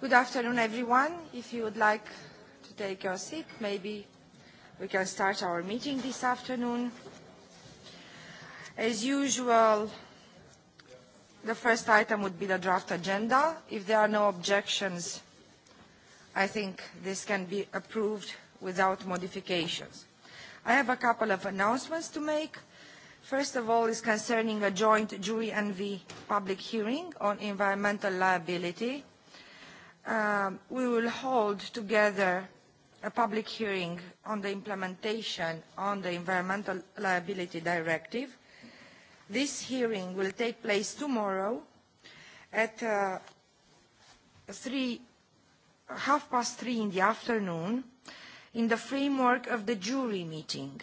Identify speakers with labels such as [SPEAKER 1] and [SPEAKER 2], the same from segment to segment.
[SPEAKER 1] Good afternoon, everyone. If you would like to take your seat, maybe we can start our meeting this afternoon. As usual, the first item would be the draft agenda. If there are no objections, I think this can be approved without modifications. I have a couple of announcements to make. First of all is concerning a joint jury and the public hearing on environmental liability um, we will hold together a public hearing on the implementation on the Environmental Liability Directive. This hearing will take place tomorrow at uh, three, half past three in the afternoon in the framework of the jury meeting.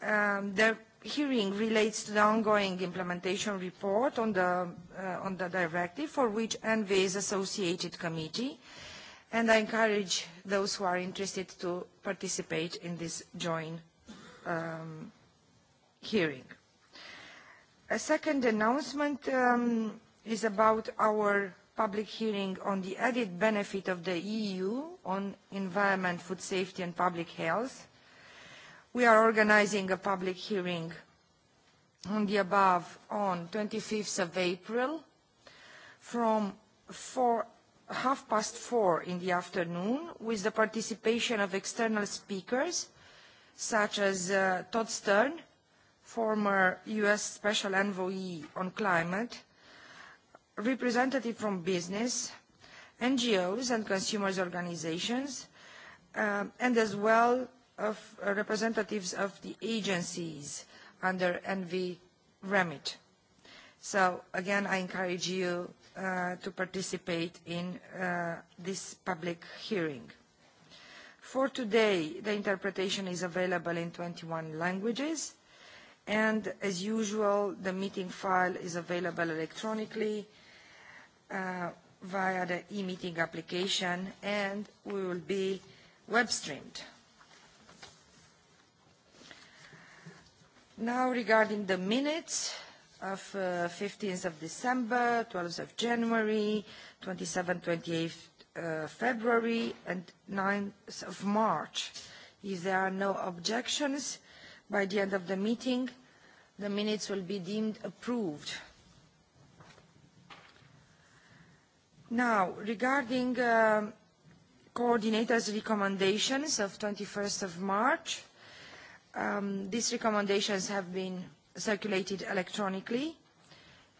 [SPEAKER 1] Um, there hearing relates to the ongoing implementation report on the, uh, on the directive for which ENVI is associated committee, and I encourage those who are interested to participate in this joint um, hearing. A second announcement um, is about our public hearing on the added benefit of the EU on environment, food safety and public health we are organizing a public hearing on the above on 25th of April from four, half past four in the afternoon with the participation of external speakers such as uh, Todd Stern, former U.S. Special Envoy on Climate, representative from business, NGOs and consumers organizations, um, and as well of representatives of the agencies under NV remit. So again, I encourage you uh, to participate in uh, this public hearing. For today, the interpretation is available in 21 languages, and as usual, the meeting file is available electronically uh, via the e-meeting application, and we will be web-streamed. Now regarding the minutes of uh, 15th of December, 12th of January, 27th, 28th uh, February and 9th of March. If there are no objections, by the end of the meeting, the minutes will be deemed approved. Now, regarding um, coordinators' recommendations of 21st of March, Um, these recommendations have been circulated electronically,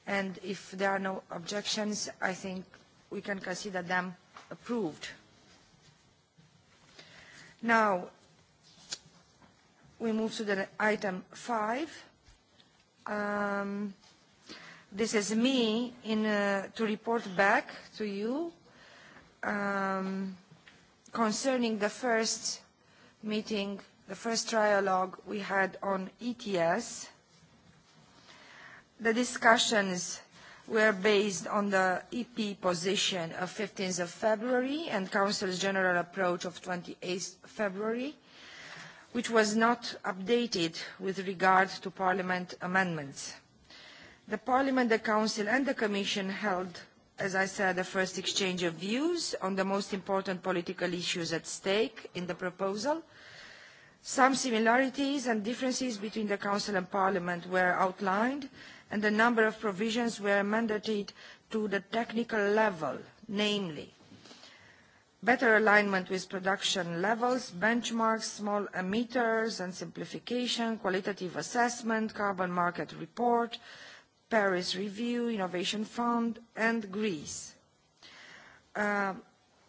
[SPEAKER 1] and if there are no objections, I think we can consider them approved. Now, we move to the item five. Um, this is me in, uh, to report back to you um, concerning the first meeting the first trialogue we had on ETS. The discussions were based on the EP position of 15th of February and Council's general approach of 28th February, which was not updated with regard to Parliament amendments. The Parliament, the Council and the Commission held, as I said, the first exchange of views on the most important political issues at stake in the proposal – Some similarities and differences between the Council and Parliament were outlined, and a number of provisions were mandated to the technical level, namely better alignment with production levels, benchmarks, small emitters and simplification, qualitative assessment, carbon market report, Paris Review, Innovation Fund, and Greece. Uh,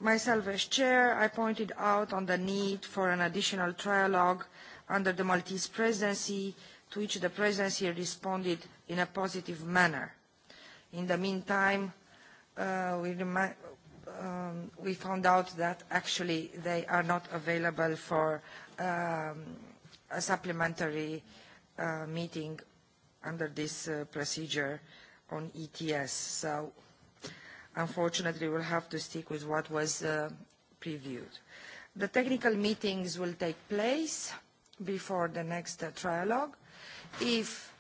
[SPEAKER 1] Myself as chair, I pointed out on the need for an additional trialogue under the Maltese presidency, to which the presidency responded in a positive manner. In the meantime, uh, we, um, we found out that actually they are not available for um, a supplementary uh, meeting under this uh, procedure on ETS. So Unfortunately, we will have to stick with what was uh, previewed. The technical meetings will take place before the next uh, trialogue. If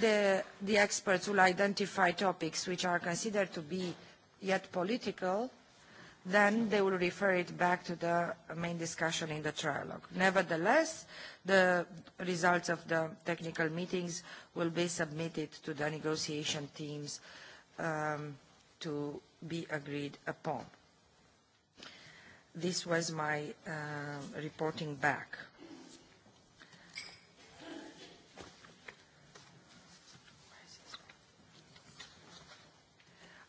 [SPEAKER 1] the, the experts will identify topics which are considered to be yet political, then they will refer it back to the main discussion in the trialogue. Nevertheless, the results of the technical meetings will be submitted to the negotiation teams um, to be agreed upon. This was my uh, reporting back.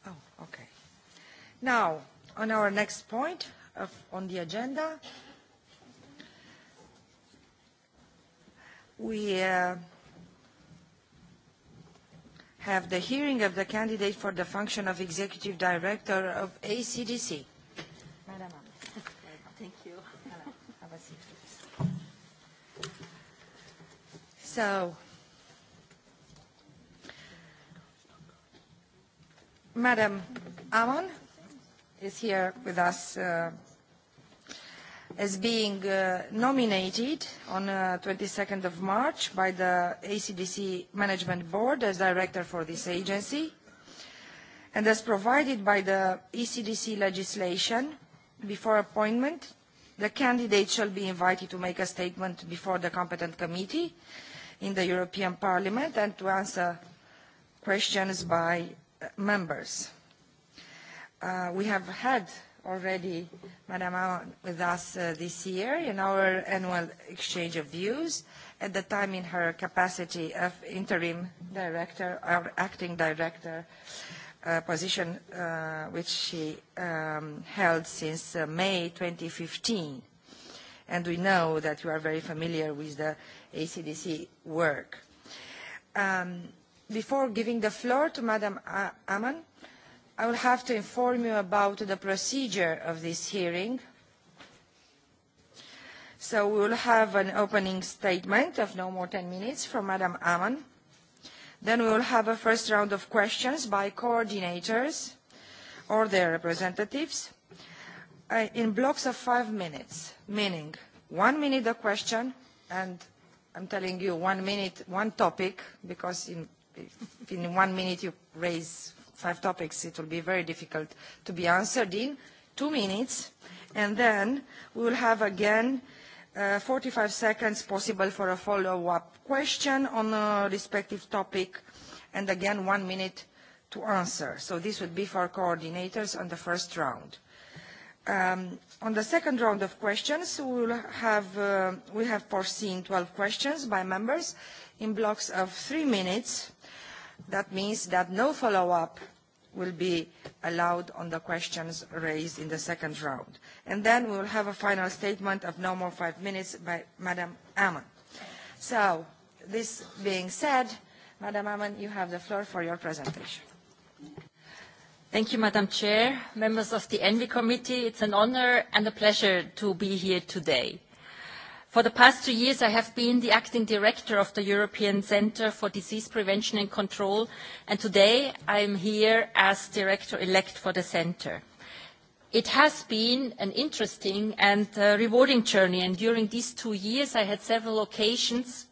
[SPEAKER 1] Oh, okay. Now, on our next point on the agenda, we uh, have the hearing of the candidate for the function of Executive Director of ACDC. Madam, thank you. So, Madam Amon is here with us uh, as being uh, nominated on uh, 22nd of March by the ACDC Management Board as director for this agency and as provided by the ECDC legislation before appointment the candidate shall be invited to make a statement before the competent committee in the European Parliament and to answer questions by uh, members. Uh, we have had already Madam Aoun with us uh, this year in our annual exchange of views, at the time in her capacity of interim director or acting director uh, position, uh, which she um, held since uh, May 2015. And we know that you are very familiar with the ACDC work. Um, before giving the floor to Madam Aman, i will have to inform you about the procedure of this hearing. So we will have an opening statement of no more than 10 minutes from Madam Aman. Then we will have a first round of questions by coordinators or their representatives uh, in blocks of five minutes, meaning one minute a question, and I'm telling you one minute, one topic, because in, if in one minute you raise five topics, it will be very difficult to be answered in two minutes. And then we will have again uh, 45 seconds possible for a follow-up question on a respective topic, and again one minute to answer. So this would be for coordinators on the first round. Um, on the second round of questions, we will have, uh, we have foreseen 12 questions by members in blocks of three minutes That means that no follow-up will be allowed on the questions raised in the second round. And then we will have a final statement of no more five minutes by Madam Amon. So, this being said,
[SPEAKER 2] Madam Amon, you have the floor for your presentation. Thank you, Madam Chair, members of the ENVI Committee. It's an honor and a pleasure to be here today. For the past two years, I have been the acting director of the European Centre for Disease Prevention and Control, and today I am here as director-elect for the centre. It has been an interesting and uh, rewarding journey, and during these two years, I had several occasions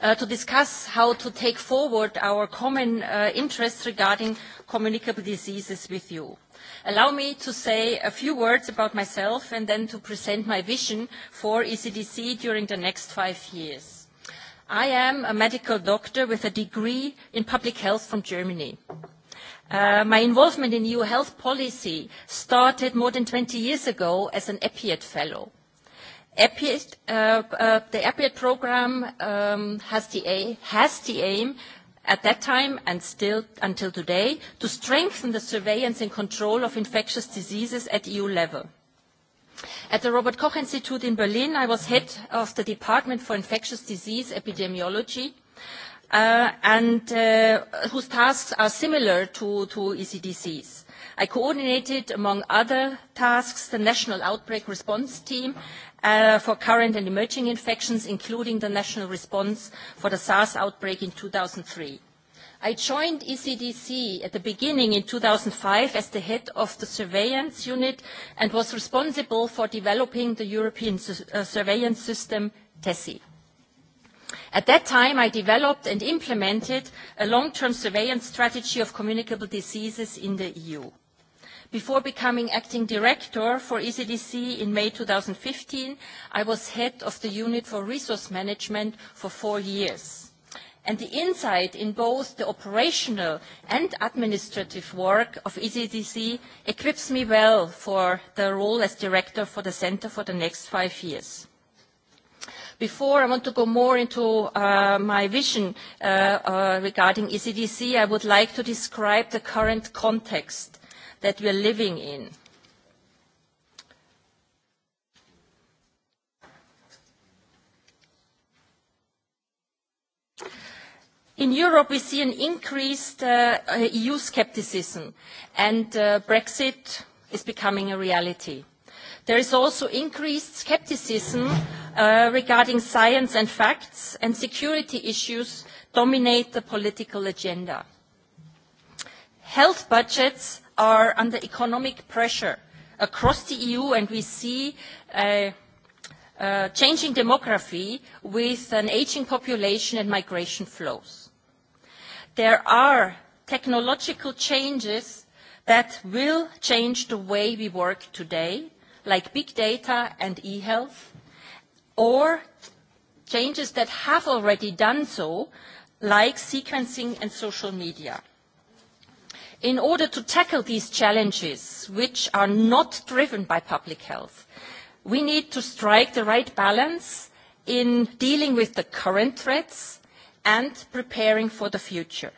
[SPEAKER 2] uh, to discuss how to take forward our common uh, interests regarding communicable diseases with you. Allow me to say a few words about myself and then to present my vision for ECDC during the next five years. I am a medical doctor with a degree in public health from Germany. Uh, my involvement in EU health policy started more than 20 years ago as an EPIAT fellow. EPIAT, uh, uh, the EPIAT program um, has, the, has the aim at that time and still until today to strengthen the surveillance and control of infectious diseases at eu level. At the Robert Koch Institute in Berlin, I was head of the Department for Infectious Disease Epidemiology, uh, and uh, whose tasks are similar to, to ECDC's. I coordinated, among other tasks, the National Outbreak Response Team uh, for current and emerging infections, including the national response for the SARS outbreak in 2003. I joined ECDC at the beginning in 2005 as the head of the surveillance unit and was responsible for developing the European uh, surveillance system, TESI. At that time, I developed and implemented a long-term surveillance strategy of communicable diseases in the EU. Before becoming acting director for ECDC in May 2015, I was head of the unit for resource management for four years. And the insight in both the operational and administrative work of ECDC equips me well for the role as director for the center for the next five years. Before I want to go more into uh, my vision uh, uh, regarding ECDC, I would like to describe the current context that we are living in. In Europe, we see an increased uh, EU scepticism, and uh, Brexit is becoming a reality. There is also increased scepticism uh, regarding science and facts, and security issues dominate the political agenda. Health budgets are under economic pressure across the EU and we see a, a changing demography with an aging population and migration flows. There are technological changes that will change the way we work today, like big data and e-health, or changes that have already done so, like sequencing and social media in order to tackle these challenges which are not driven by public health we need to strike the right balance in dealing with the current threats and preparing for the future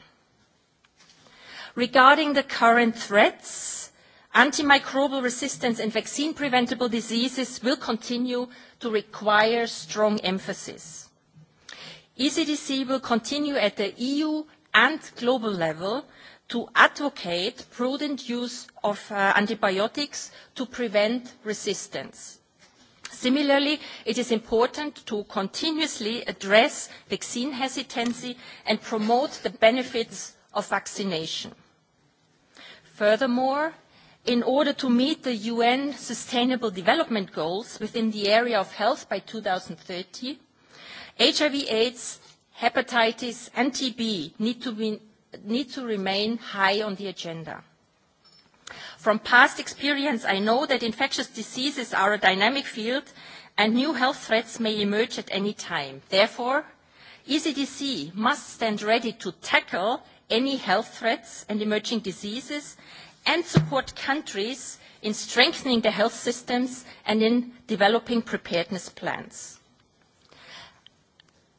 [SPEAKER 2] regarding the current threats antimicrobial resistance and vaccine preventable diseases will continue to require strong emphasis ecdc will continue at the eu and global level to advocate prudent use of uh, antibiotics to prevent resistance. Similarly, it is important to continuously address vaccine hesitancy and promote the benefits of vaccination. Furthermore, in order to meet the UN Sustainable Development Goals within the area of health by 2030, HIV/AIDS, hepatitis, and TB need to be need to remain high on the agenda. From past experience, I know that infectious diseases are a dynamic field and new health threats may emerge at any time. Therefore, ECDC must stand ready to tackle any health threats and emerging diseases and support countries in strengthening their health systems and in developing preparedness plans.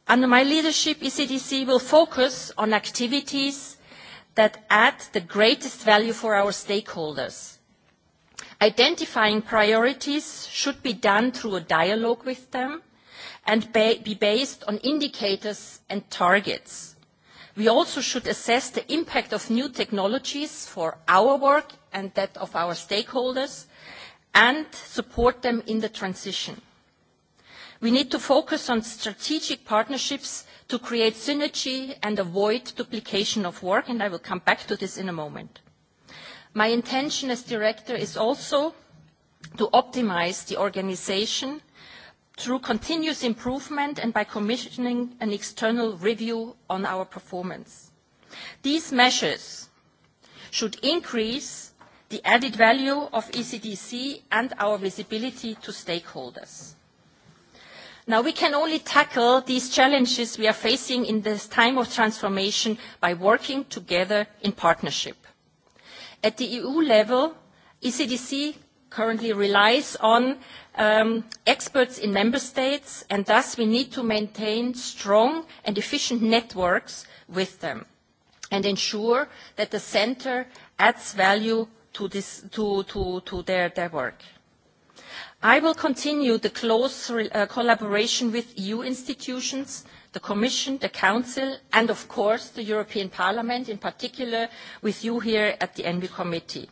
[SPEAKER 2] Under my leadership, ECDC will focus on activities that add the greatest value for our stakeholders. Identifying priorities should be done through a dialogue with them and be based on indicators and targets. We also should assess the impact of new technologies for our work and that of our stakeholders and support them in the transition. We need to focus on strategic partnerships to create synergy and avoid duplication of work, and I will come back to this in a moment. My intention as director is also to optimize the organization through continuous improvement and by commissioning an external review on our performance. These measures should increase the added value of ECDC and our visibility to stakeholders. Now, we can only tackle these challenges we are facing in this time of transformation by working together in partnership. At the EU level, ECDC currently relies on um, experts in member states, and thus we need to maintain strong and efficient networks with them and ensure that the center adds value to, to, to, to their, their work. I will continue the close uh, collaboration with EU institutions, the Commission, the Council, and of course the European Parliament, in particular with you here at the ENVI Committee.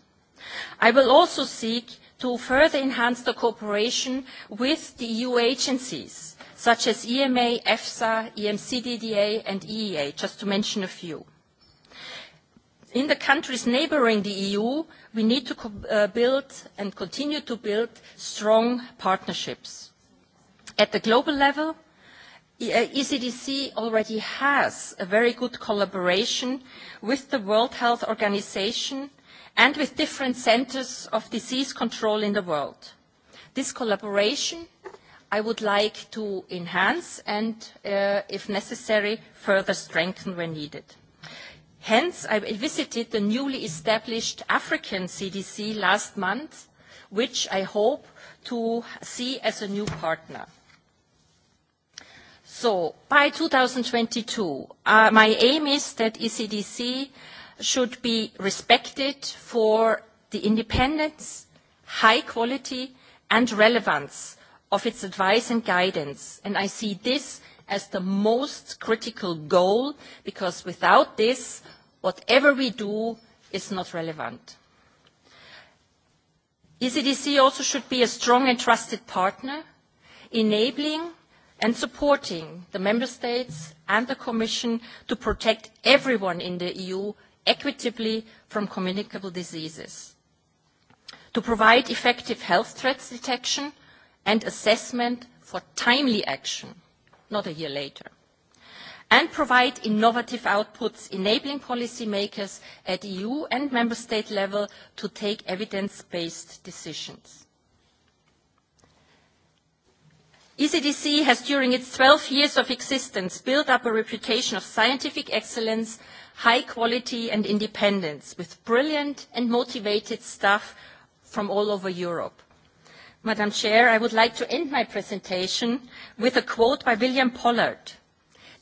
[SPEAKER 2] I will also seek to further enhance the cooperation with the EU agencies, such as EMA, EFSA, EMCDDA, and EEA, just to mention a few in the countries neighbouring the eu we need to uh, build and continue to build strong partnerships. at the global level ecdc uh, e already has a very good collaboration with the world health organisation and with different centres of disease control in the world. this collaboration i would like to enhance and uh, if necessary further strengthen where needed. Hence, I visited the newly established African CDC last month, which I hope to see as a new partner. So, by 2022, uh, my aim is that ECDC should be respected for the independence, high quality, and relevance of its advice and guidance, and I see this as the most critical goal because without this whatever we do is not relevant. ECDC also should be a strong and trusted partner enabling and supporting the member states and the commission to protect everyone in the EU equitably from communicable diseases to provide effective health threats detection and assessment for timely action not a year later and provide innovative outputs enabling policymakers at eu and member state level to take evidence based decisions. ecdc has during its 12 years of existence built up a reputation of scientific excellence high quality and independence with brilliant and motivated staff from all over europe. Madam Chair, I would like to end my presentation with a quote by William Pollard.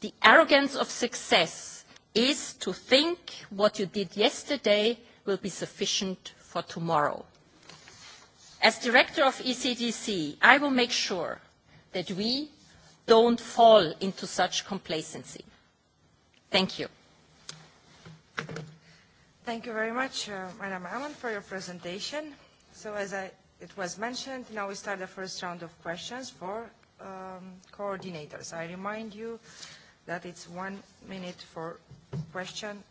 [SPEAKER 2] The arrogance of success is to think what you did yesterday will be sufficient for tomorrow. As Director of ECDC, I will make sure that we don't fall into such complacency. Thank you.
[SPEAKER 1] Thank you very much, uh, Madam Allen, for your presentation. So as I it was mentioned, now we start the first round of questions for um, coordinators. I remind you that it's one minute for question.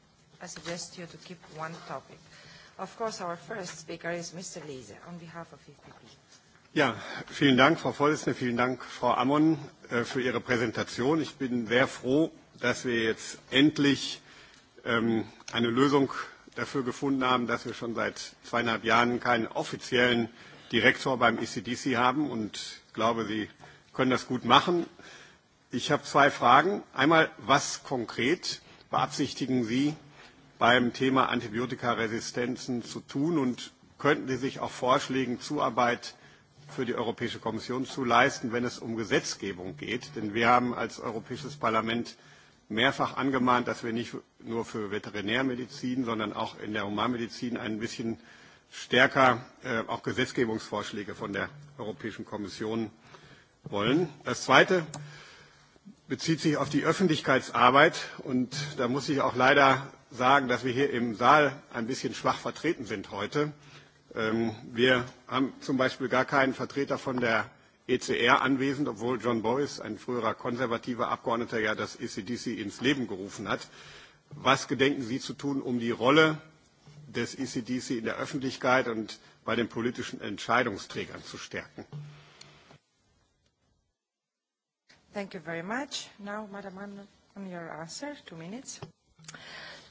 [SPEAKER 1] I suggest you to keep one topic. Of course, our first speaker is Mr. Lise on behalf of EPP.
[SPEAKER 3] Ja, vielen Dank, Frau Vorsitzende, vielen Dank, Frau Amon, äh, für Ihre Präsentation. Ich bin sehr froh, dass wir jetzt endlich ähm, eine Lösung dafür gefunden haben, dass wir schon seit zweieinhalb Jahren keinen offiziellen Direktor beim ECDC haben und glaube, Sie können das gut machen. Ich habe zwei Fragen. Einmal, was konkret beabsichtigen Sie beim Thema Antibiotikaresistenzen zu tun und könnten Sie sich auch Vorschlägen Zuarbeit für die Europäische Kommission zu leisten, wenn es um Gesetzgebung geht? Denn wir haben als Europäisches Parlament mehrfach angemahnt, dass wir nicht nur für Veterinärmedizin, sondern auch in der Humanmedizin ein bisschen stärker äh, auch Gesetzgebungsvorschläge von der Europäischen Kommission wollen. Das Zweite bezieht sich auf die Öffentlichkeitsarbeit. Und da muss ich auch leider sagen, dass wir hier im Saal ein bisschen schwach vertreten sind heute. Ähm, wir haben zum Beispiel gar keinen Vertreter von der ECR anwesend, obwohl John Boyce, ein früherer konservativer Abgeordneter, ja das ECDC ins Leben gerufen hat. Was gedenken Sie zu tun, um die Rolle des ECDC in der Öffentlichkeit und bei den politischen Entscheidungsträgern zu stärken.
[SPEAKER 1] Thank you very much. Now, Madam, on your answer, two minutes.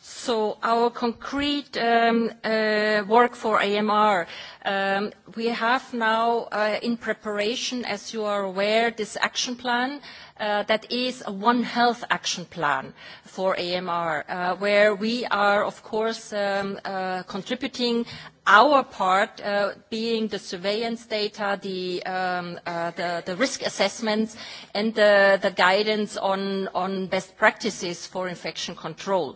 [SPEAKER 2] So our concrete um, uh, work for AMR, um, we have now uh, in preparation, as you are aware, this action plan uh, that is a One Health action plan for AMR, where we are, of course, um, contributing our part being the surveillance data, the, the, the risk assessments, and the, the guidance on, on best practices for infection control.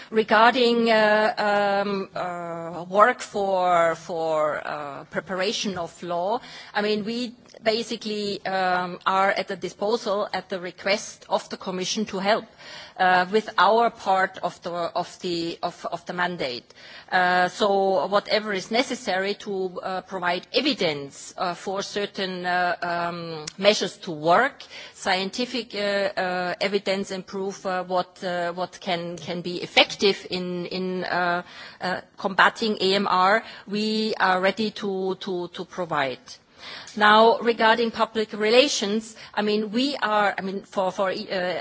[SPEAKER 2] Regarding uh, um, uh, work for, uh, preparation of law, I mean, we basically um, are at the disposal at the request of the Commission to help with our part of the, mandate. so whatever is necessary to provide evidence for certain um, measures to work, scientific evidence and proof what, can be effective active in, in uh, uh combating AMR, we are ready to, to, to provide. Now, regarding public relations, I mean, we are, I mean, for, for uh,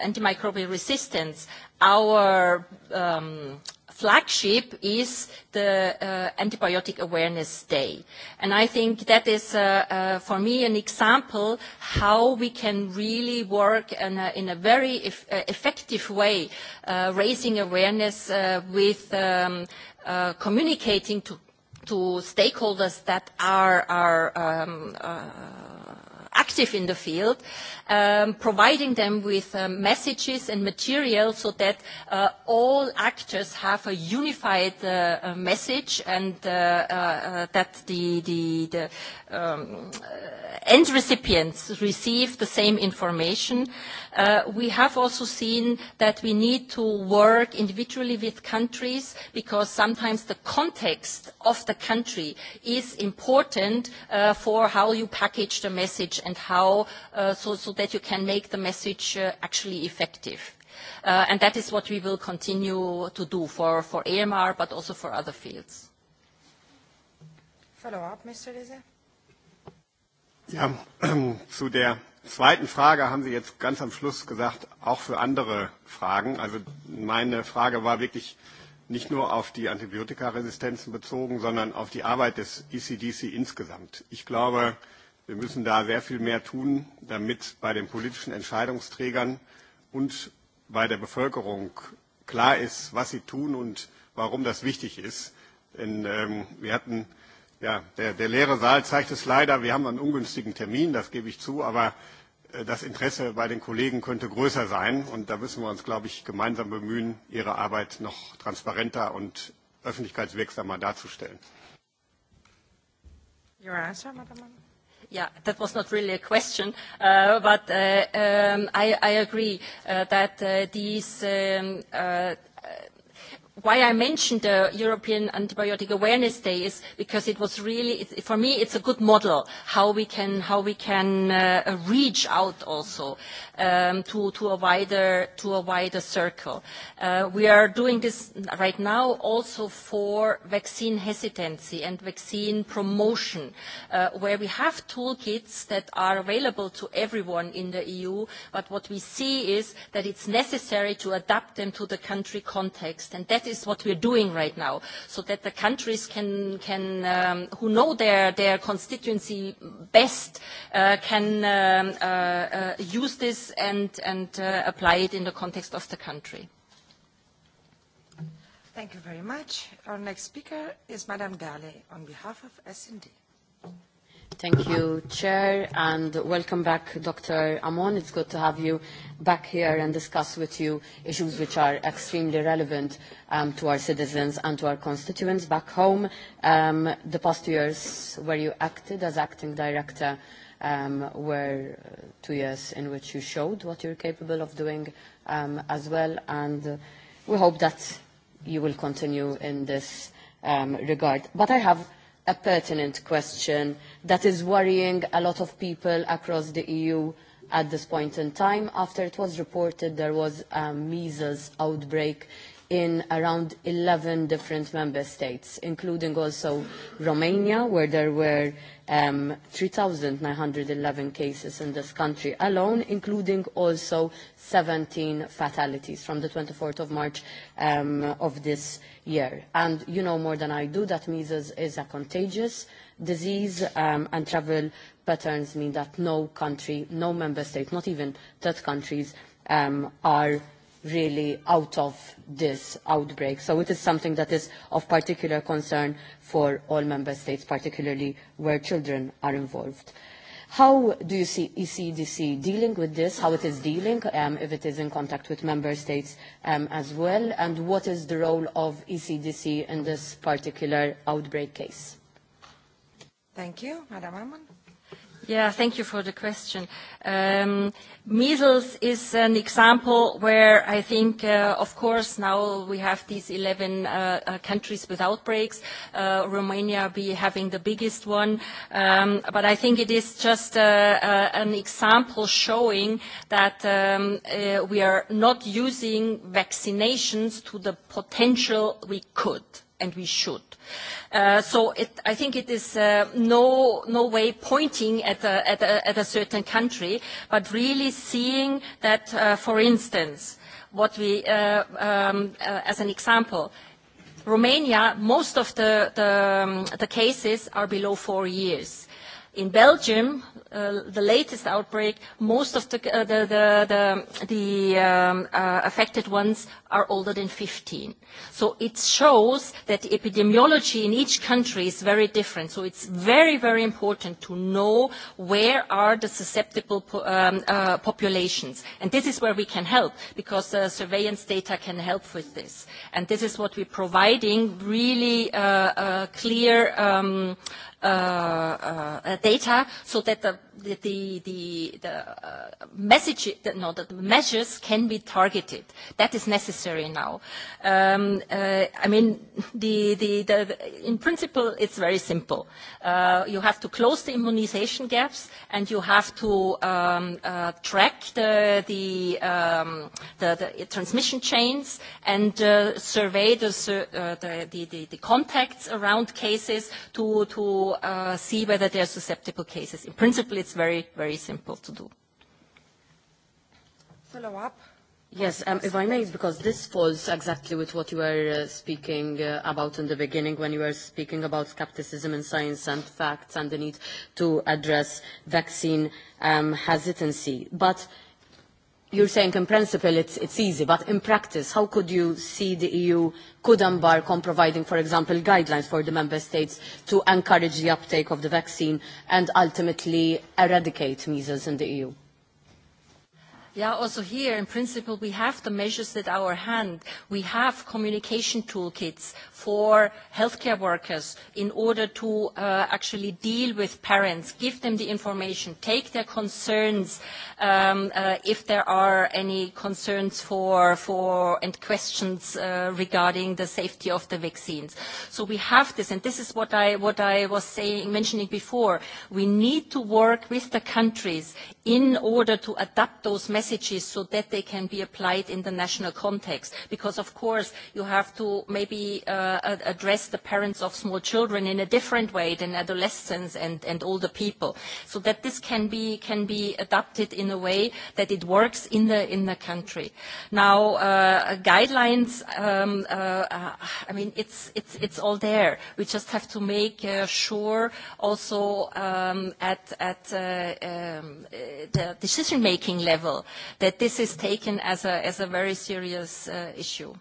[SPEAKER 2] antimicrobial resistance, our um, flagship is the uh, Antibiotic Awareness Day. And I think that is, uh, uh, for me, an example how we can really work in a, in a very ef uh, effective way, uh, raising awareness uh, with um, uh, communicating to, to stakeholders that are, are um, uh, active in the field Um, providing them with um, messages and material so that uh, all actors have a unified uh, uh, message and that the, the, the um, end recipients receive the same information. We have also seen that we need to work individually with countries because sometimes the context of the country is important for how you package the message and how so that you can make the message uh, actually effective. Uh, and that is what we will continue to do for, for AMR, but also for other fields.
[SPEAKER 1] Follow-up, Mr. Lise?
[SPEAKER 3] Ja, zu der zweiten Frage haben Sie jetzt ganz am Schluss gesagt, auch für andere Fragen. Also meine Frage war wirklich nicht nur auf die Antibiotikaresistenzen bezogen, sondern auf die Arbeit des ECDC insgesamt. Ich glaube, äh, Wir müssen da sehr viel mehr tun, damit bei den politischen Entscheidungsträgern und bei der Bevölkerung klar ist, was sie tun und warum das wichtig ist. Denn ähm, wir hatten, ja, der, leere Saal zeigt es leider, wir haben einen ungünstigen Termin, das gebe ich zu, aber äh, das Interesse bei den Kollegen könnte größer sein und da müssen wir uns, glaube ich, gemeinsam bemühen, ihre Arbeit noch transparenter und öffentlichkeitswirksamer darzustellen.
[SPEAKER 2] Yeah, that was not really a question, uh, but uh, um, I, I agree uh, that uh these um, uh, why I mentioned the European Antibiotic Awareness Day is because it was really, it, for me, it's a good model how we can, how we can uh, reach out also um, to, to, a wider, to a wider circle. Uh, we are doing this right now also for vaccine hesitancy and vaccine promotion, uh, where we have toolkits that are available to everyone in the EU, but what we see is that it's necessary to adapt them to the country context. And that is what we are doing right now, so that the countries can, can um, who know their, their constituency best uh, can um, uh, uh, use this and, and uh, apply it in the context of the country.
[SPEAKER 1] Thank you very much. Our next speaker is Madame Dali on behalf of S&D.
[SPEAKER 4] Thank you, Chair, and welcome back, Dr. Amon. It's good to have you back here and discuss with you issues which are extremely relevant um, to our citizens and to our constituents back home. Um, the past two years where you acted as acting director um, were two years in which you showed what you're capable of doing um, as well, and we hope that you will continue in this um, regard. But I have a pertinent question that is worrying a lot of people across the EU at this point in time after it was reported there was a measles outbreak in around 11 different member states, including also Romania, where there were um, 3,911 cases in this country alone, including also 17 fatalities from the 24th of March um, of this year. And you know more than I do that measles is a contagious disease um, and travel patterns mean that no country, no member state, not even third countries, um, are really out of this outbreak. So it is something that is of particular concern for all member states, particularly where children are involved. How do you see ECDC dealing with this, how it is dealing, um, if it is in contact with member states um, as well, and what is the role of ECDC in this particular outbreak case?
[SPEAKER 2] Thank you. Madam Amman. Yeah, thank you for the question. Um, measles is an example where I think, uh, of course, now we have these 11 uh, uh, countries with outbreaks. Uh, Romania be having the biggest one. Um, but I think it is just uh, uh, an example showing that um, we are not using vaccinations to the potential we could and we should. Uh, so it, I think it is uh, no, no way pointing at a, at, a, at a certain country, but really seeing that, uh, for instance, what we, uh, um, uh, as an example, Romania, most of the, the, um, the cases are below four years in Belgium, uh, the latest outbreak, most of the, uh, the, the, the, the um, uh, affected ones are older than 15. So it shows that the epidemiology in each country is very different. So it's very, very important to know where are the susceptible po um, uh, populations. And this is where we can help because uh, surveillance data can help with this. And this is what we're providing really uh, uh, clear um, Uh, uh, data so that the the the, the uh, message no the measures can be targeted. That is necessary now. Um, I mean the, the the in principle it's very simple. You have to close the immunization gaps and you have to um, track the the, um, the the transmission chains and survey the, the the the contacts around cases to to uh, see whether there are susceptible cases. In principle, it's very, very simple to do.
[SPEAKER 1] Follow up.
[SPEAKER 4] Yes, um, if I may, because this falls exactly with what you were uh, speaking uh, about in the beginning when you were speaking about skepticism in science and facts and the need to address vaccine um, hesitancy. But you're saying in principle it's, it's easy, but in practice, how could you see the EU could embark on providing, for example, guidelines for the member states to encourage the uptake of the vaccine and ultimately eradicate measles in the EU?
[SPEAKER 2] Yeah, also here, in principle, we have the measures at our hand. We have communication toolkits for healthcare workers in order to uh, actually deal with parents, give them the information, take their concerns um, uh, if there are any concerns for, for and questions uh, regarding the safety of the vaccines. So we have this, and this is what I, what I was saying, mentioning before. We need to work with the countries in order to adapt those measures messages so that they can be applied in the national context because of course you have to maybe uh, address the parents of small children in a different way than adolescents and, and older people so that this can be can be adapted in a way that it works in the in the country now uh, guidelines um, uh, uh i mean it's it's it's all there we just have to make uh, sure also um, at at uh, um, the decision making level that this is taken as a, as a very serious uh, issue.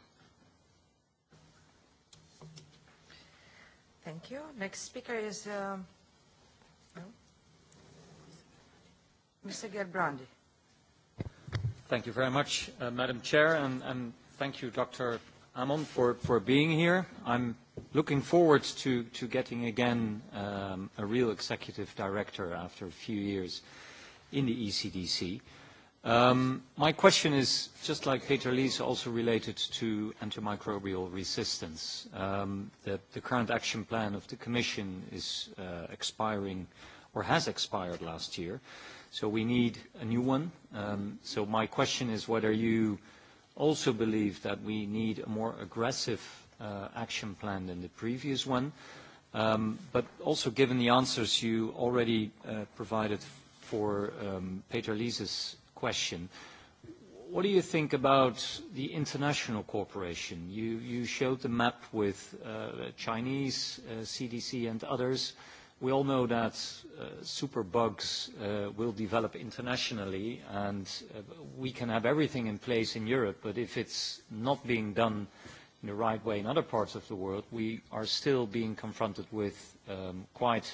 [SPEAKER 1] Thank you. Next speaker is um, uh, Mr. Gerbrandi.
[SPEAKER 5] Thank you very much, uh, Madam Chair, and, and thank you, Dr. Amon, for, for being here. I'm looking forward to, to getting again um, a real executive director after a few years in the ECDC. Um, my question is, just like Peter Lees, also related to antimicrobial resistance. Um, the, current action plan of the Commission is uh, expiring or has expired last year, so we need a new one. Um, so my question is whether you also believe that we need a more aggressive uh, action plan than the previous one, um, but also given the answers you already uh, provided for um, Peter Lees's question. What do you think about the international cooperation? You, you showed the map with uh, Chinese, CDC uh, and others. We all know that uh, superbugs uh, will develop internationally and uh, we can have everything in place in Europe, but if it's not being done in the right way in other parts of the world, we are still being confronted with um, quite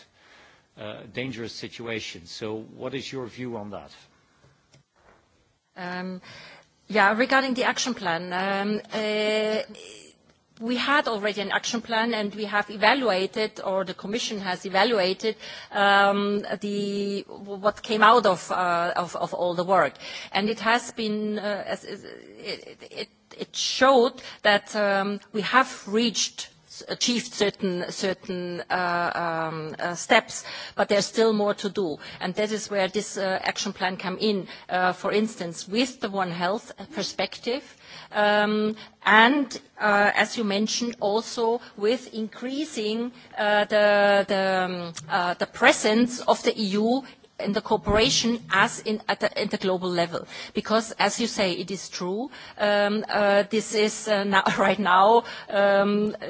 [SPEAKER 5] dangerous situations. So what is your view on that?
[SPEAKER 2] Um, yeah, regarding the action plan, um, uh, we had already an action plan and we have evaluated or the commission has evaluated um, the what came out of, uh, of of all the work and it has been uh, as, it, it it showed that um, we have reached achieved certain, certain uh, um, uh, steps, but there's still more to do. And that is where this uh, action plan comes in, uh, for instance, with the One Health perspective, um, and uh, as you mentioned, also with increasing uh, the, the, um, the presence of the EU in the cooperation as in at the, at the global level because as you say it is true um, uh, this is uh, now, right now um, uh,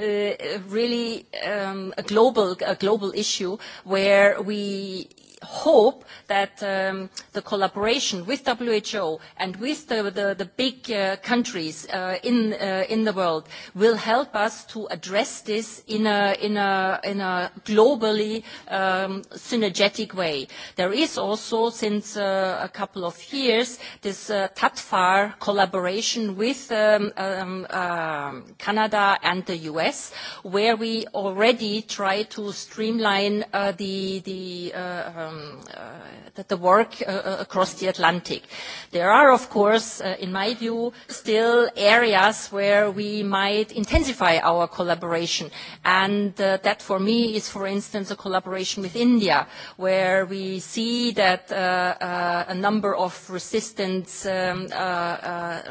[SPEAKER 2] really um, a global a global issue where we hope that um, the collaboration with WHO and with the, the, the big uh, countries uh, in, uh, in the world will help us to address this in a, in a, in a globally um, synergetic way. There is also, since uh, a couple of years, this uh, TATFAR collaboration with um, um, um Canada and the US, where we already try to streamline uh, the, the um, um, uh, the, the work uh, uh, across the Atlantic. There are, of course, in my view, still areas where we might intensify our collaboration. And that, for me, is, for instance, a collaboration with India, where we see that a number of resistance, um,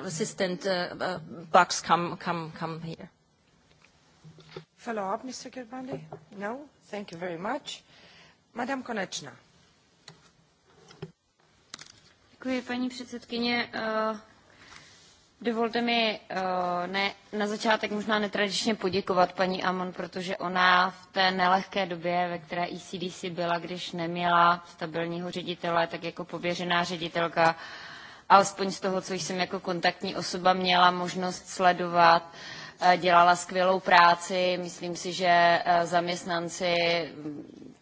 [SPEAKER 2] resistant bugs come, come, come here.
[SPEAKER 1] Follow-up, Mr. Gerbandi? No? Thank
[SPEAKER 6] you very much. Madam Konechna. Děkuji, paní předsedkyně. Eh, dovolte mi eh, ne, na začátek možná netradičně poděkovat paní Amon, protože ona v té nelehké době, ve které ECDC byla, když neměla stabilního ředitele, tak jako pověřená ředitelka, alespoň z toho, co jsem jako kontaktní osoba měla možnost sledovat, eh, dělala skvělou práci. Myslím si, že zaměstnanci,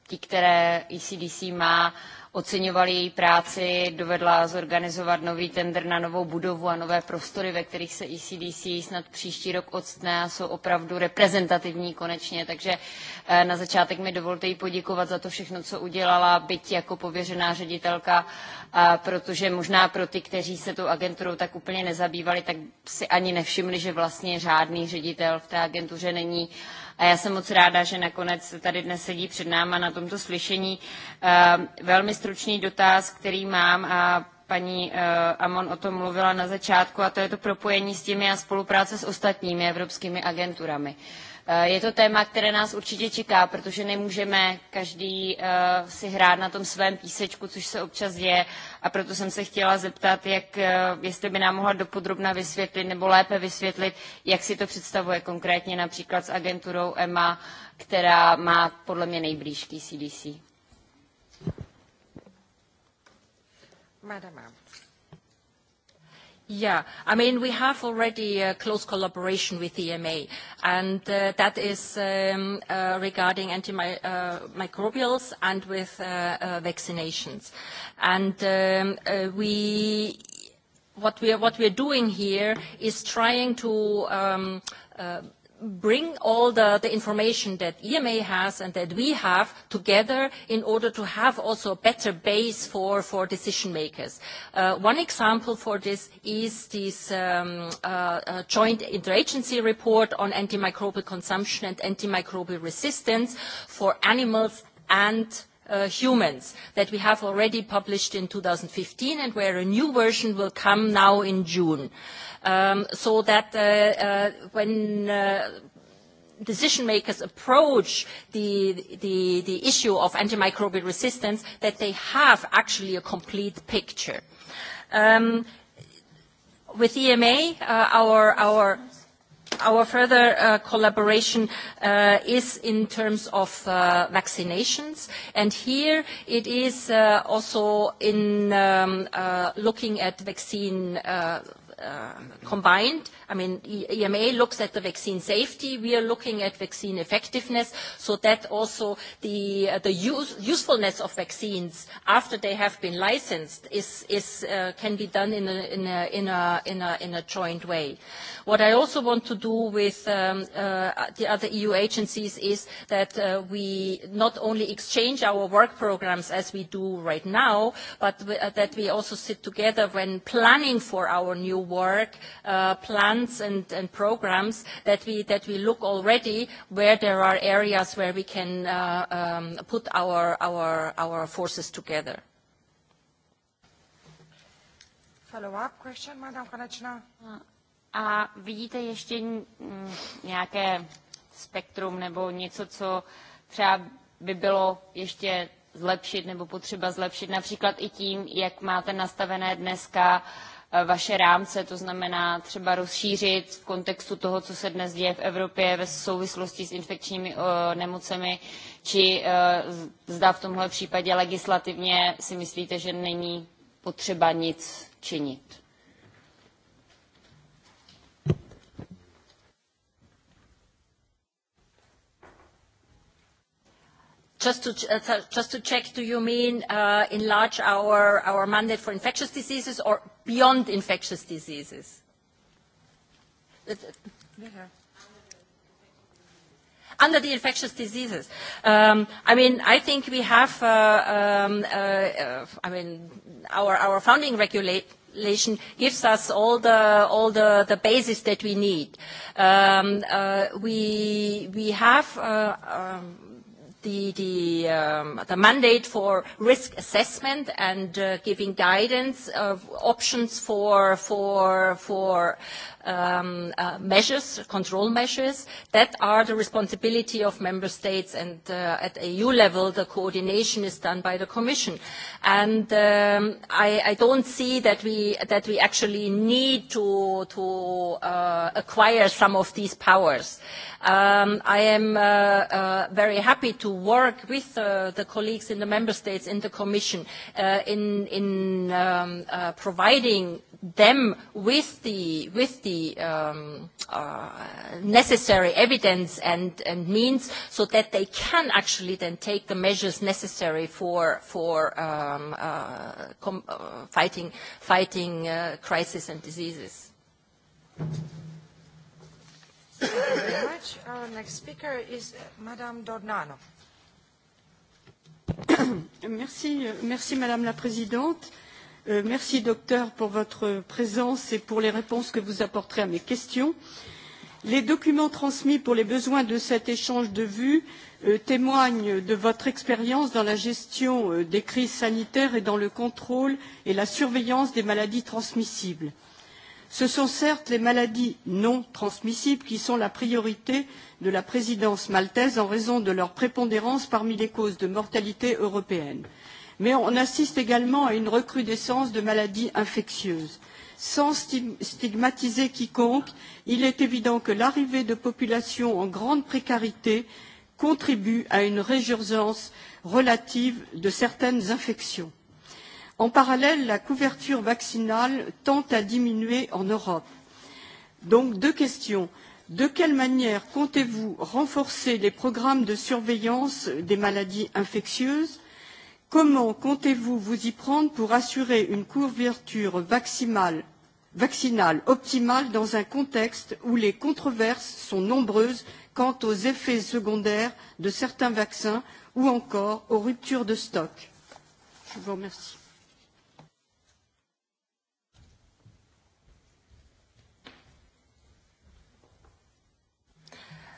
[SPEAKER 6] ti, které ECDC má, oceňoval její práci, dovedla zorganizovat nový tender na novou budovu a nové prostory, ve kterých se ECDC snad příští rok odstne a jsou opravdu reprezentativní konečně. Takže eh, na začátek mi dovolte jí poděkovat za to všechno, co udělala, byť jako pověřená ředitelka, eh, protože možná pro ty, kteří se tou agenturou tak úplně nezabývali, tak si ani nevšimli, že vlastně žádný ředitel v té agentuře není a já jsem moc ráda, že nakonec tady dnes sedí před náma na tomto slyšení. Eh, velmi stručný dotaz, který mám a paní eh, Amon o tom mluvila na začátku, a to je to propojení s těmi a spolupráce s ostatními evropskými agenturami. Je to téma, které nás určitě čeká, protože nemůžeme každý eh, si hrát na tom svém písečku, což se občas děje. A proto jsem se chtěla zeptat, jak, eh, jestli by nám mohla dopodrobna vysvětlit nebo lépe vysvětlit, jak si to představuje konkrétně například s agenturou EMA, která má podle mě
[SPEAKER 2] nejblížký CDC. Madame. Yeah. I mean, we have already uh, close collaboration with EMA, and uh, that is um, uh, regarding antimicrobials uh, and with uh, uh, vaccinations. And um, we what we are what we are doing here is trying to um, bring all the, the information that EMA has and that we have together in order to have also a better base for, for decision makers. Uh, one example for this is this um, uh, uh joint interagency report on antimicrobial consumption and antimicrobial resistance for animals and Uh, humans that we have already published in 2015 and where a new version will come now in June um, so that uh, uh, when uh, decision makers approach the, the, the issue of antimicrobial resistance that they have actually a complete picture. Um, with EMA, uh, our, our, our further uh, collaboration uh, is in terms of vaccinations. And here it is also in um, looking at vaccine Uh, combined i mean, EMA looks at the vaccine safety. We are looking at vaccine effectiveness, so that also the, uh, the use, usefulness of vaccines after they have been licensed is, is, uh, can be done in a, in, a, in, a, in, a, in a joint way. What I also want to do with um, uh, the other EU agencies is that uh, we not only exchange our work programs as we do right now, but uh, that we also sit together when planning for our new work, uh, plan funds and, and programs that we, that we look already where there are areas where we can uh, um, put our, our, our forces together.
[SPEAKER 1] Follow-up question, Madam Konečná? Uh,
[SPEAKER 6] a vidíte ještě
[SPEAKER 7] mm,
[SPEAKER 6] nějaké spektrum nebo něco, co třeba by bylo ještě zlepšit nebo potřeba zlepšit, například i tím, jak máte nastavené dneska E, vaše rámce, to znamená třeba rozšířit v kontextu toho, co se dnes děje v Evropě ve souvislosti s infekčními e, nemocemi, či e, zda v tomhle případě legislativně si myslíte, že není potřeba nic činit.
[SPEAKER 2] Just to, uh, just to check, do you mean uh, enlarge our, our mandate for infectious diseases or beyond infectious diseases? Uh, Under the infectious diseases. Um, I mean, I think we have, uh, um, I mean, our, our founding regulation gives us all the all the, basis that we need. Um, we we have uh, the, the, um, the mandate for risk assessment and uh, giving guidance of options for, for, for um, uh, measures, control measures, that are the responsibility of member states and uh, at EU level the coordination is done by the Commission. And um, I, I don't see that we, that we actually need to, to uh, acquire some of these powers. Um, I am very happy to work with the colleagues in the Member States, in the Commission, in, in um, providing them with the, with the the um, uh, necessary evidence and, and means so that they can actually then take the measures necessary for, for um, uh, com uh, fighting, fighting uh, crises and diseases.
[SPEAKER 1] Thank you very much. Our next speaker is uh, Madame Dornano.
[SPEAKER 8] merci, euh, merci Madame la Présidente Euh, merci, docteur, pour votre présence et pour les réponses que vous apporterez à mes questions. Les documents transmis pour les besoins de cet échange de vues euh, témoignent de votre expérience dans la gestion euh, des crises sanitaires et dans le contrôle et la surveillance des maladies transmissibles. Ce sont certes les maladies non transmissibles qui sont la priorité de la présidence maltaise en raison de leur prépondérance parmi les causes de mortalité européenne mais on assiste également à une recrudescence de maladies infectieuses. sans stigmatiser quiconque il est évident que l'arrivée de populations en grande précarité contribue à une résurgence relative de certaines infections. en parallèle la couverture vaccinale tend à diminuer en europe. donc deux questions de quelle manière comptez vous renforcer les programmes de surveillance des maladies infectieuses? comment comptez vous vous y prendre pour assurer une couverture vaccinale, optimale dans un contexte où les controverses sont nombreuses quant aux effets secondaires de certains vaccins ou encore aux ruptures de stock? je vous remercie.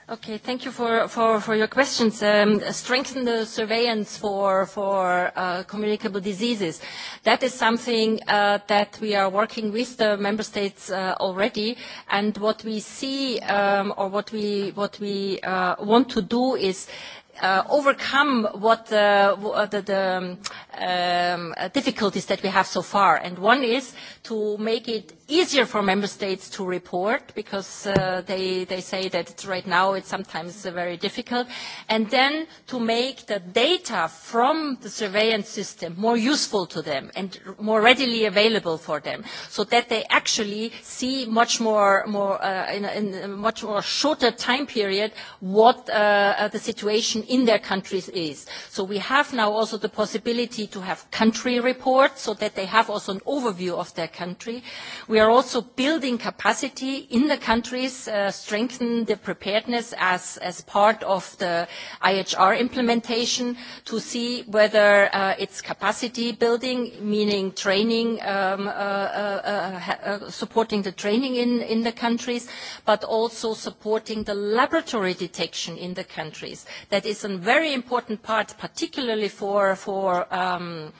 [SPEAKER 2] Okay, thank you for, for, for your questions. Um, strengthen the surveillance for, for uh, communicable diseases. That is something uh, that we are working with the member states uh, already. And what we see um, or what we, what we uh, want to do is Uh, overcome what uh, the, the um, uh, difficulties that we have so far. And one is to make it easier for member states to report because uh, they, they say that right now it's sometimes uh, very difficult and then to make the data from the surveillance system more useful to them and more readily available for them so that they actually see much more, uh, in, in a much more shorter time period what the situation in their countries is. So we have now also the possibility to have country reports so that they have also an overview of their country. We are also building capacity in the countries, uh, strengthen the preparedness as, as part of the IHR implementation to see whether uh, it's capacity building, meaning training, um, uh, supporting the training in, in the countries, but also supporting the laboratory detection in the countries. That is a very important part, particularly for, for um,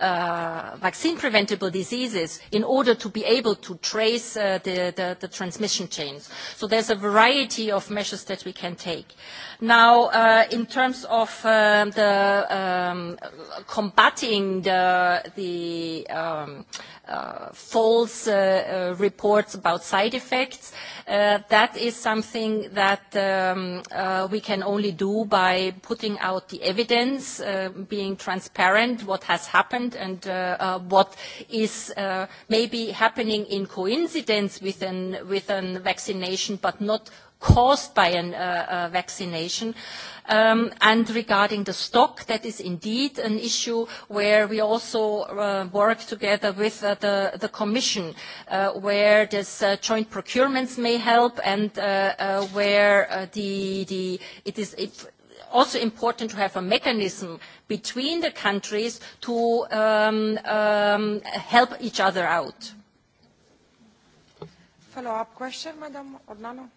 [SPEAKER 2] uh, vaccine preventable diseases in order to be able to trace uh, the, the, the transmission chains. So there's a variety of measures that we can take. Now, uh, in terms of uh, the um, combating the, the um, uh, false reports about side effects, that is something that um, we can only do by putting out the evidence, being transparent what has happened and what is maybe happening in coincidence with an, with vaccination, but not caused by a uh, uh, vaccination. Um, and regarding the stock, that is indeed an issue where we also uh, work together with the, Commission, where this joint procurements may help and where the, the it is also important to have a mechanism between the countries to um, um, help each
[SPEAKER 8] other out.
[SPEAKER 1] Follow-up question, Madam Ornano?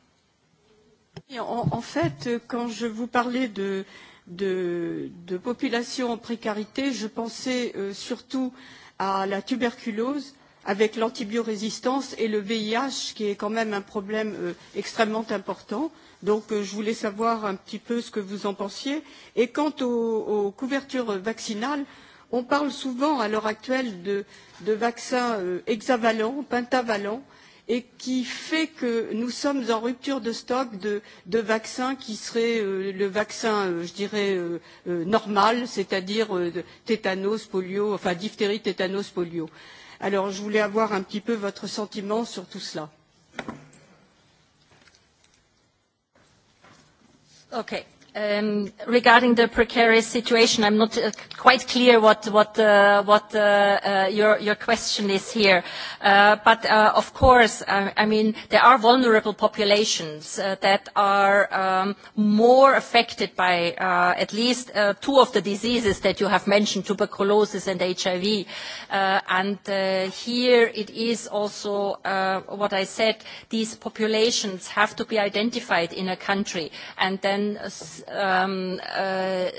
[SPEAKER 8] En, en fait, quand je vous parlais de, de, de population en précarité, je pensais euh, surtout à la tuberculose avec l'antibiorésistance et le VIH, qui est quand même un problème euh, extrêmement important. Donc, euh, je voulais savoir un petit peu ce que vous en pensiez. Et quant aux, aux couvertures vaccinales, on parle souvent à l'heure actuelle de, de vaccins euh, hexavalents, pentavalents et qui fait que nous sommes en rupture de stock de, de vaccins qui seraient euh, le vaccin, euh, je dirais, euh, euh normal, c'est-à-dire euh, tétanos, polio, enfin diphtérie, tétanos, polio. Alors je voulais avoir un petit peu votre sentiment sur tout cela.
[SPEAKER 2] Okay. Um, regarding the precarious situation, I'm not uh, quite clear what, what, uh, what uh, uh your, your question is here. Uh, but uh, of course, I, I mean, there are vulnerable populations that are um, more affected by at least two of the diseases that you have mentioned, tuberculosis and HIV. And here it is also what I said, these populations have to be identified in a country and then um, uh,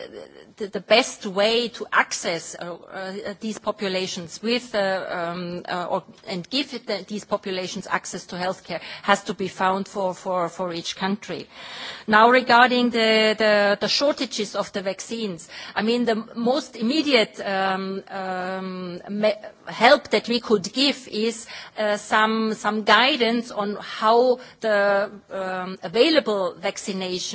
[SPEAKER 2] the best way to access uh, uh, these populations with uh, um, and give these populations access to healthcare has to be found for, each country. Now regarding the, shortages of the vaccines, I mean the most immediate um, um, help that we could give is some, guidance on how the available vaccines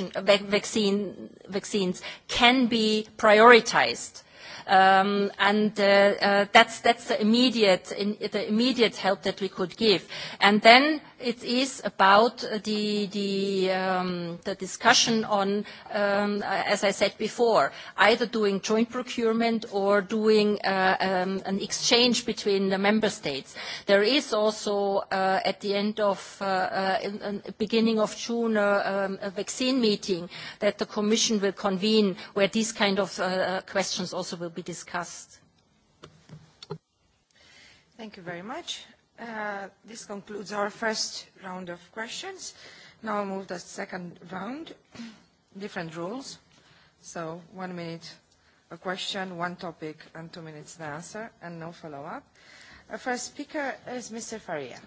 [SPEAKER 2] can be prioritized. Um, and uh, uh, that's that's the immediate in, the immediate help that we could give. And then it is about the, the, um, the discussion on, um, uh, as I said before, either doing joint procurement or doing uh, um, an exchange between the member states. There is also uh, at the end of, uh, uh in, in beginning of June, uh, um, a vaccine meeting that the Commission will convene where these kind of questions also will be discussed.
[SPEAKER 1] Thank you very much. Uh, this concludes our first round of questions. Now we'll move to the second round. Different rules. So one minute a question, one topic, and two minutes the answer, and no follow-up. Our uh, first speaker is Mr. Faria.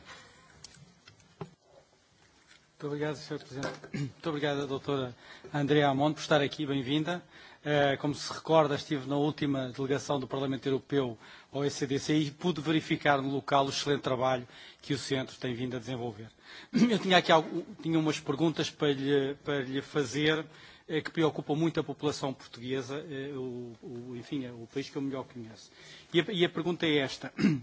[SPEAKER 9] Muito obrigado, Sr. Presidente. Muito obrigado, Doutora Andrea Amon, por estar aqui. Bem-vinda. Eh, como se recorda, estive na última delegação do Parlamento Europeu ao ECDC e pude verificar no local o excelente trabalho que o centro tem vindo a desenvolver. Eu tinha aqui algo, tinha umas perguntas para lhe, para lhe fazer eh, que preocupam muito a população portuguesa, eh, o, o, enfim, é o país que eu melhor conheço. E a, e a pergunta é esta.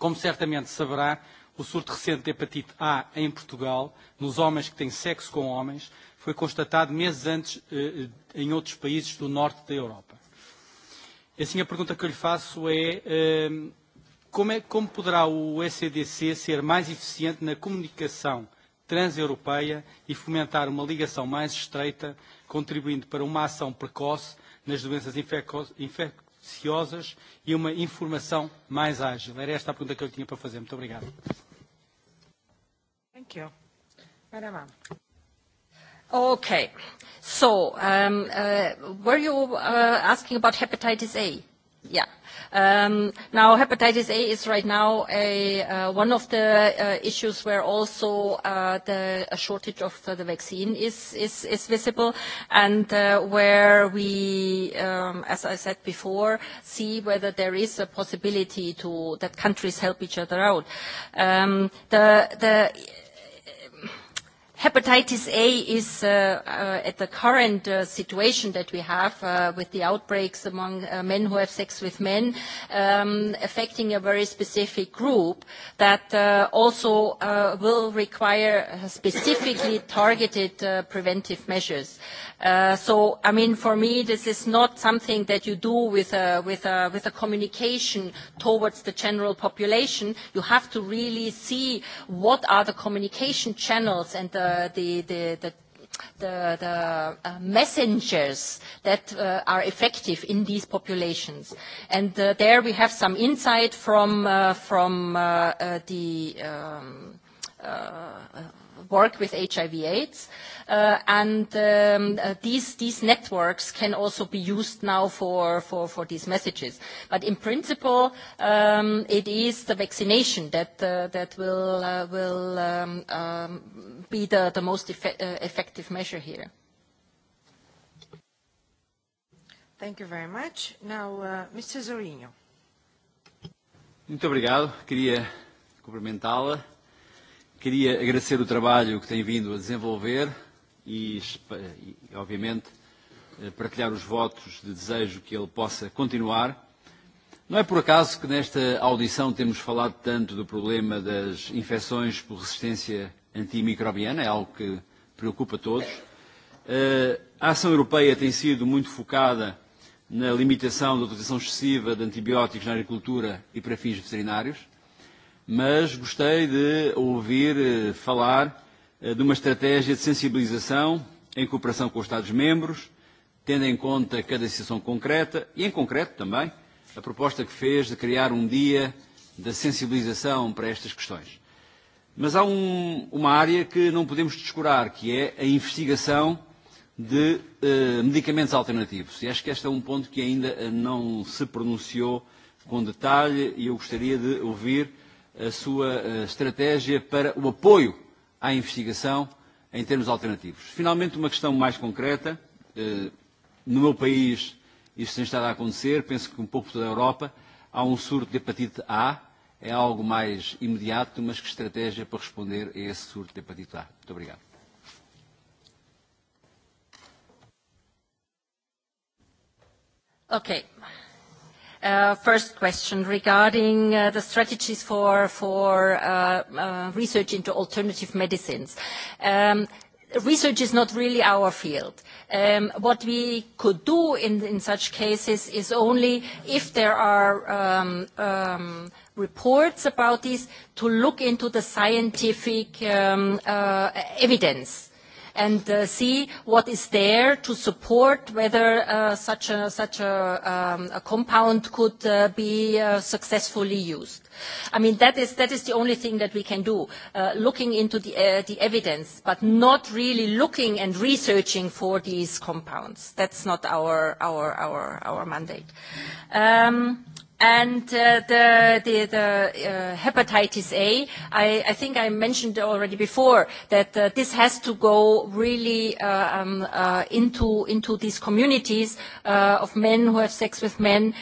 [SPEAKER 9] Como certamente saberá, o surto recente de hepatite A em Portugal, nos homens que têm sexo com homens, foi constatado meses antes eh, em outros países do norte da Europa. E assim, a pergunta que eu lhe faço é ehm, como, é, como poderá o ECDC ser mais eficiente na comunicação transeuropeia e fomentar uma ligação mais estreita, contribuindo para uma ação precoce nas doenças infecciosas e uma informação mais ágil? Era esta a pergunta que eu tinha para fazer. Muito obrigado.
[SPEAKER 1] Thank
[SPEAKER 2] you. Okay. So, um, uh, were you uh, asking about hepatitis A? Yeah. Um, now, hepatitis A is right now a, uh, one of the issues where also the a shortage of the vaccine is, is, visible and where we, um, as I said before, see whether there is a possibility to that countries help each other out. The, the hepatitis A is uh, uh, at the current uh, situation that we have uh, with the outbreaks among uh, men who have sex with men um, affecting a very specific group that uh, also will require specifically targeted preventive measures. Uh, so, I mean, for me, this is not something that you do with a, with, with a communication towards the general population. You have to really see what are the communication channels and the, the, the, the the, the uh, messengers that uh, are effective in these populations. And uh, there we have some insight from, uh, from the um, work with HIV AIDS. Uh, and um, uh, these these networks can also be used now for for for these messages but in principle um, it is the vaccination that uh, that will uh will um, um be the the most uh, effective measure here
[SPEAKER 1] Thank you very much now uh, Mr Zorino.
[SPEAKER 10] Muito obrigado queria cumprimentá-la Queria agradecer o trabalho que tem vindo a desenvolver E, e, obviamente, eh, partilhar os votos de desejo que ele possa continuar. Não é por acaso que nesta audição temos falado tanto do problema das infecções por resistência antimicrobiana, é algo que preocupa todos. Eh, a ação europeia tem sido muito focada na limitação da utilização excessiva de antibióticos na agricultura e para fins veterinários, mas gostei de ouvir eh, falar Eh, de uma estratégia de sensibilização em cooperação com os Estados-membros, tendo em conta cada situação concreta e, em concreto também, a proposta que fez de criar um dia da sensibilização para estas questões. Mas há um, uma área que não podemos descurar, que é a investigação de eh, medicamentos alternativos. E acho que este é um ponto que ainda eh, não se pronunciou com detalhe e eu gostaria de ouvir a sua eh, estratégia para o apoio à investigação em termos alternativos. Finalmente, uma questão mais concreta. Eh, no meu país, isto tem estado a acontecer, penso que um pouco por toda a Europa, há um surto de hepatite A, é algo mais imediato, mas que estratégia para responder a esse surto de hepatite A? Muito obrigado.
[SPEAKER 2] Okay, Uh, first question regarding uh, the strategies for, uh, research into alternative medicines. Um, research is not really our field. Um, what we could do in, such cases is only if there are um, reports about this, to look into the scientific evidence and uh, see what is there to support whether uh, such a such a, um, a compound could uh, be uh, successfully used. I mean that is that is the only thing that we can do, uh, looking into the uh, the evidence, but not really looking and researching for these compounds. That's not our our our our mandate. Um, And uh, the, the, the uh, hepatitis A, I, I think I mentioned already before that uh, this has to go really uh, um, into, into these communities of men who have sex with men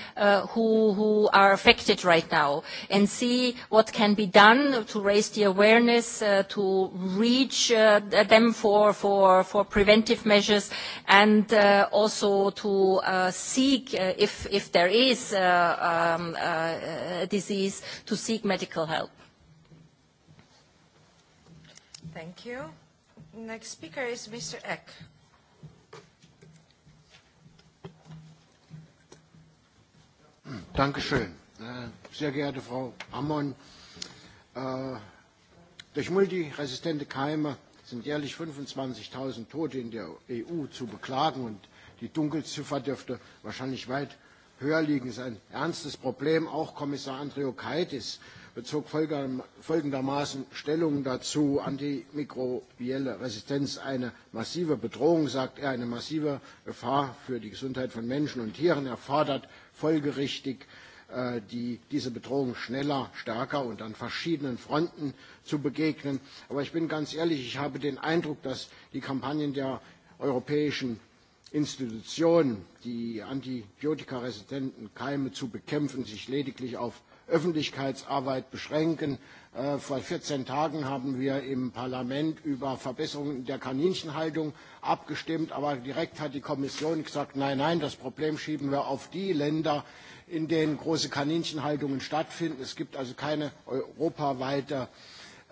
[SPEAKER 2] who, who are affected right now and see what can be done to raise the awareness, to reach them for, for, for preventive measures and also to seek if, if there is um, uh, uh, disease to seek medical help.
[SPEAKER 1] Thank you. Next speaker is Mr. Eck.
[SPEAKER 11] Dankeschön. Äh, sehr geehrte Frau Ammon, äh, durch multiresistente Keime sind jährlich 25.000 Tote in der EU zu beklagen und die Dunkelziffer dürfte wahrscheinlich weit höher liegen. ist ein ernstes Problem. Auch Kommissar Andriukaitis bezog folgendermaßen Stellung dazu. Antimikrobielle Resistenz eine massive Bedrohung, sagt er, eine massive Gefahr für die Gesundheit von Menschen und Tieren. Er fordert folgerichtig, äh, die, diese Bedrohung schneller, stärker und an verschiedenen Fronten zu begegnen. Aber ich bin ganz ehrlich, ich habe den Eindruck, dass die Kampagnen der Europäischen Institutionen, die antibiotikaresistenten Keime zu bekämpfen, sich lediglich auf Öffentlichkeitsarbeit beschränken. Äh, vor 14 Tagen haben wir im Parlament über Verbesserungen der Kaninchenhaltung abgestimmt, aber direkt hat die Kommission gesagt, nein, nein, das Problem schieben wir auf die Länder, in denen große Kaninchenhaltungen stattfinden. Es gibt also keine europaweite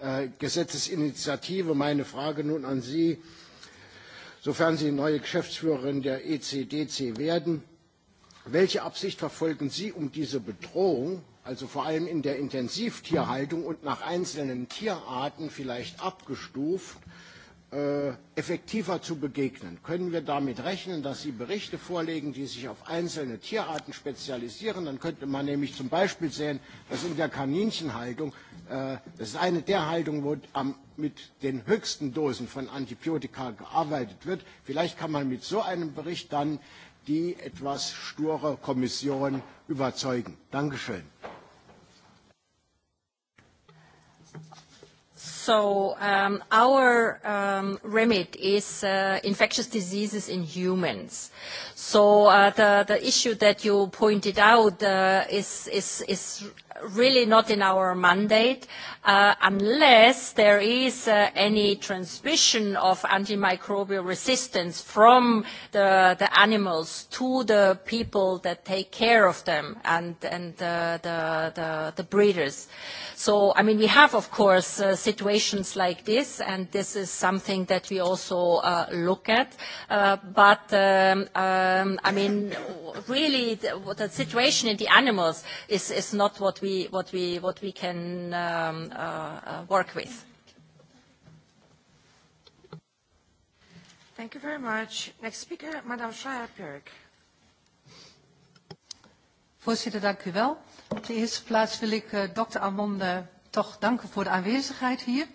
[SPEAKER 11] äh, Gesetzesinitiative. Meine Frage nun an Sie sofern Sie neue Geschäftsführerin der ECDC werden. Welche Absicht verfolgen Sie, um diese Bedrohung, also vor allem in der Intensivtierhaltung und nach einzelnen Tierarten vielleicht abgestuft, Äh, effektiver zu begegnen. Können wir damit rechnen, dass Sie Berichte vorlegen, die sich auf einzelne Tierarten spezialisieren? Dann könnte man nämlich zum Beispiel sehen, dass in der Kaninchenhaltung, das äh, ist eine der Haltungen, wo mit den höchsten Dosen von Antibiotika gearbeitet wird, vielleicht kann man mit so einem Bericht dann die etwas sture Kommission überzeugen. Dankeschön.
[SPEAKER 2] So um, our um, remit is uh, infectious diseases in humans. So uh, the, the issue that you pointed out uh, is, is, is really not in our mandate uh, unless there is uh, any transmission of antimicrobial resistance from the, the animals to the people that take care of them and, and uh, the, the, the breeders. So, I mean, we have, of course, uh, situations like this, and this is something that we also uh, look at. Uh, but, um, um, I mean, really, the, the situation in the animals is, is not what we we what we what we can um, uh, uh, work with.
[SPEAKER 1] Thank you very much. Next speaker, Madame Shaya pyrk
[SPEAKER 12] Voorzitter, dank u wel. Op de eerste plaats wil ik uh, dokter Amon uh, toch danken voor de aanwezigheid hier.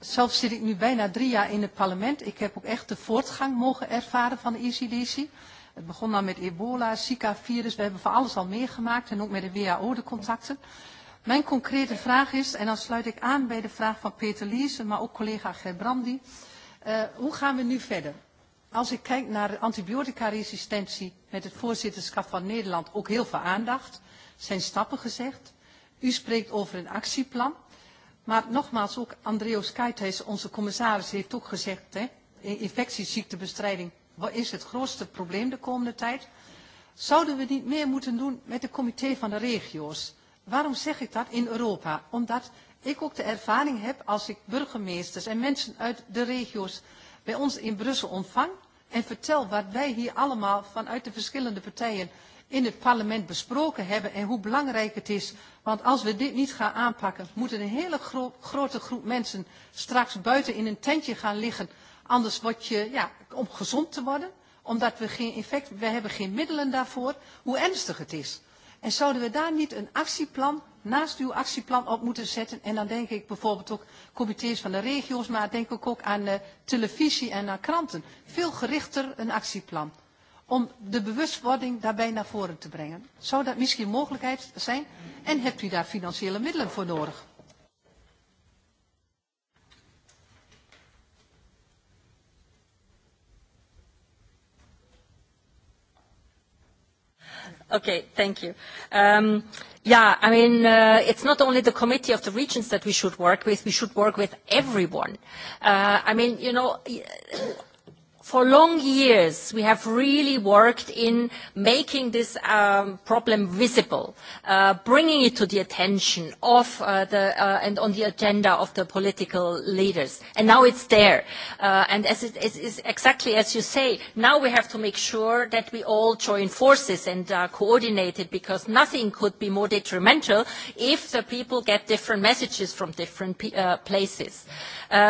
[SPEAKER 12] Zelf zit ik nu bijna drie jaar in het parlement. Ik heb ook echt de voortgang mogen ervaren van de ECDC. Het begon dan met ebola, Zika-virus. We hebben van alles al meegemaakt en ook met de WHO de contacten. Mijn concrete vraag is, en dan sluit ik aan bij de vraag van Peter Liese, maar ook collega Gerbrandi. Uh, eh, hoe gaan we nu verder? Als ik kijk naar antibiotica-resistentie met het voorzitterschap van Nederland ook heel veel aandacht. Er zijn stappen gezegd. U spreekt over een actieplan. Maar nogmaals, ook Andreas Kaitijs, onze commissaris, heeft ook gezegd, hè, infectieziektebestrijding wat is het grootste probleem de komende tijd? Zouden we niet meer moeten doen met het comité van de regio's? Waarom zeg ik dat in Europa? Omdat ik ook de ervaring heb als ik burgemeesters en mensen uit de regio's bij ons in Brussel ontvang en vertel wat wij hier allemaal vanuit de verschillende partijen in het parlement besproken hebben en hoe belangrijk het is. Want als we dit niet gaan aanpakken, moeten een hele gro grote groep mensen straks buiten in een tentje gaan liggen Anders word je, ja, om gezond te worden, omdat we geen effect, we hebben geen middelen daarvoor, hoe ernstig het is. En zouden we daar niet een actieplan naast uw actieplan op moeten zetten? En dan denk ik bijvoorbeeld ook comité's van de regio's, maar denk ik ook aan uh, televisie en aan kranten. Veel gerichter een actieplan. Om de bewustwording daarbij naar voren te brengen. Zou dat misschien mogelijkheid zijn? En hebt u daar financiële middelen voor nodig?
[SPEAKER 2] Okay, thank you. Um, yeah, I mean, uh, it's not only the committee of the regions that we should work with, we should work with everyone. Uh, I mean, you know, for long years we have really worked in making this um, problem visible uh, bringing it to the attention of uh, the uh, and on the agenda of the political leaders and now it's there and as it is, exactly as you say now we have to make sure that we all join forces and coordinate coordinated because nothing could be more detrimental if the people get different messages from different places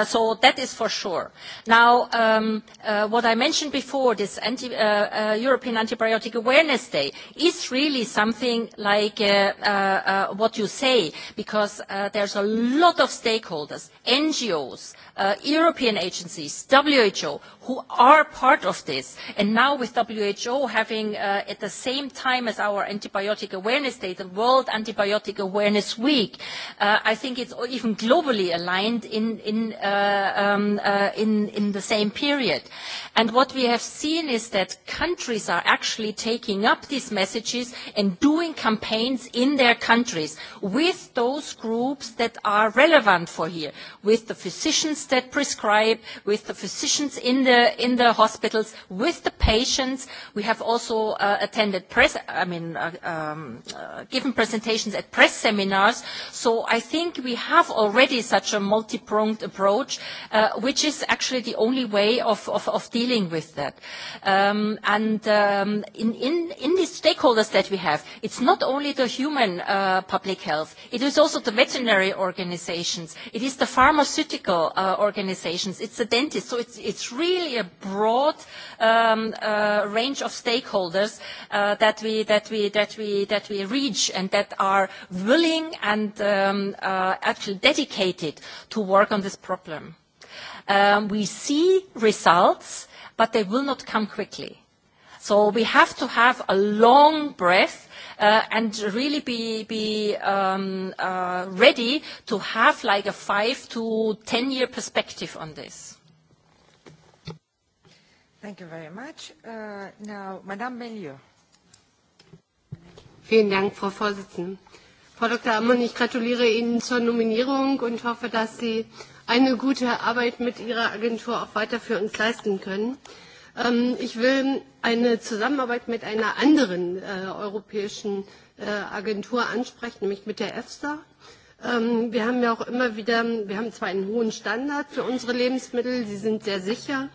[SPEAKER 2] so that is for sure now um, Uh, what I mentioned before, this anti, uh, uh, European Antibiotic Awareness Day, is really something like uh, uh, what you say, because there's a lot of stakeholders, NGOs, European agencies, WHO, who are part of this. And now with WHO having at the same time as our Antibiotic Awareness Day, the World Antibiotic Awareness Week, I think it's even globally aligned in, in, um, in, in the same period. And what we have seen is that countries are actually taking up these messages and doing campaigns in their countries with those groups that are relevant for here, with the physicians that prescribe, with the physicians in the, hospitals, with the patients. We have also uh, attended press, I mean, uh, um, uh, given presentations at press seminars. So I think we have already such a multi-pronged approach, which is actually the only way of of dealing with that. Um, and um, in, in, in the stakeholders that we have, it's not only the human uh, public health, it is also the veterinary organizations, it is the pharmaceutical uh, organizations, it's the dentists. So it's, it's really a broad um, uh, range of stakeholders uh, that, we, that, we, that, we, that we reach and that are willing and actually dedicated to work on this problem. Um, we see results, but they will not come quickly. So we have to have a long breath uh, and really be, be um, uh, ready to have like a five to ten year perspective on this.
[SPEAKER 1] Thank you very much. Uh, now, Madame Bellieu.
[SPEAKER 13] Vielen Dank, Frau Vorsitzende. Frau Dr. Ammann, ich gratuliere Ihnen zur Nominierung und hoffe, dass Sie eine gute Arbeit mit Ihrer Agentur auch weiter für uns leisten können. Ähm, ich will eine Zusammenarbeit mit einer anderen äh, europäischen äh, Agentur ansprechen, nämlich mit der EFSA. Ähm, wir haben ja auch immer wieder, wir haben zwar einen hohen Standard für unsere Lebensmittel, sie sind sehr sicher,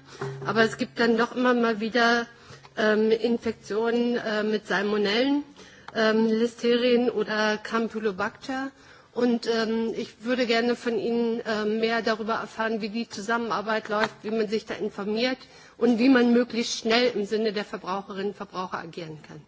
[SPEAKER 13] aber es gibt dann doch immer mal wieder ähm, Infektionen äh, mit Salmonellen, Listerien oder Campylobacter Und ähm, ich würde gerne von Ihnen äh, mehr darüber erfahren, wie die Zusammenarbeit läuft, wie man sich da informiert und wie man möglichst schnell im Sinne der Verbraucherinnen und Verbraucher agieren kann.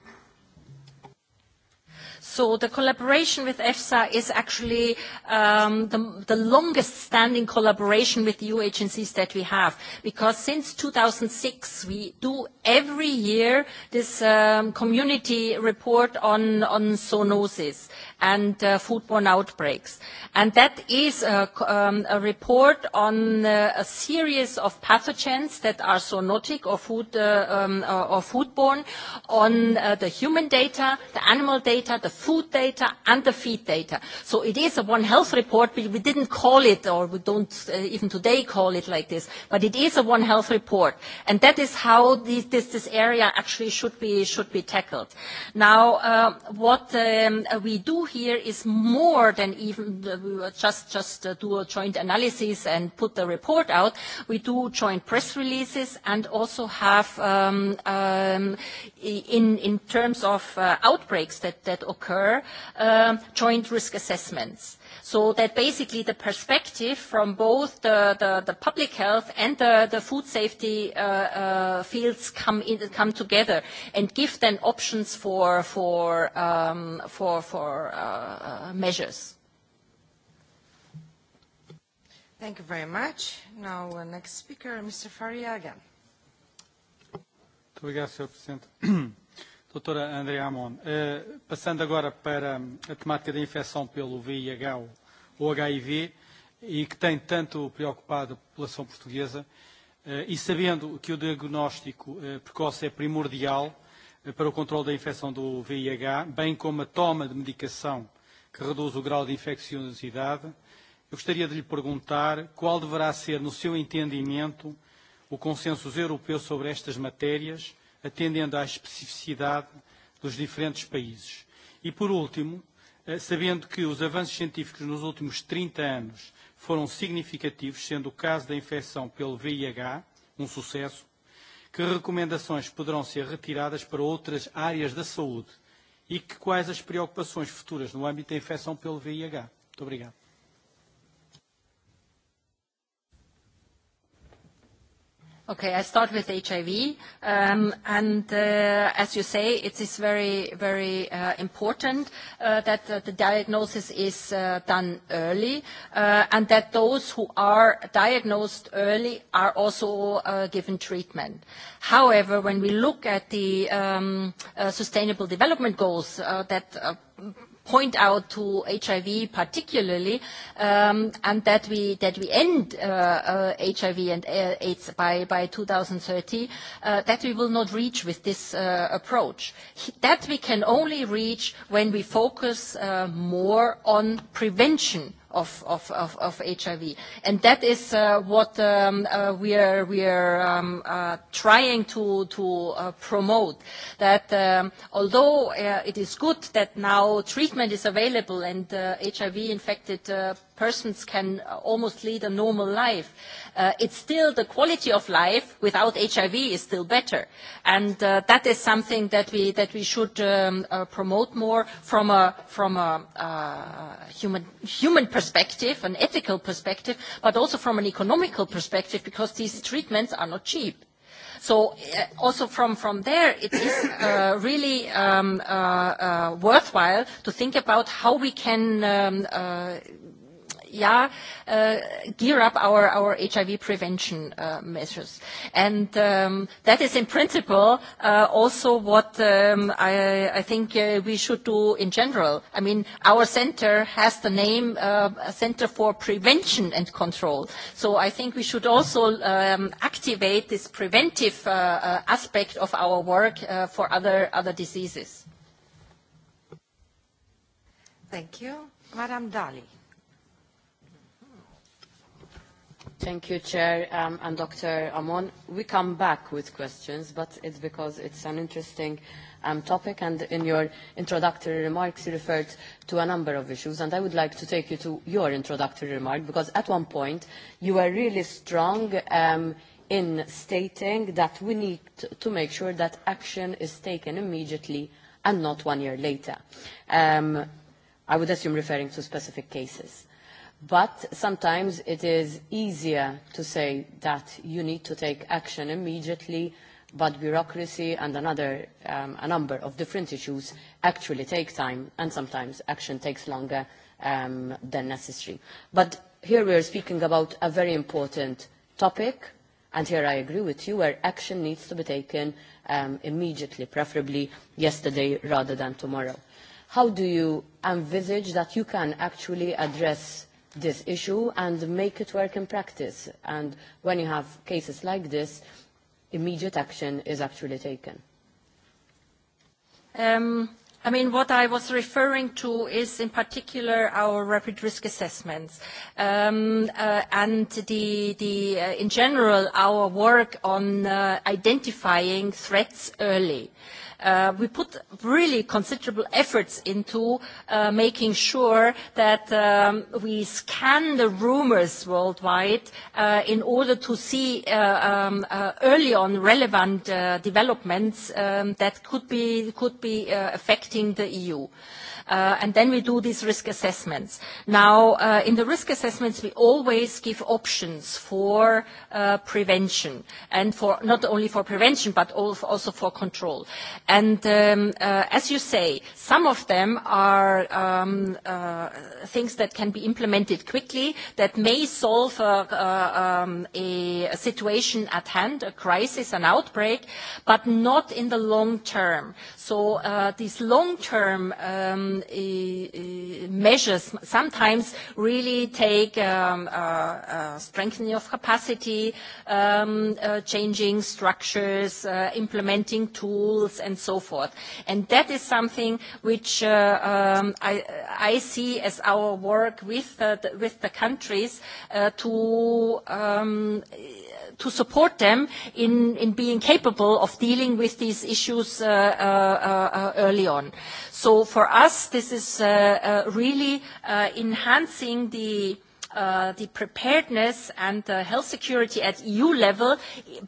[SPEAKER 2] So the collaboration with EFSA is actually um, the, the longest standing collaboration with EU agencies that we have because since 2006 we do every year this um, community report on, on zoonosis and uh, foodborne outbreaks. And that is a, um, a report on uh, a series of pathogens that are zoonotic or, food, uh, um, uh, or foodborne on uh, the human data, the animal data, the food data, and the feed data. So it is a One Health report, but we didn't call it, or we don't uh, even today call it like this, but it is a One Health report. And that is how this, this, this area actually should be, should be tackled. Now, what um, we do here is more than even just, just uh, do a joint analysis and put the report out. We do joint press releases and also have um, um, in, in terms of uh, outbreaks that, that occur, um, joint risk assessments so that basically the perspective from both the, public health and the, food safety uh, uh, fields come, together and give them options for, um, uh, measures.
[SPEAKER 1] Thank you very much. Now, next speaker, Mr. Faria
[SPEAKER 9] doutora André Amon. Eh, passando agora para a temática da infecção pelo VIH ou HIV, e que tem tanto preocupado a população portuguesa, eh, e sabendo que o diagnóstico eh, precoce é primordial para o controle da infecção do VIH, bem como a toma de medicação que reduz o grau de infecciosidade, eu gostaria de lhe perguntar qual deverá ser, no seu entendimento, o consenso europeu sobre estas matérias atendendo à especificidade dos diferentes países. E, por último, eh, sabendo que os avanços científicos nos últimos 30 anos foram significativos, sendo o caso da infecção pelo VIH um sucesso, que recomendações poderão ser retiradas para outras áreas da saúde e que quais as preocupações futuras no âmbito da infecção pelo VIH. Muito obrigado.
[SPEAKER 2] Okay, I start with HIV. Um, and uh, as you say, it is very, very uh, important uh, that the diagnosis is done early and that those who are diagnosed early are also given treatment. However, when we look at the um, Sustainable Development Goals that point out to HIV particularly, um, and that we that we end uh, uh, HIV and AIDS by by 2030, uh, that we will not reach with this uh, approach. That we can only reach when we focus uh, more on prevention of, of, of, of HIV. And that is uh, what um, uh, we are, we are um, uh, trying to, to uh, promote, that um, although uh, it is good that now treatment is available and HIV-infected uh, persons can uh, almost lead a normal life. Uh, it's still the quality of life without HIV is still better. And uh, that is something that we, that we should um, uh, promote more from a, from a uh, human, human perspective, an ethical perspective, but also from an economical perspective because these treatments are not cheap. So uh, also from, from there, it is uh, really um, uh, worthwhile to think about how we can um, yeah, uh, gear up our, our HIV prevention uh, measures. And um, that is in principle uh, also what um, I, I think uh, we should do in general. I mean, our center has the name uh, Center for Prevention and Control. So I think we should also um, activate this preventive uh, uh, aspect of our work uh, for other, other diseases.
[SPEAKER 4] Thank you. Madam Dali. Thank you, Chair um, and Dr. Amon. We come back with questions, but it's because it's an interesting um, topic, and in your introductory remarks, you referred to a number of issues, and I would like to take you to your introductory remark, because at one point, you were really strong um, in stating that we need to make sure that action is taken immediately and not one year later. Um, I would assume referring to specific cases. But sometimes it is easier to say that you need to take action immediately, but bureaucracy and another, um, a number of different issues actually take time, and sometimes action takes longer um, than necessary. But here we are speaking about a very important topic, and here I agree with you, where action needs to be taken um, immediately, preferably yesterday rather than tomorrow. How do you envisage that you can actually address this issue and make it work in practice. And when you have cases like this, immediate action is actually taken. Um,
[SPEAKER 2] I mean, what I was referring to is in particular our rapid risk assessments um, uh, and the, the, uh, in general our work on uh, identifying threats early. Uh, we put really considerable efforts into uh, making sure that um, we scan the rumors worldwide uh, in order to see uh, um, uh, early on relevant uh, developments um, that could be, could be affecting the EU. And then we do these risk assessments. Now, in the risk assessments, we always give options for prevention and for not only for prevention, but also for control. And um, uh, as you say, some of them are um, uh, things that can be implemented quickly, that may solve um, a situation at hand, a crisis, an outbreak, but not in the long term. So uh, these long-term um, e, e, measures sometimes really take um, uh, uh, strengthening of capacity, um, changing structures, implementing tools, and so forth. And that is something which I, see as our work with the, countries to support them in, being capable of dealing with these issues early uh, uh, uh, on. So for us, this is really enhancing the Uh, the preparedness and uh, health security at EU level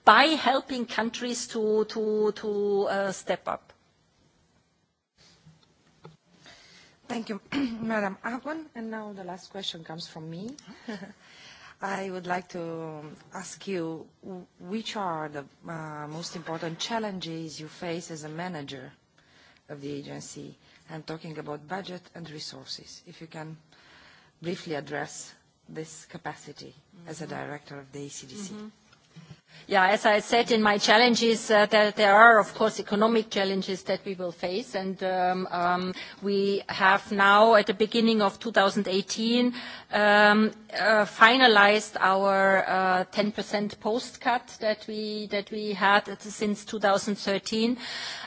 [SPEAKER 2] by helping countries to, to, to uh, step up.
[SPEAKER 1] Thank you, Madam Avon. And now the last question comes from me. I would like to ask you, which are the uh, most important challenges you face as a manager of the agency? I'm talking about budget and resources. If you can briefly address this capacity as a mm-hmm. director of the ECDC.
[SPEAKER 2] Yeah, as I said in my challenges, uh, there, there are, of course, economic challenges that we will face. And um, um, we have now, at the beginning of 2018, um, uh, finalized our 10% post cut that we, that we had since 2013.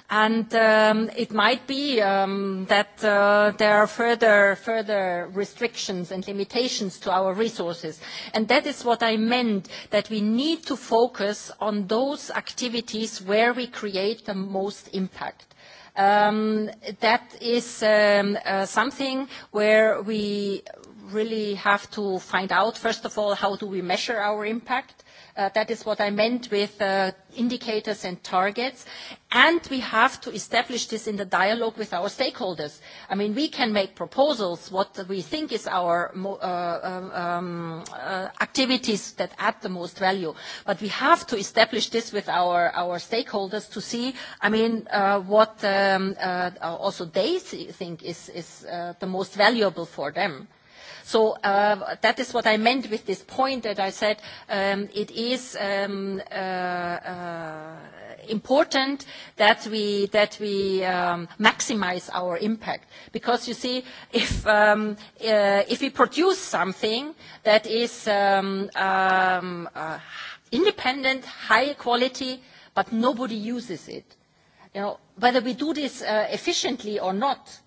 [SPEAKER 2] And um, it might be um, that uh, there are further, further restrictions and limitations to our resources. And that is what I meant, that we need to focus focus on those activities where we create the most impact. Um, that is um, uh, something where we really have to find out, first of all, how do we measure our impact? Uh, that is what I meant with uh, indicators and targets. And we have to establish this in the dialogue with our stakeholders. I mean, we can make proposals, what we think is our uh, um, um, activities that add the most value. But we have to establish this with our, stakeholders to see, I mean, what um, also they think is the most valuable for them. So uh, that is what I meant with this point that I said um, it is um, uh, uh, important that we, that we um, maximize our impact. Because you see, if, um, uh, if we produce something that is um, um, uh, independent, high quality, but nobody uses it, you know, whether we do this uh, efficiently or not,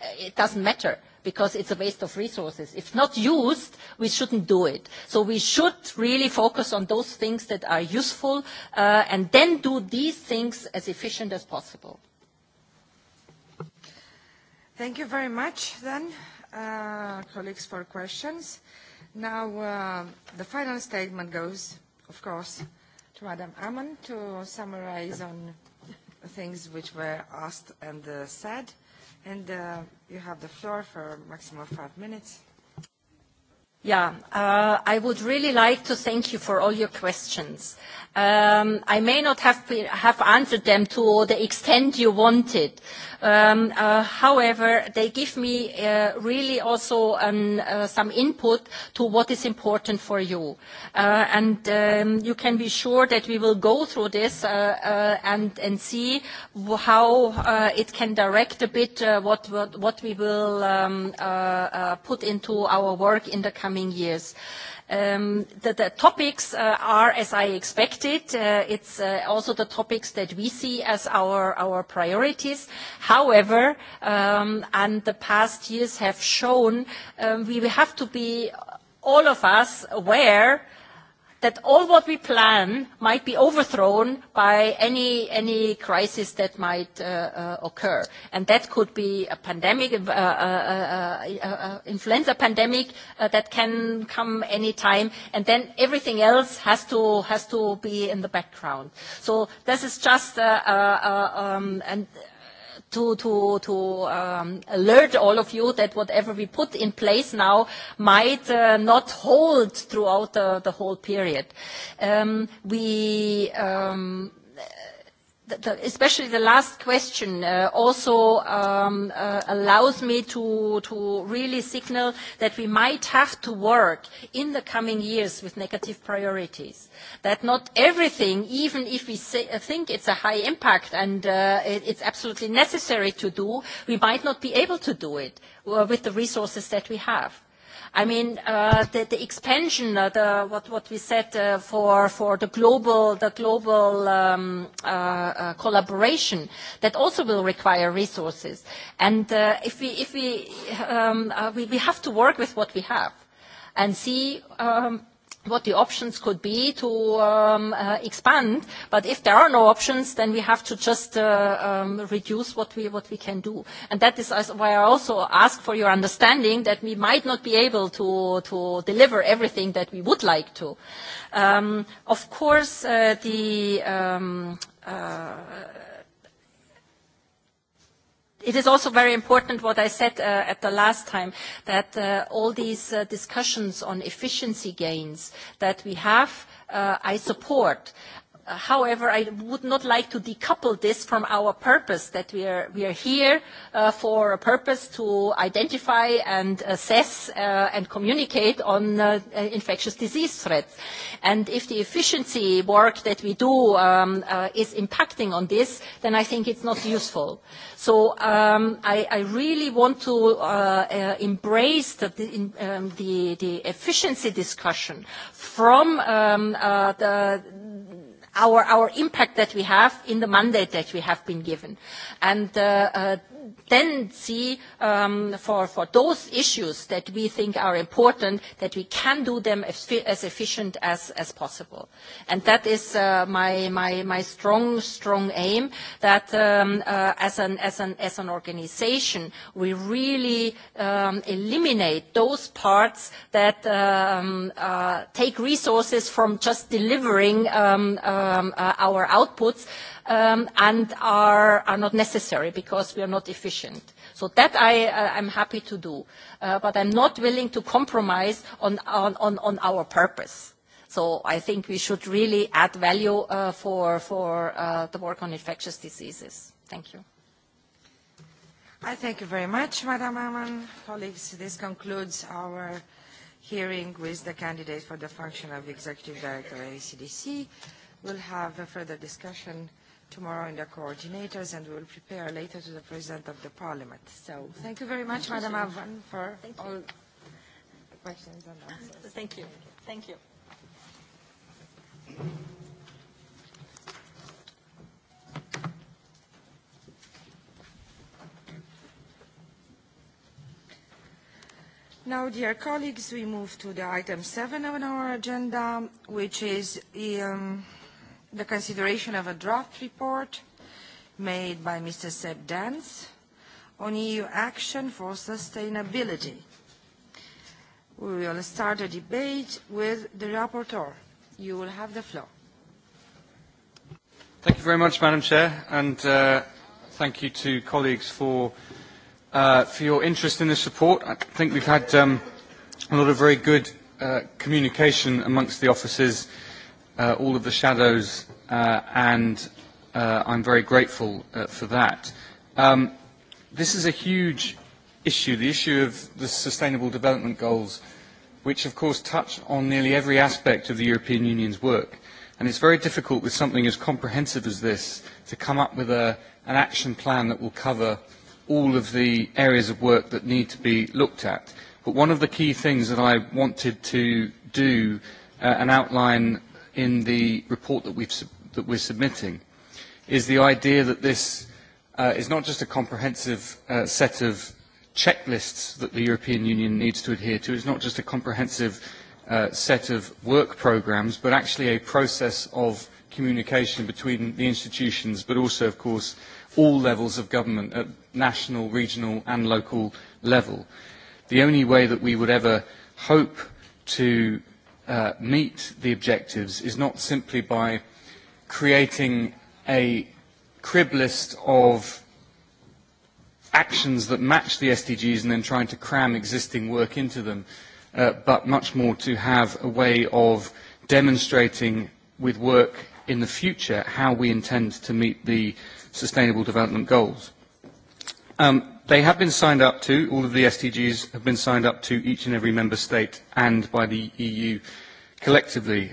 [SPEAKER 2] uh, it doesn't matter because it's a waste of resources. If not used, we shouldn't do it. So we should really focus on those things that are useful uh, and then do these things as efficient as possible.
[SPEAKER 1] Thank you very much then, uh, colleagues, for questions. Now, uh, the final statement goes, of course, to Madam Amon to summarize on things which were asked and uh, said. And uh, you have the floor for a maximum of five minutes.
[SPEAKER 2] Yeah, uh, I would really like to thank you for all your questions. Um, I may not have, have answered them to the extent you wanted. Um, uh, however, they give me uh, really also um, uh, some input to what is important for you. Uh, and um, you can be sure that we will go through this uh, and, and see how it can direct a bit what, what, what we will um, put into our work in the coming coming years. Um, the, topics uh, are as I expected. Uh, it's uh, also the topics that we see as our, priorities. However, um, and the past years have shown, um, we we have to be, all of us, aware that all what we plan might be overthrown by any any crisis that might uh, uh, occur and that could be a pandemic uh, uh, uh, uh influenza pandemic that can come any time and then everything else has to has to be in the background so this is just um, and to to to um, alert all of you that whatever we put in place now might uh, not hold throughout the, whole period. Um, we um, the, especially the last question uh, also um, uh, allows me to, to really signal that we might have to work in the coming years with negative priorities. That not everything, even if we say, uh, think it's a high impact and uh, it, it's absolutely necessary to do, we might not be able to do it uh, with the resources that we have. I mean, uh, the, the expansion, uh, the, what, what we said uh, for, for the global, the global um, uh, uh, collaboration, that also will require resources. And uh, if we, if we, um, we, we have to work with what we have and see um, what the options could be to um, uh, expand. But if there are no options, then we have to just uh, um, reduce what we, can do. And that is why I also ask for your understanding that we might not be able to, deliver everything that we would like to. Um, of course, uh, the it is also very important what I said uh, at the last time, that uh, all these uh, discussions on efficiency gains that we have, uh, I support. However, I would not like to decouple this from our purpose that we are, we are here uh, for a purpose to identify and assess uh, and communicate on uh, uh, infectious disease threats. And if the efficiency work that we do um, uh, is impacting on this, then I think it's not useful. So um, I, I really want to embrace the, um, the, the efficiency discussion from um, the our, our impact that we have in the mandate that we have been given. And uh, uh, tendency um, for, for those issues that we think are important, that we can do them as, efficient as, as possible. And that is uh, my, my, my strong, strong aim that um, uh, as, an, as, an, organization, we really um, eliminate those parts that um, uh, take resources from just delivering our outputs Um, and are, not necessary because we are not efficient. So that I, am uh, happy to do. Uh, but I'm not willing to compromise on, on, on, our purpose. So I think we should really add value uh, for, for the work on infectious diseases. Thank you.
[SPEAKER 1] I thank you very much, Madam Aman. Colleagues, this concludes our hearing with the candidate for the function of Executive Director of ACDC. We'll have a further discussion tomorrow in the coordinators and we will prepare later to the President of the Parliament. So thank you very much, Madam Avan, for all you. questions and
[SPEAKER 2] answers. Thank you. Thank you.
[SPEAKER 1] Now, dear colleagues, we move to the item seven of our agenda, which is um, the consideration of a draft report made by Mr. Seb Dance on EU action for sustainability. We will start a debate with the rapporteur. You will have the floor.
[SPEAKER 14] Thank you very much, Madam Chair, and uh, thank you to colleagues for, uh, for your interest in this report. I think we've had um, a lot of very good uh, communication amongst the offices uh, all of the shadows, uh, and uh, I'm very grateful uh, for that. Um, this is a huge issue, the issue of the Sustainable Development Goals, which of course touch on nearly every aspect of the European Union's work. And it's very difficult with something as comprehensive as this to come up with a, an action plan that will cover all of the areas of work that need to be looked at. But one of the key things that I wanted to do uh, and outline in the report that, we've, that we're submitting is the idea that this uh, is not just a comprehensive uh, set of checklists that the European Union needs to adhere to. It's not just a comprehensive uh, set of work programs, but actually a process of communication between the institutions, but also, of course, all levels of government at national, regional, and local level. The only way that we would ever hope to Uh, meet the objectives is not simply by creating a crib list of actions that match the SDGs and then trying to cram existing work into them, uh, but much more to have a way of demonstrating with work in the future how we intend to meet the Sustainable Development Goals. Um, They have been signed up to, all of the SDGs have been signed up to each and every member state and by the EU collectively.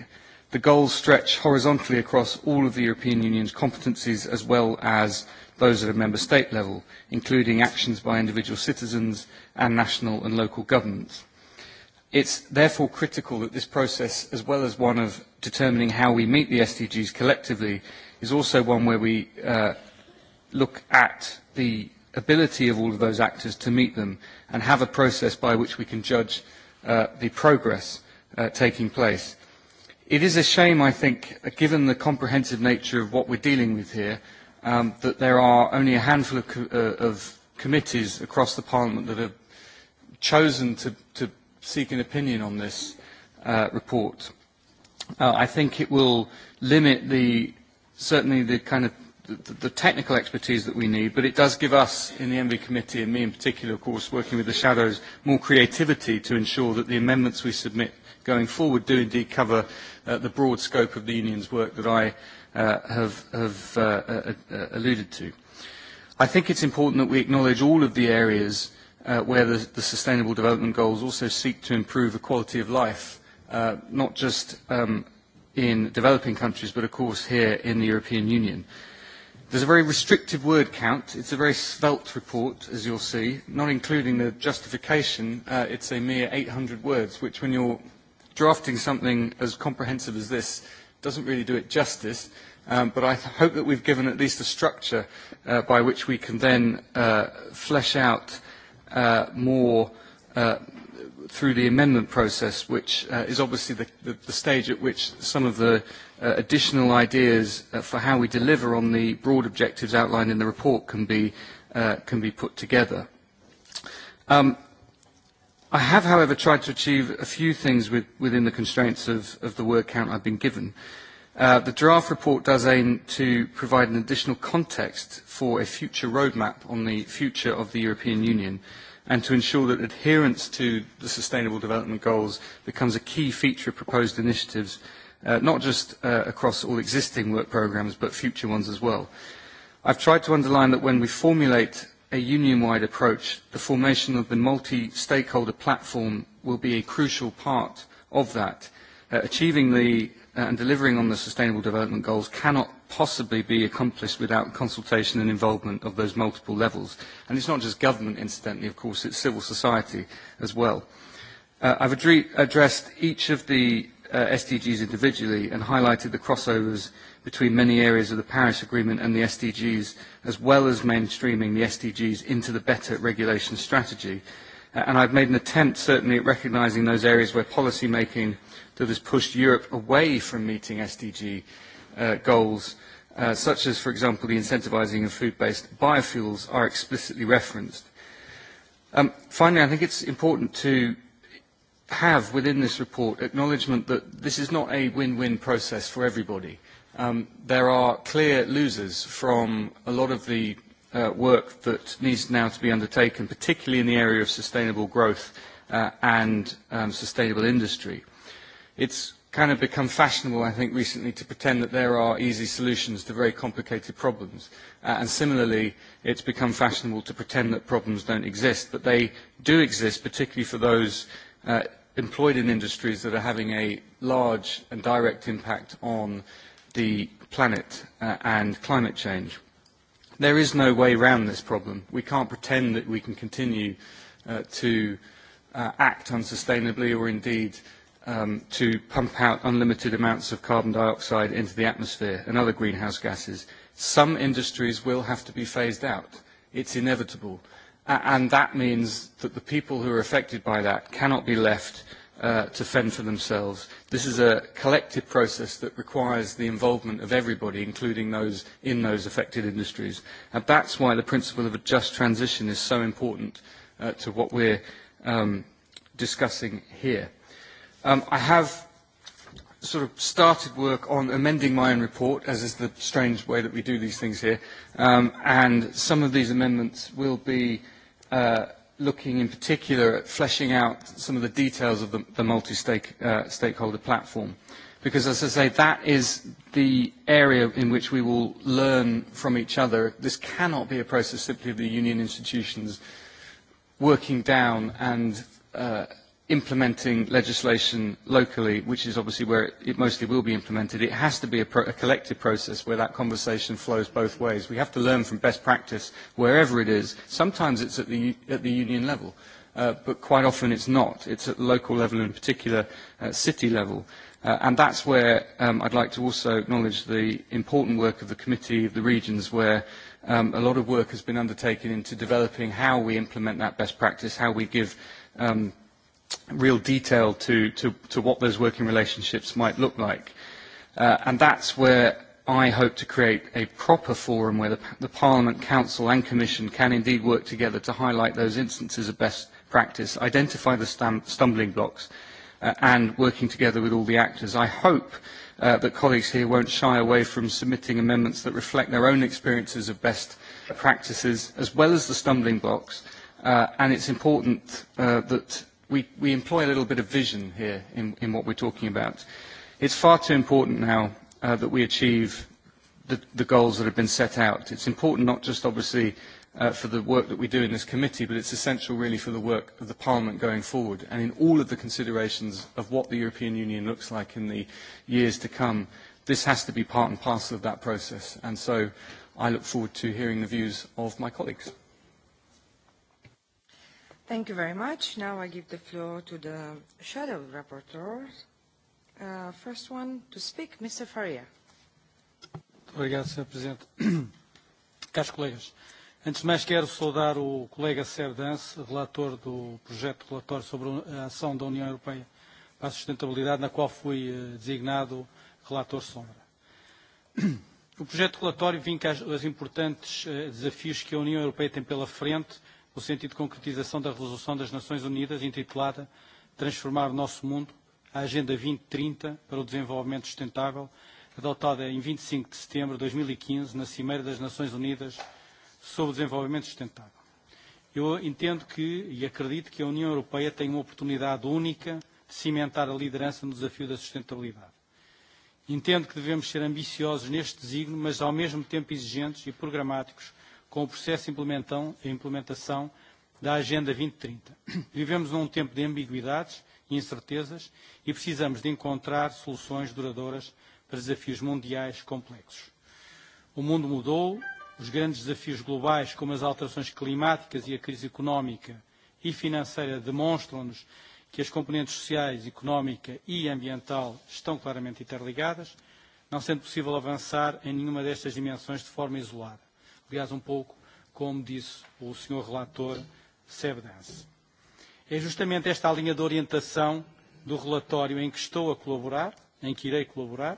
[SPEAKER 14] The goals stretch horizontally across all of the European Union's competencies as well as those at a member state level, including actions by individual citizens and national and local governments. It's therefore critical that this process, as well as one of determining how we meet the SDGs collectively, is also one where we uh, look at the ability of all of those actors to meet them and have a process by which we can judge uh, the progress uh, taking place. It is a shame, I think, given the comprehensive nature of what we're dealing with here, um, that there are only a handful of, co uh, of committees across the Parliament that have chosen to, to seek an opinion on this uh, report. Uh, I think it will limit the, certainly the kind of the, technical expertise that we need, but it does give us in the Envy Committee, and me in particular, of course, working with the shadows, more creativity to ensure that the amendments we submit going forward do indeed cover uh, the broad scope of the union's work that I uh, have, have uh, uh, uh alluded to. I think it's important that we acknowledge all of the areas uh, where the, the Sustainable Development Goals also seek to improve the quality of life, not just um, in developing countries, but of course here in the European Union. There's a very restrictive word count. It's a very svelte report, as you'll see. Not including the justification, uh, it's a mere 800 words, which when you're drafting something as comprehensive as this, doesn't really do it justice. Um, but I hope that we've given at least a structure uh, by which we can then uh, flesh out uh, more through the amendment process, which is obviously the, the, the stage at which some of the uh, additional ideas uh, for how we deliver on the broad objectives outlined in the report can be, uh, can be put together. Um, I have, however, tried to achieve a few things with, within the constraints of, of the word count I've been given. Uh, the draft report does aim to provide an additional context for a future roadmap on the future of the European Union and to ensure that adherence to the Sustainable Development Goals becomes a key feature of proposed initiatives Uh, not just uh, across all existing work programmes but future ones as well. I've tried to underline that when we formulate a union-wide approach, the formation of the multi-stakeholder platform will be a crucial part of that. Uh, achieving the and delivering on the Sustainable Development Goals cannot possibly be accomplished without consultation and involvement of those multiple levels. And it's not just government, incidentally, of course, it's civil society as well. I've addressed each of the Uh, SDGs individually and highlighted the crossovers between many areas of the Paris Agreement and the SDGs, as well as mainstreaming the SDGs into the better regulation strategy. Uh, and I've made an attempt, certainly, at recognising those areas where policymaking that has pushed Europe away from meeting SDG uh, goals, uh, such as, for example, the incentivizing of food-based biofuels, are explicitly referenced. Um, finally, I think it's important to have within this report acknowledgement that this is not a win-win process for everybody. Um, there are clear losers from a lot of the uh, work that needs now to be undertaken, particularly in the area of sustainable growth uh, and um, sustainable industry. It's kind of become fashionable, I think, recently to pretend that there are easy solutions to very complicated problems. Uh, and similarly, it's become fashionable to pretend that problems don't exist, but they do exist, particularly for those uh, employed in industries that are having a large and direct impact on the planet uh, and climate change. There is no way around this problem. We can't pretend that we can continue uh, to uh, act unsustainably or indeed um, to pump out unlimited amounts of carbon dioxide into the atmosphere and other greenhouse gases. Some industries will have to be phased out. It's inevitable and that means that the people who are affected by that cannot be left uh, to fend for themselves. This is a collective process that requires the involvement of everybody, including those in those affected industries. And that's why the principle of a just transition is so important uh, to what we're um, discussing here. Um, I have sort of started work on amending my own report, as is the strange way that we do these things here, um, and some of these amendments will be uh, looking in particular at fleshing out some of the details of the, the multi-stakeholder -stake, uh, platform. Because as I say, that is the area in which we will learn from each other. This cannot be a process simply of the union institutions working down and uh, implementing legislation locally, which is obviously where it mostly will be implemented, it has to be a, pro a collective process where that conversation flows both ways. We have to learn from best practice wherever it is. Sometimes it's at the, at the union level, uh, but quite often it's not. It's at the local level, in particular uh, city level. Uh, and that's where um, I'd like to also acknowledge the important work of the Committee of the Regions, where um, a lot of work has been undertaken into developing how we implement that best practice, how we give um, – real detail to, to, to what those working relationships might look like. Uh, and that's where I hope to create a proper forum where the, Parliament, Council and Commission can indeed work together to highlight those instances of best practice, identify the stumbling blocks uh, and working together with all the actors. I hope uh, that colleagues here won't shy away from submitting amendments that reflect their own experiences of best practices as well as the stumbling blocks and it's important that we, we employ a little bit of vision here in, in what we're talking about. It's far too important now uh, that we achieve the, the goals that have been set out. It's important not just obviously uh, for the work that we do in this committee, but it's essential really for the work of the Parliament going forward. And in all of the considerations of what the European Union looks like in the years to come, this has to be part and parcel of that process. And so I look forward to hearing the views of my colleagues.
[SPEAKER 1] Thank you very much. Now I give the floor to the shadow rapporteurs. Uh, first one to speak, Mr. Faria.
[SPEAKER 9] Obrigado, Sr. Presidente. Caros colegas, antes de mais quero saudar o colega Serdans, relator do projeto de relatório sobre a ação da União Europeia para a sustentabilidade, na qual fui eh, designado relator sombra. O projeto de relatório vinca os importantes eh, desafios que a União Europeia tem pela frente no sentido de concretização da Resolução das Nações Unidas intitulada Transformar o Nosso Mundo, a Agenda 2030 para o Desenvolvimento Sustentável, adotada em 25 e de setembro de 2015 e na Cimeira das Nações Unidas sobre o Desenvolvimento Sustentável. Eu entendo que e acredito que a União Europeia tem uma oportunidade única de cimentar a liderança no desafio da sustentabilidade. Entendo que devemos ser ambiciosos neste designo, mas ao mesmo tempo exigentes e programáticos com o processo de implementação da Agenda 2030. E Vivemos num tempo de ambiguidades e incertezas e precisamos de encontrar soluções duradouras para desafios mundiais complexos. O mundo mudou, os grandes desafios globais, como as alterações climáticas e a crise económica e financeira, demonstram-nos que as componentes sociais, económica e ambiental estão claramente interligadas, não sendo possível avançar em nenhuma destas dimensões de forma isolada aliás, um pouco como disse o Sr. Relator Sebdance. É justamente esta a linha de orientação do relatório em que estou a colaborar, em que irei colaborar.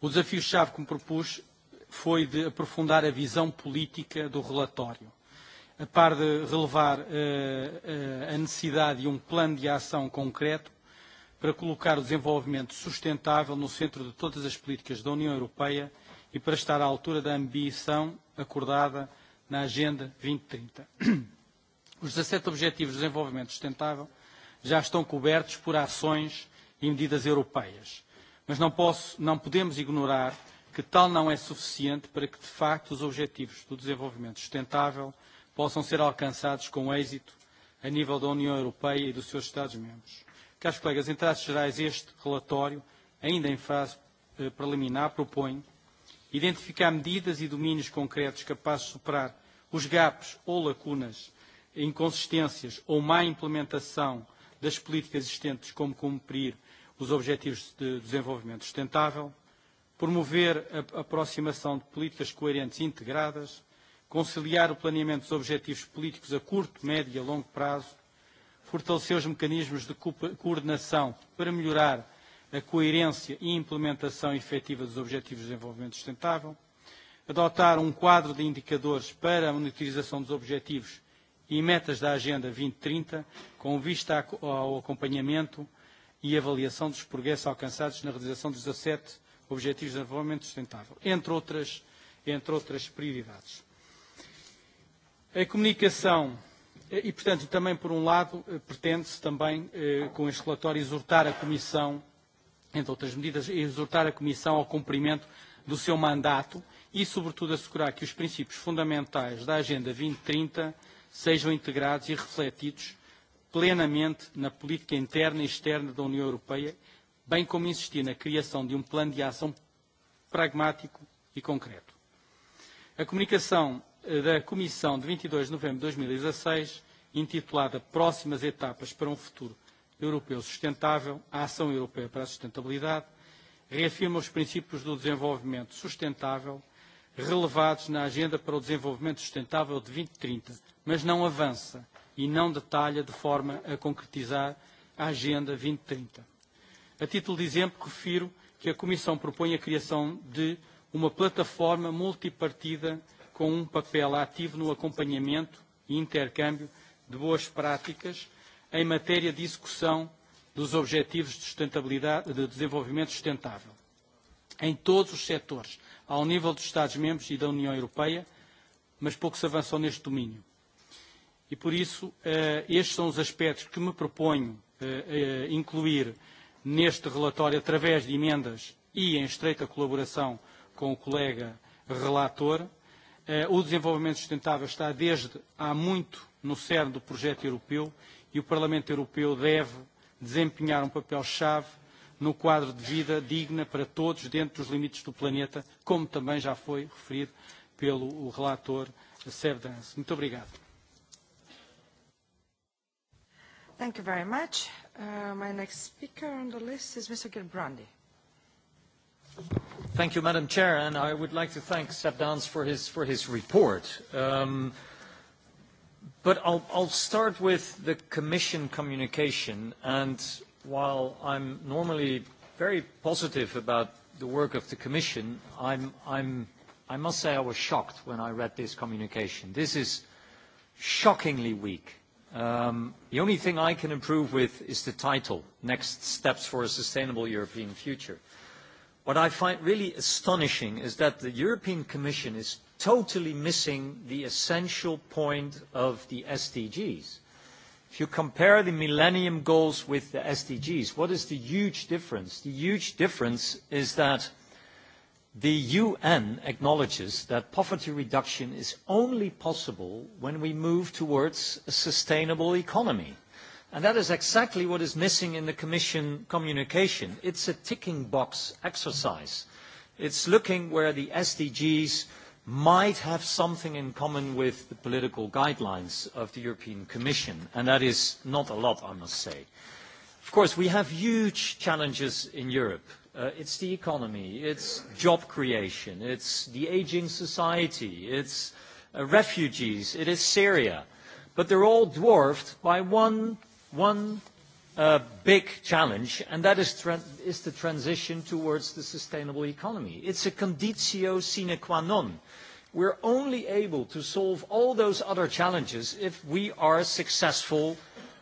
[SPEAKER 9] O desafio-chave que me propus foi de aprofundar a visão política do relatório, a par de relevar uh, uh, a necessidade de um plano de ação concreto para colocar o desenvolvimento sustentável no centro de todas as políticas da União Europeia e para estar à altura da ambição acordada na Agenda 2030. Os 17 Objetivos de Desenvolvimento Sustentável já estão cobertos por ações e medidas europeias, mas não, posso, não podemos ignorar que tal não é suficiente para que, de facto, os objetivos do desenvolvimento sustentável possam ser alcançados com êxito a nível da União Europeia e dos seus Estados-membros. Caros colegas, em traços gerais, este relatório, ainda em fase eh, preliminar, propõe identificar medidas e domínios concretos capazes de superar os gaps ou lacunas, inconsistências ou má implementação das políticas existentes, como cumprir os Objetivos de Desenvolvimento Sustentável, promover a aproximação de políticas coerentes e integradas, conciliar o planeamento dos objetivos políticos a curto, médio e a longo prazo, fortalecer os mecanismos de coordenação para melhorar a coerência e implementação efetiva dos Objetivos de Desenvolvimento Sustentável, adotar um quadro de indicadores para a monitorização dos objetivos e metas da Agenda 2030, e com vista ao acompanhamento e avaliação dos progressos alcançados na realização dos 17 Objetivos de Desenvolvimento Sustentável, entre outras, entre outras prioridades. A comunicação eh, e, portanto, também, por um lado, eh, pretende-se também, eh, com este relatório, exortar a Comissão entre outras medidas, exortar a Comissão ao cumprimento do seu mandato e, sobretudo, assegurar que os princípios fundamentais da Agenda 2030 e sejam integrados e refletidos plenamente na política interna e externa da União Europeia, bem como insistir na criação de um plano de ação pragmático e concreto. A comunicação eh, da Comissão de 22 e de novembro de 2016, e intitulada Próximas Etapas para um Futuro Europeu Sustentável, a Ação Europeia para a Sustentabilidade, reafirma os princípios do desenvolvimento sustentável relevados na Agenda para o Desenvolvimento Sustentável de 2030, e mas não avança e não detalha de forma a concretizar a Agenda 2030. E a título de exemplo, refiro que a Comissão propõe a criação de uma plataforma multipartida com um papel ativo no acompanhamento e intercâmbio de boas práticas em matéria de execução dos Objetivos de, sustentabilidade, de Desenvolvimento Sustentável, em todos os setores, ao nível dos Estados-membros e da União Europeia, mas pouco se avançou neste domínio. E, por isso, eh, estes são os aspectos que me proponho eh, eh, incluir neste relatório através de emendas e em estreita colaboração com o colega relator. O desenvolvimento sustentável está desde há muito no cerne do projeto europeu e o Parlamento Europeu deve desempenhar um papel-chave no quadro de vida digna para todos dentro dos limites do planeta, como também já foi referido pelo relator Sevdans. Muito obrigado.
[SPEAKER 1] Thank you very much. Uh, my next speaker on the list is Mr. Gilbrandi.
[SPEAKER 5] Thank you, Madam Chair, and I would like to thank Seb for his, for his report. Um, But I'll, I'll start with the Commission communication. And while I'm normally very positive about the work of the Commission, I'm, I'm, I must say I was shocked when I read this communication. This is shockingly weak. Um, the only thing I can improve with is the title, Next Steps for a Sustainable European Future. What I find really astonishing is that the European Commission is totally missing the essential point of the SDGs. If you compare the Millennium Goals with the SDGs, what is the huge difference? The huge difference is that the UN acknowledges that poverty reduction is only possible when we move towards a sustainable economy. And that is exactly what is missing in the Commission communication. It's a ticking box exercise. It's looking where the SDGs might have something in common with the political guidelines of the European Commission, and that is not a lot, I must say. Of course, we have huge challenges in Europe. Uh, it's the economy, it's job creation, it's the aging society, it's uh, refugees, it is Syria. But they're all dwarfed by one, one a big challenge, and that is, is the transition towards the sustainable economy. It's a conditio sine qua non. We're only able to solve all those other challenges if we are successful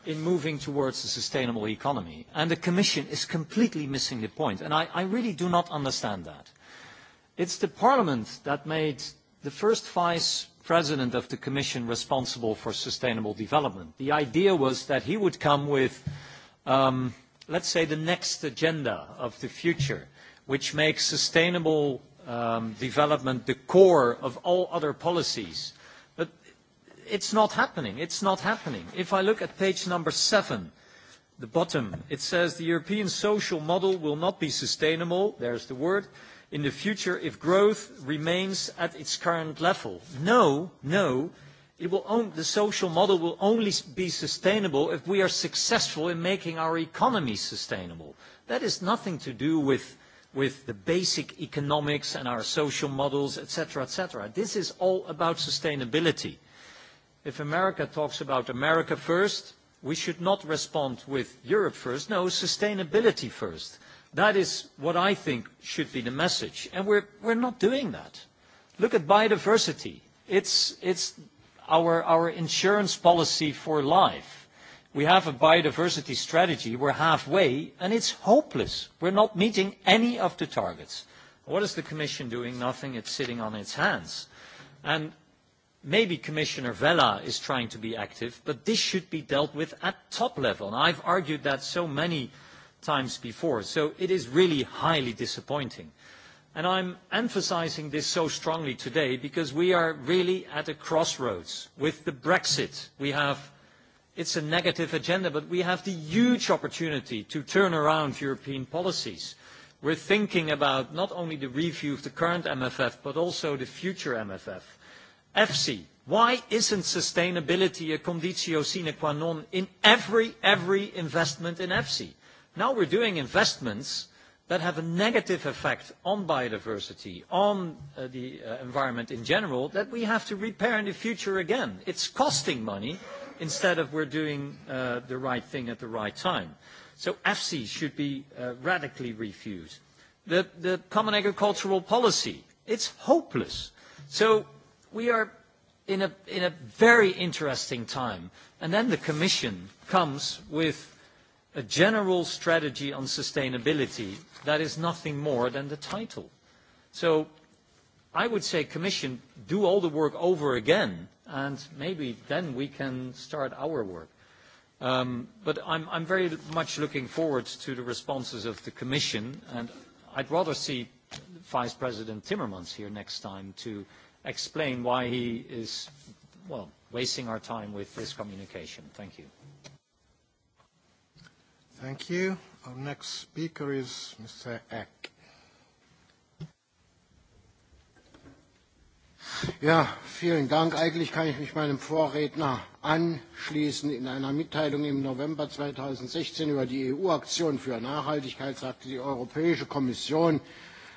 [SPEAKER 5] in moving towards a sustainable economy. And the Commission is completely missing the point, and I, I really do not understand that. It's the Parliament that made the first vice president of the Commission responsible for sustainable development. The idea was that he would come with um, let's say, the next agenda of the future, which makes sustainable um, development the core of all other policies. But it's not happening. It's not happening. If I look at page number seven, the bottom, it says the European social model will not be sustainable, there is the word, in the future if growth remains at its current level. No, no, It will own, the social model will only be sustainable if we are successful in making our economy sustainable. That has nothing to do with, with the basic economics and our social models, etc., etc. This is all about sustainability. If America talks about America first, we should not respond with Europe first. No, sustainability first. That is what I think should be the message. And we're, we're not doing that. Look at biodiversity. It's, it's our, our insurance policy for life. We have a biodiversity strategy. We're halfway, and it's hopeless. We're not meeting any of the targets. What is the Commission doing? Nothing. It's sitting on its hands. And maybe Commissioner Vella is trying to be active, but this should be dealt with at top level. And I've argued that so many times before. So it is really highly disappointing. And I'm emphasizing this so strongly today because we are really at a crossroads. With the Brexit, we have, it's a negative agenda, but we have the huge opportunity to turn around European policies. We're thinking about not only the review of the current MFF, but also the future MFF. EFSI, why isn't sustainability a conditio sine qua non in every, every investment in EFSI? Now we're doing investments that have a negative effect on biodiversity, on uh, the uh, environment in general, that we have to repair in the future again. It's costing money instead of we're doing uh, the right thing at the right time. So FC should be radically refused. The, the common agricultural policy, it's hopeless. So we are in a, in a very interesting time. And then the Commission comes with a general strategy on sustainability that is nothing more than the title. So I would say, Commission, do all the work over again, and maybe then we can start our work. Um, but I'm, I'm very much looking forward to the responses of the Commission, and I'd rather see Vice President Timmermans here next time to explain why he is, well, wasting our time with this communication. Thank you.
[SPEAKER 15] Thank you. Our
[SPEAKER 11] next speaker is Mr. Eck. Ja, vielen Dank. Eigentlich kann ich mich meinem Vorredner anschließen. In einer Mitteilung im November 2016 über die EU-Aktion für Nachhaltigkeit sagte die Europäische Kommission,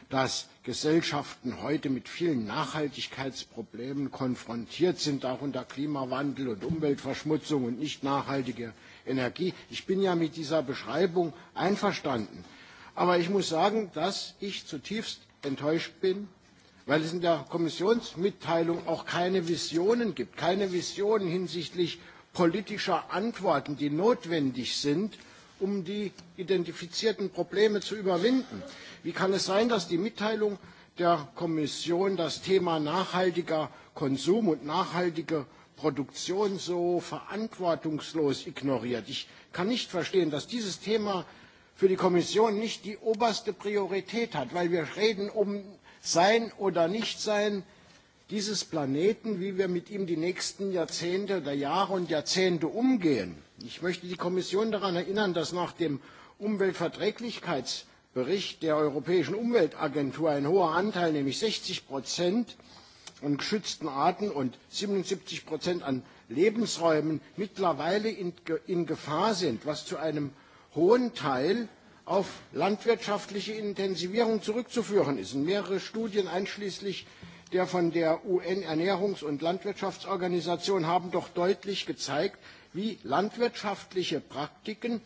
[SPEAKER 11] dass Gesellschaften heute mit vielen Nachhaltigkeitsproblemen konfrontiert sind, auch unter Klimawandel und Umweltverschmutzung und nicht nachhaltige Energie. Ich bin ja mit dieser Beschreibung einverstanden. Aber ich muss sagen, dass ich zutiefst enttäuscht bin, weil es in der Kommissionsmitteilung auch keine Visionen gibt, keine Visionen hinsichtlich politischer Antworten, die notwendig sind, um die identifizierten Probleme zu überwinden. Wie kann es sein, dass die Mitteilung der Kommission das Thema nachhaltiger Konsum und nachhaltige Produktion so verantwortungslos ignoriert. Ich kann nicht verstehen, dass dieses Thema für die Kommission nicht die oberste Priorität hat, weil wir reden um Sein oder Nichtsein dieses Planeten, wie wir mit ihm die nächsten Jahrzehnte oder Jahre und Jahrzehnte umgehen. Ich möchte die Kommission daran erinnern, dass nach dem Umweltverträglichkeitsbericht der Europäischen Umweltagentur ein hoher Anteil, nämlich 60 und geschützten Arten und 77 an Lebensräumen mittlerweile in, in Gefahr sind, was zu einem hohen Teil auf landwirtschaftliche Intensivierung zurückzuführen ist. mehrere Studien einschließlich der von der UN Ernährungs- und Landwirtschaftsorganisation haben doch deutlich gezeigt, wie landwirtschaftliche Praktiken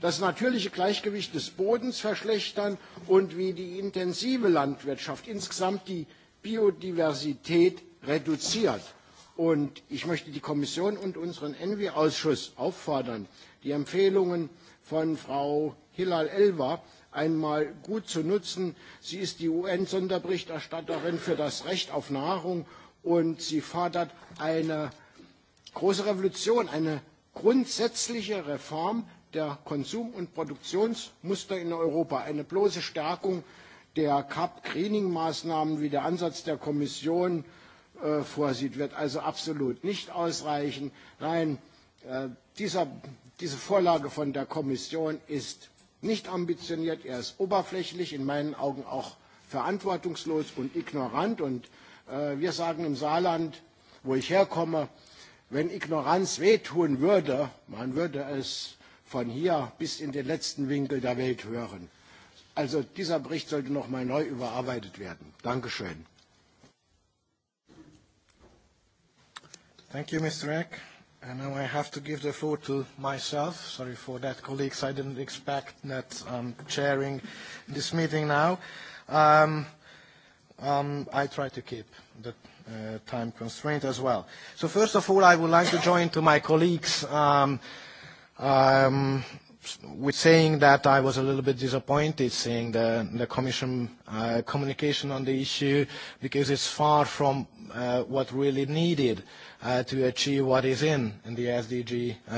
[SPEAKER 11] das natürliche Gleichgewicht des Bodens verschlechtern und wie die intensive Landwirtschaft insgesamt die Biodiversität reduziert. Und ich möchte die Kommission und unseren Envi-Ausschuss auffordern, die Empfehlungen von Frau Hilal Elva einmal gut zu nutzen. Sie ist die UN-Sonderberichterstatterin für das Recht auf Nahrung und sie fordert eine große Revolution, eine grundsätzliche Reform der Konsum- und Produktionsmuster in Europa, eine bloße Stärkung der CAP-Greening-Maßnahmen, wie der Ansatz der Kommission äh, vorsieht, wird also absolut nicht ausreichen. Nein, äh, dieser, diese Vorlage von der Kommission ist nicht ambitioniert, er ist oberflächlich, in meinen Augen auch verantwortungslos und ignorant. Und äh, wir sagen im Saarland, wo ich herkomme, wenn Ignoranz wehtun würde, man würde es von hier bis in den letzten Winkel der Welt hören. Also dieser Bericht sollte noch mal neu überarbeitet werden. Dankeschön.
[SPEAKER 15] Thank you, Mr. Eck. And now I have to give the floor to myself. Sorry for that, colleagues. I didn't expect that I'm um, chairing this meeting now. Um, um, I try to keep the uh, time constraint as well. So first of all, I would like to join to my colleagues um, um, with saying that I was a little bit disappointed seeing the, the Commission uh, communication on the issue because it's far from uh, what really needed uh, to achieve what is in, in the SDG uh,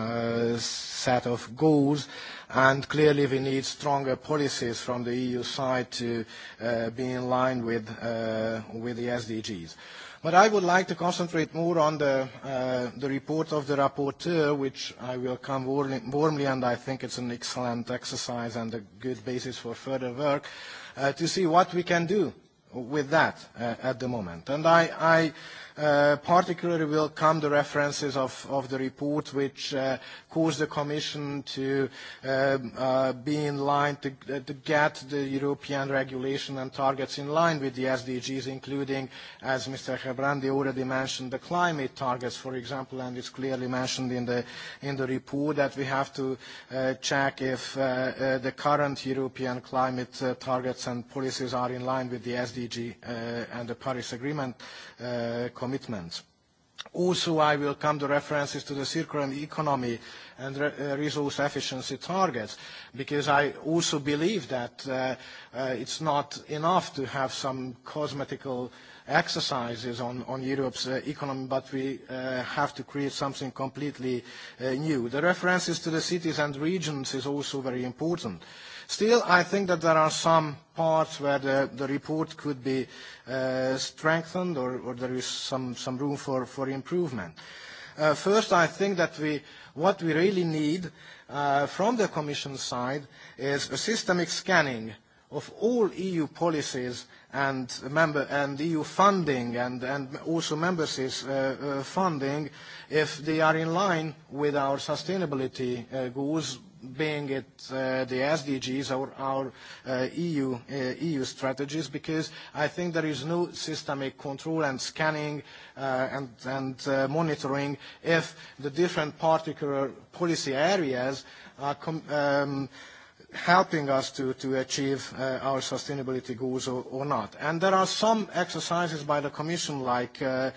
[SPEAKER 15] uh, set of goals. And clearly we need stronger policies from the EU side to uh, be in line with, uh, with the SDGs. But I would like to concentrate more on the, uh, the report of the rapporteur, which I welcome come warmly, and I think it's an excellent exercise and a good basis for further work, uh, to see what we can do with that uh, at the moment. And I, I Uh, particularly will come the references of, of the report which uh, caused the Commission to um, uh, be in line to, get the European regulation and targets in line with the SDGs, including, as Mr. Hebrandi already mentioned, the climate targets, for example, and it's clearly mentioned in the, in the report that we have to check if the current European climate targets and policies are in line with the SDG and the Paris Agreement commitments. Also, I will come to references to the circular economy and uh, resource efficiency targets, because I also believe that it uh, is uh, it's not enough to have some cosmetical exercises on, on Europe's economy, but we have to create something completely new. The references to the cities and regions is also very important. Still, I think that there are some parts where the, report could be uh, strengthened or, there is some, room for, improvement. Uh, first, I think that what we really need uh, from the Commission side is a systemic scanning of all EU policies and, EU e funding and, also member states funding if they are in line with our sustainability goals being it uh, the SDGs or our uh, EU, uh, EU strategies, because I think there is no systemic control and scanning uh, and, and uh, monitoring if the different particular policy areas are com um, helping us to, to achieve uh, our sustainability goals or, or not. And there are some exercises by the Commission, like uh,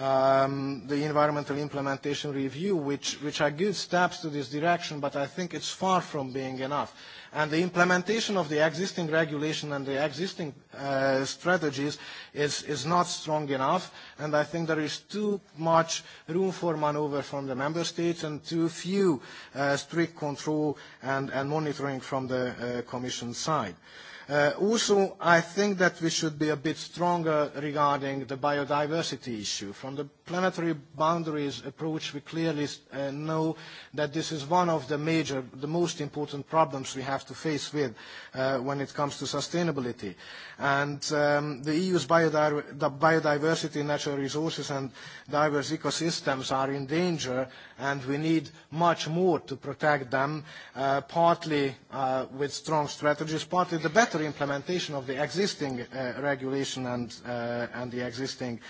[SPEAKER 15] um, the environmental implementation review, which, which are good steps to this direction, but I think it's far from being enough. And the implementation of the existing regulation and the existing Uh, strategies is, is not strong enough, and I think there is too much room for maneuver from the member states and too few uh, strict control and, monitoring from the uh, Commission side. Uh, also, I think that we should be a bit stronger regarding the biodiversity issue. From the planetary boundaries approach, we clearly know that this is one of the major, the most important problems we have to face with when it comes to sustainability. And um, the EU's biodiversity, natural resources and diverse ecosystems are in danger and we need much more to protect them, uh, partly uh, with strong strategies, partly the better implementation of the existing uh, regulation and, and the existing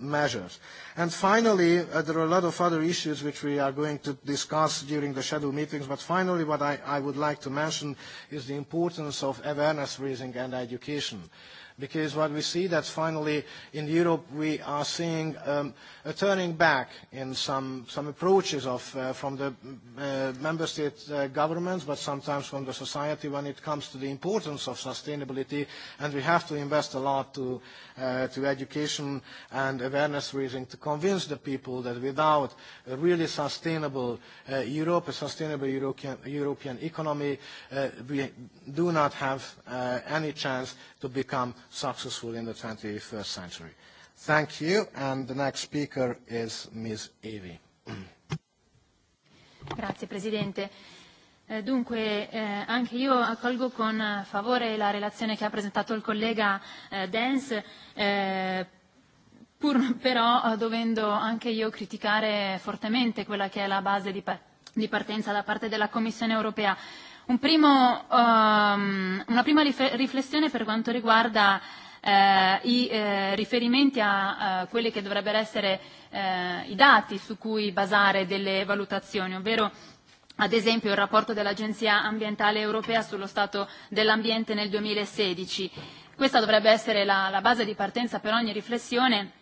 [SPEAKER 15] measures. And finally, there are a lot of other issues which we are going to discuss during the shadow meetings, but finally what I, I would like to mention is the importance of awareness raising and education because what we see that finally in Europe we are seeing um, a turning back in some, some approaches of, uh, from the uh, member state uh, governments, but sometimes from the society when it comes to the importance of sustainability, and we have to invest a lot to, uh, to education and awareness raising to convince the people that without a really sustainable uh, Europe, a sustainable European, European economy, uh, we do not have any chance to become successful in the 21st century. Thank you. And the next speaker is Ms. Evi.
[SPEAKER 7] Grazie Presidente. Eh, dunque, eh, anche io accolgo con eh, favore la relazione che ha presentato il collega eh, eh, pur però eh, dovendo anche io criticare fortemente quella che è la base di, pa di partenza da parte della Commissione europea. Un primo, um, una prima riflessione per quanto riguarda Eh, i eh, riferimenti a, quelli che dovrebbero essere eh, i dati su cui basare delle valutazioni, ovvero ad esempio il rapporto dell'Agenzia ambientale europea sullo stato dell'ambiente nel 2016. Questa dovrebbe essere la, la base di partenza per ogni riflessione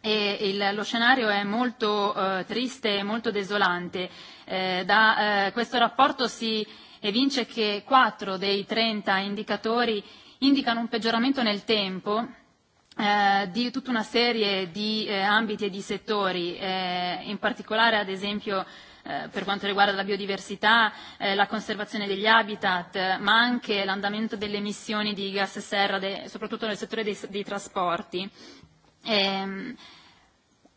[SPEAKER 7] e il, lo scenario è molto triste e molto desolante. da eh, questo rapporto si evince che quattro dei 30 indicatori indicano un peggioramento nel tempo eh, di tutta una serie di eh, ambiti e di settori, eh, in particolare ad esempio per quanto riguarda la biodiversità, la conservazione degli habitat, ma anche l'andamento delle emissioni di gas serra, soprattutto nel settore dei, trasporti. Ehm,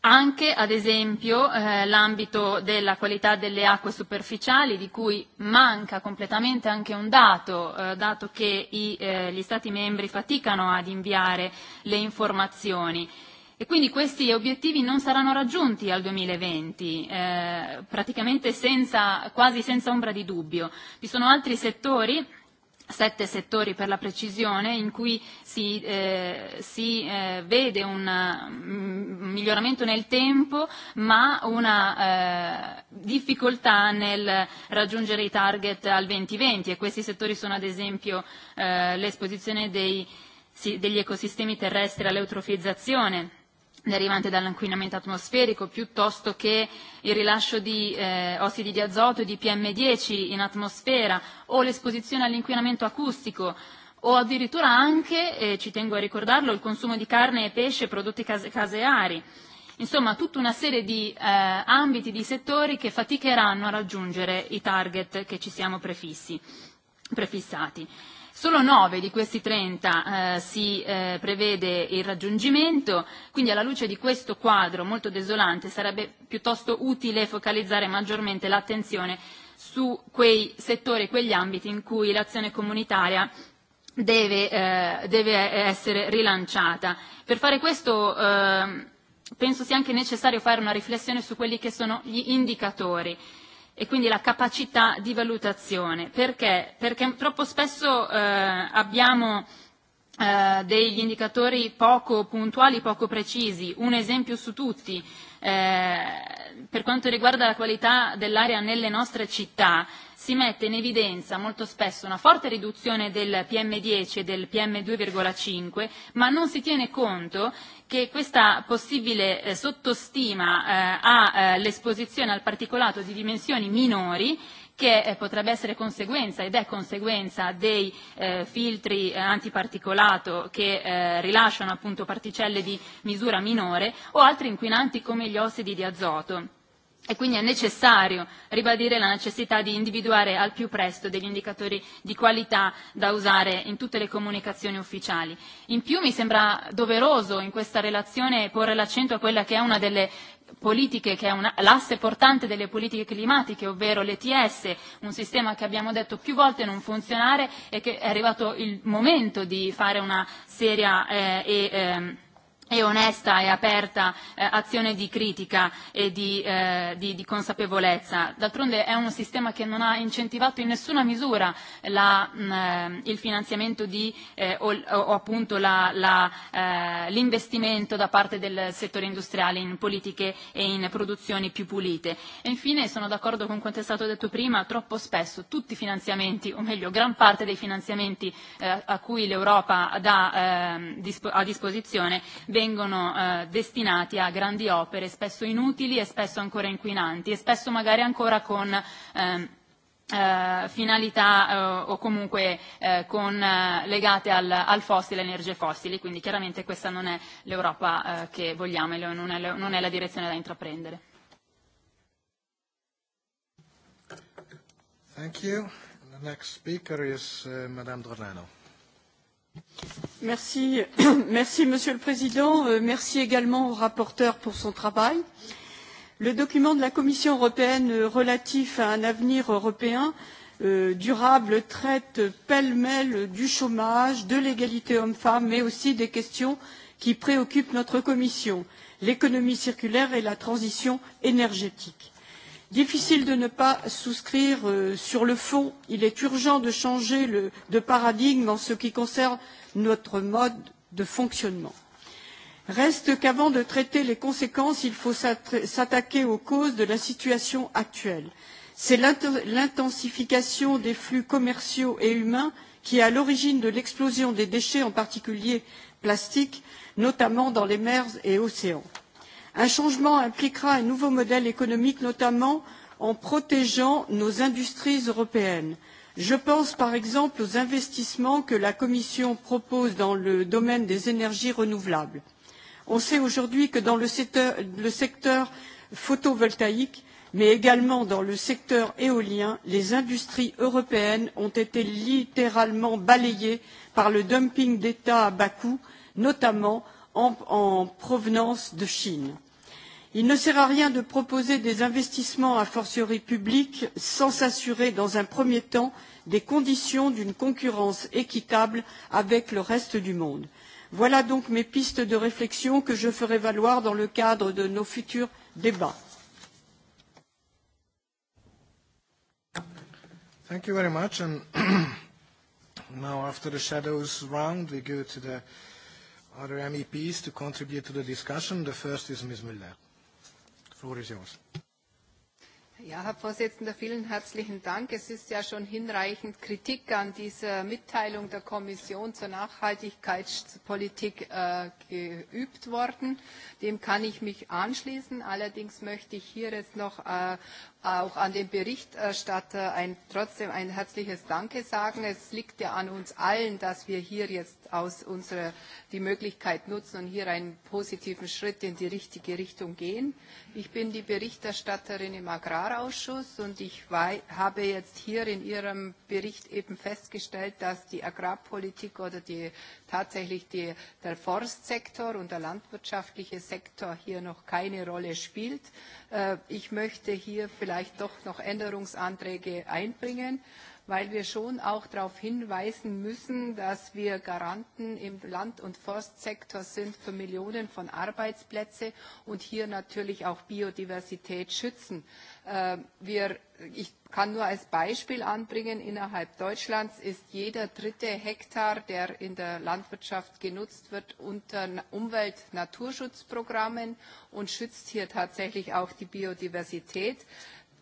[SPEAKER 7] anche ad esempio eh, l'ambito della qualità delle acque superficiali di cui manca completamente anche un dato eh, dato che i, eh, gli stati membri faticano ad inviare le informazioni e quindi questi obiettivi non saranno raggiunti al 2020 praticamente senza quasi senza ombra di dubbio vi sono altri settori sette settori per la precisione in cui si, eh, si eh, vede mm, un miglioramento nel tempo ma una eh, difficoltà nel raggiungere i target al 2020 e questi settori sono ad esempio l'esposizione degli ecosistemi terrestri all'eutrofizzazione derivante dall'inquinamento atmosferico piuttosto che il rilascio di eh, ossidi di azoto e di PM10 in atmosfera o l'esposizione all'inquinamento acustico o addirittura anche, eh, ci tengo a ricordarlo, il consumo di carne e pesce e prodotti caseari. Insomma, tutta una serie di eh, ambiti, di settori che faticheranno a raggiungere i target che ci siamo prefissi, prefissati. Solo 9 di questi 30 eh, si eh, prevede il raggiungimento, quindi alla luce di questo quadro molto desolante sarebbe piuttosto utile focalizzare maggiormente l'attenzione su quei settori e quegli ambiti in cui l'azione comunitaria deve, eh, deve essere rilanciata. Per fare questo ehm, penso sia anche necessario fare una riflessione su quelli che sono gli indicatori e quindi la capacità di valutazione. Perché? Perché troppo spesso eh, abbiamo eh, degli indicatori poco puntuali, poco precisi. Un esempio su tutti, eh, per quanto riguarda la qualità dell'aria nelle nostre città, si mette in evidenza molto spesso una forte riduzione del PM10 e del PM2,5, ma non si tiene conto che questa possibile eh, sottostima eh, all'esposizione eh, al particolato di dimensioni minori che eh, potrebbe essere conseguenza ed è conseguenza dei eh, filtri eh, antiparticolato che eh, rilasciano appunto particelle di misura minore o altri inquinanti come gli ossidi di azoto e quindi è necessario ribadire la necessità di individuare al più presto degli indicatori di qualità da usare in tutte le comunicazioni ufficiali. In più mi sembra doveroso in questa relazione porre l'accento a quella che è una delle politiche che è l'asse portante delle politiche climatiche, ovvero l'ETS, un sistema che abbiamo detto più volte non funzionare e che è arrivato il momento di fare una seria eh, e ehm, e onesta e aperta eh, azione di critica e di, eh, di, di consapevolezza. D'altronde è un sistema che non ha incentivato in nessuna misura la, mm, eh, il finanziamento di, eh, o, o appunto eh, l'investimento da parte del settore industriale in politiche e in produzioni più pulite. E infine sono d'accordo con quanto è stato detto prima, troppo spesso tutti i finanziamenti, o meglio gran parte dei finanziamenti a cui l'Europa dà ehm, a disposizione, vengono eh, destinati a grandi opere, spesso inutili e spesso ancora inquinanti e spesso magari ancora con ehm, eh, finalità eh, o comunque con, legate al, al fossile, alle energie fossili, quindi chiaramente questa non è l'Europa che vogliamo e non è, non è la direzione da intraprendere.
[SPEAKER 15] Thank you. The next speaker is Madame Dornano.
[SPEAKER 8] Merci, Monsieur le Président, euh, merci également au rapporteur pour son travail. Le document de la Commission européenne relatif à un avenir européen euh, durable traite pêle mêle du chômage de l'égalité hommes femmes mais aussi des questions qui préoccupent notre commission l'économie circulaire et la transition énergétique. difficile de ne pas souscrire euh, sur le fond il est urgent de changer le, de paradigme en ce qui concerne notre mode de fonctionnement. Reste qu'avant de traiter les conséquences, il faut s'attaquer aux causes de la situation actuelle. C'est l'intensification des flux commerciaux et humains qui est à l'origine de l'explosion des déchets, en particulier plastiques, notamment dans les mers et océans. Un changement impliquera un nouveau modèle économique, notamment en protégeant nos industries européennes je pense par exemple aux investissements que la commission propose dans le domaine des énergies renouvelables. on sait aujourd'hui que dans le secteur, photovoltaïque mais également dans le secteur éolien les industries européennes ont été littéralement balayées par le dumping d'état à bas coût notamment en, en provenance de chine il ne sert à rien de proposer des investissements à fortiori publics sans s'assurer dans un premier temps des conditions d'une concurrence équitable avec le reste du monde. voilà donc mes pistes de réflexion que je ferai valoir dans le cadre de nos futurs débats.
[SPEAKER 15] Thank you very much. And now, after the shadows round, we go to the other MEPs to contribute to the discussion. The first is Ms. Müller.
[SPEAKER 13] Herr Vorsitzender, vielen herzlichen Dank. Es ist ja schon hinreichend Kritik an dieser Mitteilung der Kommission zur Nachhaltigkeitspolitik äh, geübt worden. Dem kann ich mich anschließen. Allerdings möchte ich hier jetzt noch äh, auch an den Berichterstatter ein, trotzdem ein herzliches Danke sagen. Es liegt ja an uns allen, dass wir hier jetzt aus unserer, die Möglichkeit nutzen und hier einen positiven Schritt in die richtige Richtung gehen. Ich bin die Berichterstatterin im Agrarausschuss und ich habe jetzt hier in Ihrem Bericht eben festgestellt, dass die Agrarpolitik oder die, tatsächlich die, der Forstsektor und der landwirtschaftliche Sektor hier noch keine Rolle spielt. Äh, ich möchte hier vielleicht doch noch Änderungsanträge einbringen, weil wir schon auch darauf hinweisen müssen, dass wir Garanten im Land- und Forstsektor sind für Millionen von Arbeitsplätzen und hier natürlich auch Biodiversität schützen. Äh, wir, ich kann nur als Beispiel anbringen, innerhalb Deutschlands ist jeder dritte Hektar, der in der Landwirtschaft genutzt wird, unter Umwelt-Naturschutzprogrammen und schützt hier tatsächlich auch die Biodiversität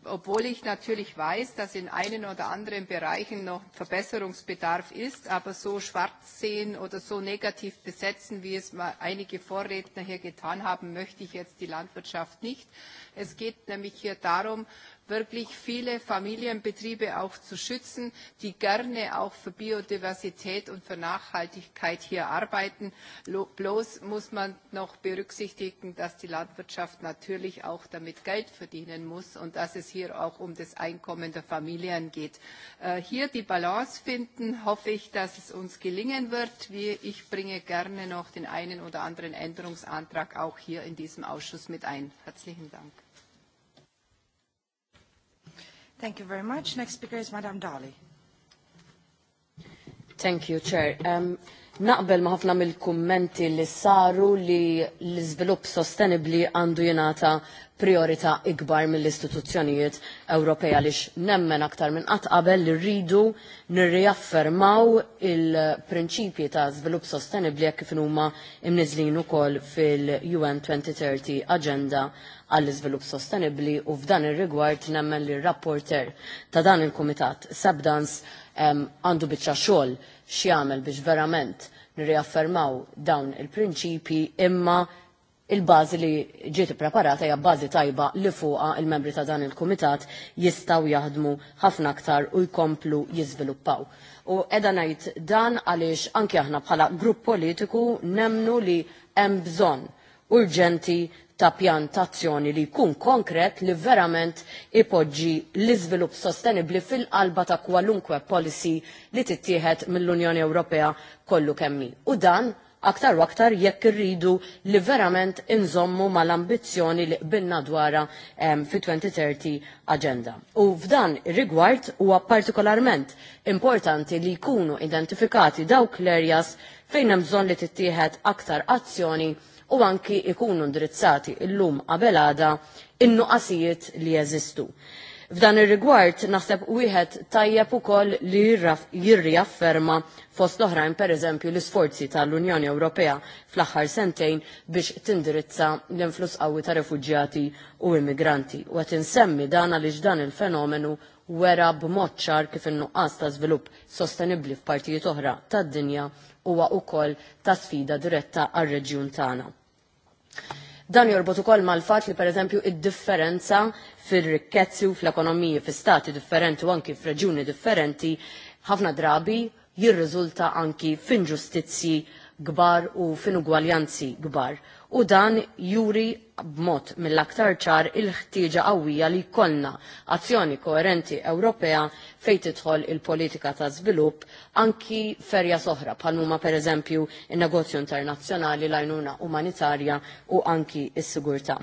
[SPEAKER 13] obwohl ich natürlich weiß, dass in einen oder anderen Bereichen noch Verbesserungsbedarf ist, aber so schwarz sehen oder so negativ besetzen, wie es mal einige Vorredner hier getan haben, möchte ich jetzt die Landwirtschaft nicht. Es geht nämlich hier darum, wirklich viele Familienbetriebe auch zu schützen, die gerne auch für Biodiversität und für Nachhaltigkeit hier arbeiten. Bloß muss man noch berücksichtigen, dass die Landwirtschaft natürlich auch damit Geld verdienen muss und dass es hier auch um das Einkommen der Familien geht. Äh, hier die Balance finden, hoffe ich, dass es uns gelingen wird. ich bringe gerne noch den einen oder anderen Änderungsantrag auch hier in diesem Ausschuss mit ein. Herzlichen Dank. Thank you very much. Next speaker is Madame Dali.
[SPEAKER 4] Thank you, Chair. Um, naqbel ma ħafna mill-kummenti li saru li l-iżvilupp sostenibbli għandu jingħata priorità ikbar mill-istituzzjonijiet Ewropej għaliex nemmen aktar minn qatt qabel li rridu nirriaffermaw il-prinċipji ta' żvilupp sostenibbli jekk kif huma imniżlin ukoll fil-UN 2030 Agenda għall iżvilupp sostenibbli u f'dan ir-rigward nemmen li r rapporteur ta' dan il-Kumitat Sabdans għandu um, biċċa xogħol amel biex verament nirriaffermaw dawn il-prinċipji imma il-bazi li ġiet preparata hija bazi tajba li fuqha il-membri ta' dan il komitat jistgħu jaħdmu ħafna aktar u jkomplu jizviluppaw. U edha ngħid dan għaliex anke aħna bħala grupp politiku nemnu li hemm bżonn urġenti ta' pjan li jkun konkret li verament ipoġġi l-iżvilupp sostenibli fil-qalba ta' kwalunkwe policy li tittieħed mill-Unjoni Ewropea kollu kemmi. U dan aktar u aktar jekk irridu li verament inżommu mal-ambizzjoni li qbilna dwara ehm, fi 2030 agenda. U f'dan rigward huwa partikolarment importanti li jkunu identifikati dawk l-areas fejn hemm bżonn li tittieħed aktar azzjoni u anki ikunu ndrizzati illum qabelada in-nuqqasijiet li jeżistu. F'dan ir-rigward naħseb wieħed tajjeb ukoll li jirriafferma fost oħrajn pereżempju l-isforzi tal-Unjoni Ewropea fl-aħħar sentejn biex tindirizza l-influss qawwi ta' refuġjati u immigranti. U qed insemmi dan għaliex dan il-fenomenu wera b'mod ċar kif in-nuqqas ta' żvilupp sostenibbli f'partijiet oħra tad-dinja huwa wkoll ta' sfida diretta għar-reġjun tagħna. Dan jorbot ukoll mal-fatt li pereżempju id-differenza fil rikkezzi u fl-ekonomiji stati differenti u anki fil-reġuni differenti ħafna drabi jirriżulta anki fin fin-ġustizzi gbar u f'inugwaljanzi gbar. u dan juri b'mod mill-aktar ċar il-ħtieġa qawwija li jkollna azzjoni koerenti Ewropea fejn tidħol il-politika ta' żvilupp anki ferja soħra bħal huma pereżempju in-negozju internazzjonali l-għajnuna umanitarja u anki s-sigurtà.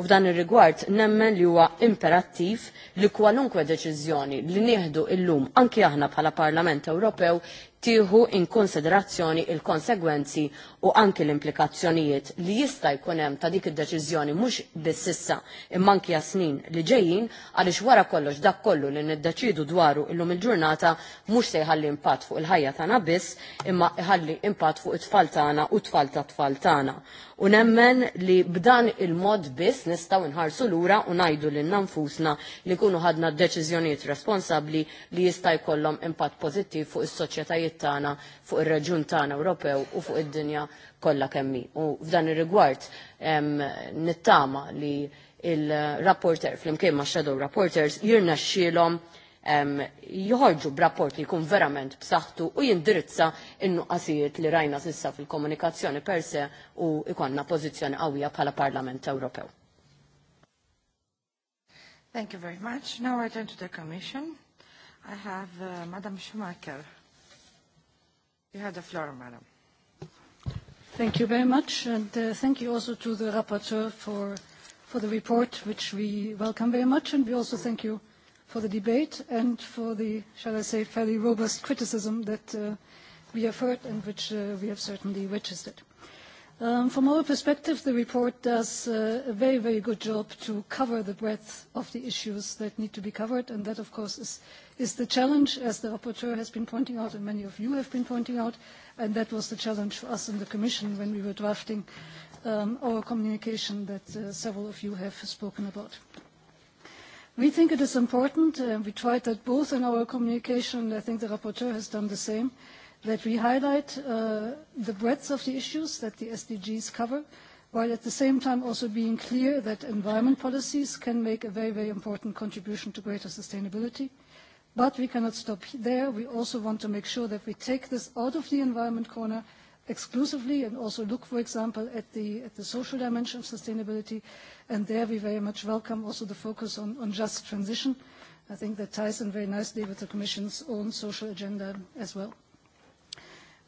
[SPEAKER 4] U f'dan ir-rigward nemmen li huwa imperattiv li kwalunkwe deċiżjoni li nieħdu illum anki aħna bħala Parlament Ewropew tieħu in konsiderazzjoni il-konsegwenzi u anki l-implikazzjonijiet li jista' jkun hemm ta' dik id-deċiżjoni l-attenzjoni mhux imma anke snin li ġejjin għaliex wara kollox dak kollu li niddeċidu dwaru illum il-ġurnata mhux se jħalli impatt fuq il-ħajja tagħna biss imma jħalli impatt fuq it-tfal u t-tfal tat-tfal u nemmen li b'dan il-mod biss nistgħu nħarsu lura u ngħidu lil nfusna li kunu ħadna deċiżjonijiet responsabbli li jista' jkollhom impatt pożittiv fuq is-soċjetajiet tagħna, fuq ir-reġjun tagħna Ewropew u fuq id-dinja kollha kemmi. U f'dan ir-rigward nittama li il-rapporter flimkien ma' shadow rapporters jirna joħorġu b'rapport li jkun verament b'saħħtu u jindirizza in-nuqqasijiet li rajna sissa fil-komunikazzjoni per se u ikonna pożizzjoni qawwija bħala Parlament Ewropew.
[SPEAKER 1] Thank you very much. Now I turn to the Commission. I have uh, Madam Schumacher. You have the floor, Madam.
[SPEAKER 16] Thank you very much, and uh, thank you also to the rapporteur for, for the report, which we welcome very much, and we also thank you for the debate and for the, shall I say, fairly robust criticism that uh, we have heard and which uh, we have certainly registered. Um, from our perspective, the report does uh, a very, very good job to cover the breadth of the issues that need to be covered, and that, of course, is, the challenge, as the rapporteur has been pointing out and many of you have been pointing out, and that was the challenge for us in the Commission when we were drafting um, our communication that several of you have spoken about. We think it is important, and uh, we tried that both in our communication, and I think the rapporteur has done the same, that we highlight uh, the breadth of the issues that the SDGs cover, while at the same time also being clear that environment policies can make a very, very important contribution to greater sustainability. But we cannot stop there. We also want to make sure that we take this out of the environment corner exclusively and also look, for example, at the, at the social dimension of sustainability. And there we very much welcome also the focus on, on just transition. I think that ties in very nicely with the Commission's own social agenda as well.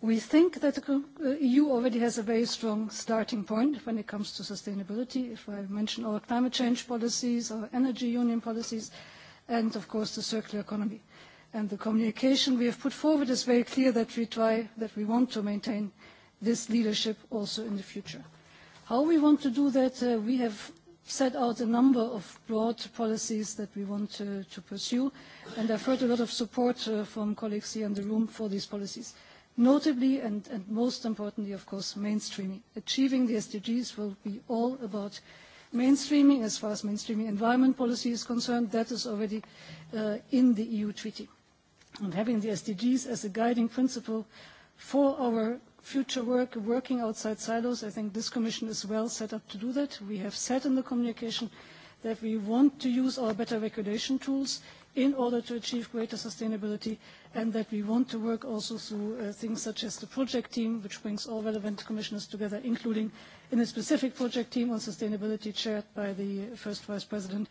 [SPEAKER 16] We think that the EU already has a very strong starting point when it comes to sustainability. If I mention our climate change policies, our energy union policies, and of course the circular economy and the communication we have put forward is very clear that we try that we want to maintain this leadership also in the future. How we want to do that, uh, we have set out a number of broad policies that we want to, to pursue, and I've heard a lot of support uh, from colleagues here in the room for these policies. Notably, and, most importantly, of course, mainstreaming. Achieving the SDGs will be all about mainstreaming as far as mainstreaming environment policy is concerned. That is already uh, in the EU treaty and having the SDGs as a guiding principle for our future work, working outside silos. I think this Commission is well set up to do that. We have said in the communication that we want to use our better regulation tools in order to achieve greater sustainability and that we want to work also through uh, things such as the project team, which brings all relevant commissioners together, including in a specific project team on sustainability chaired by the first vice president,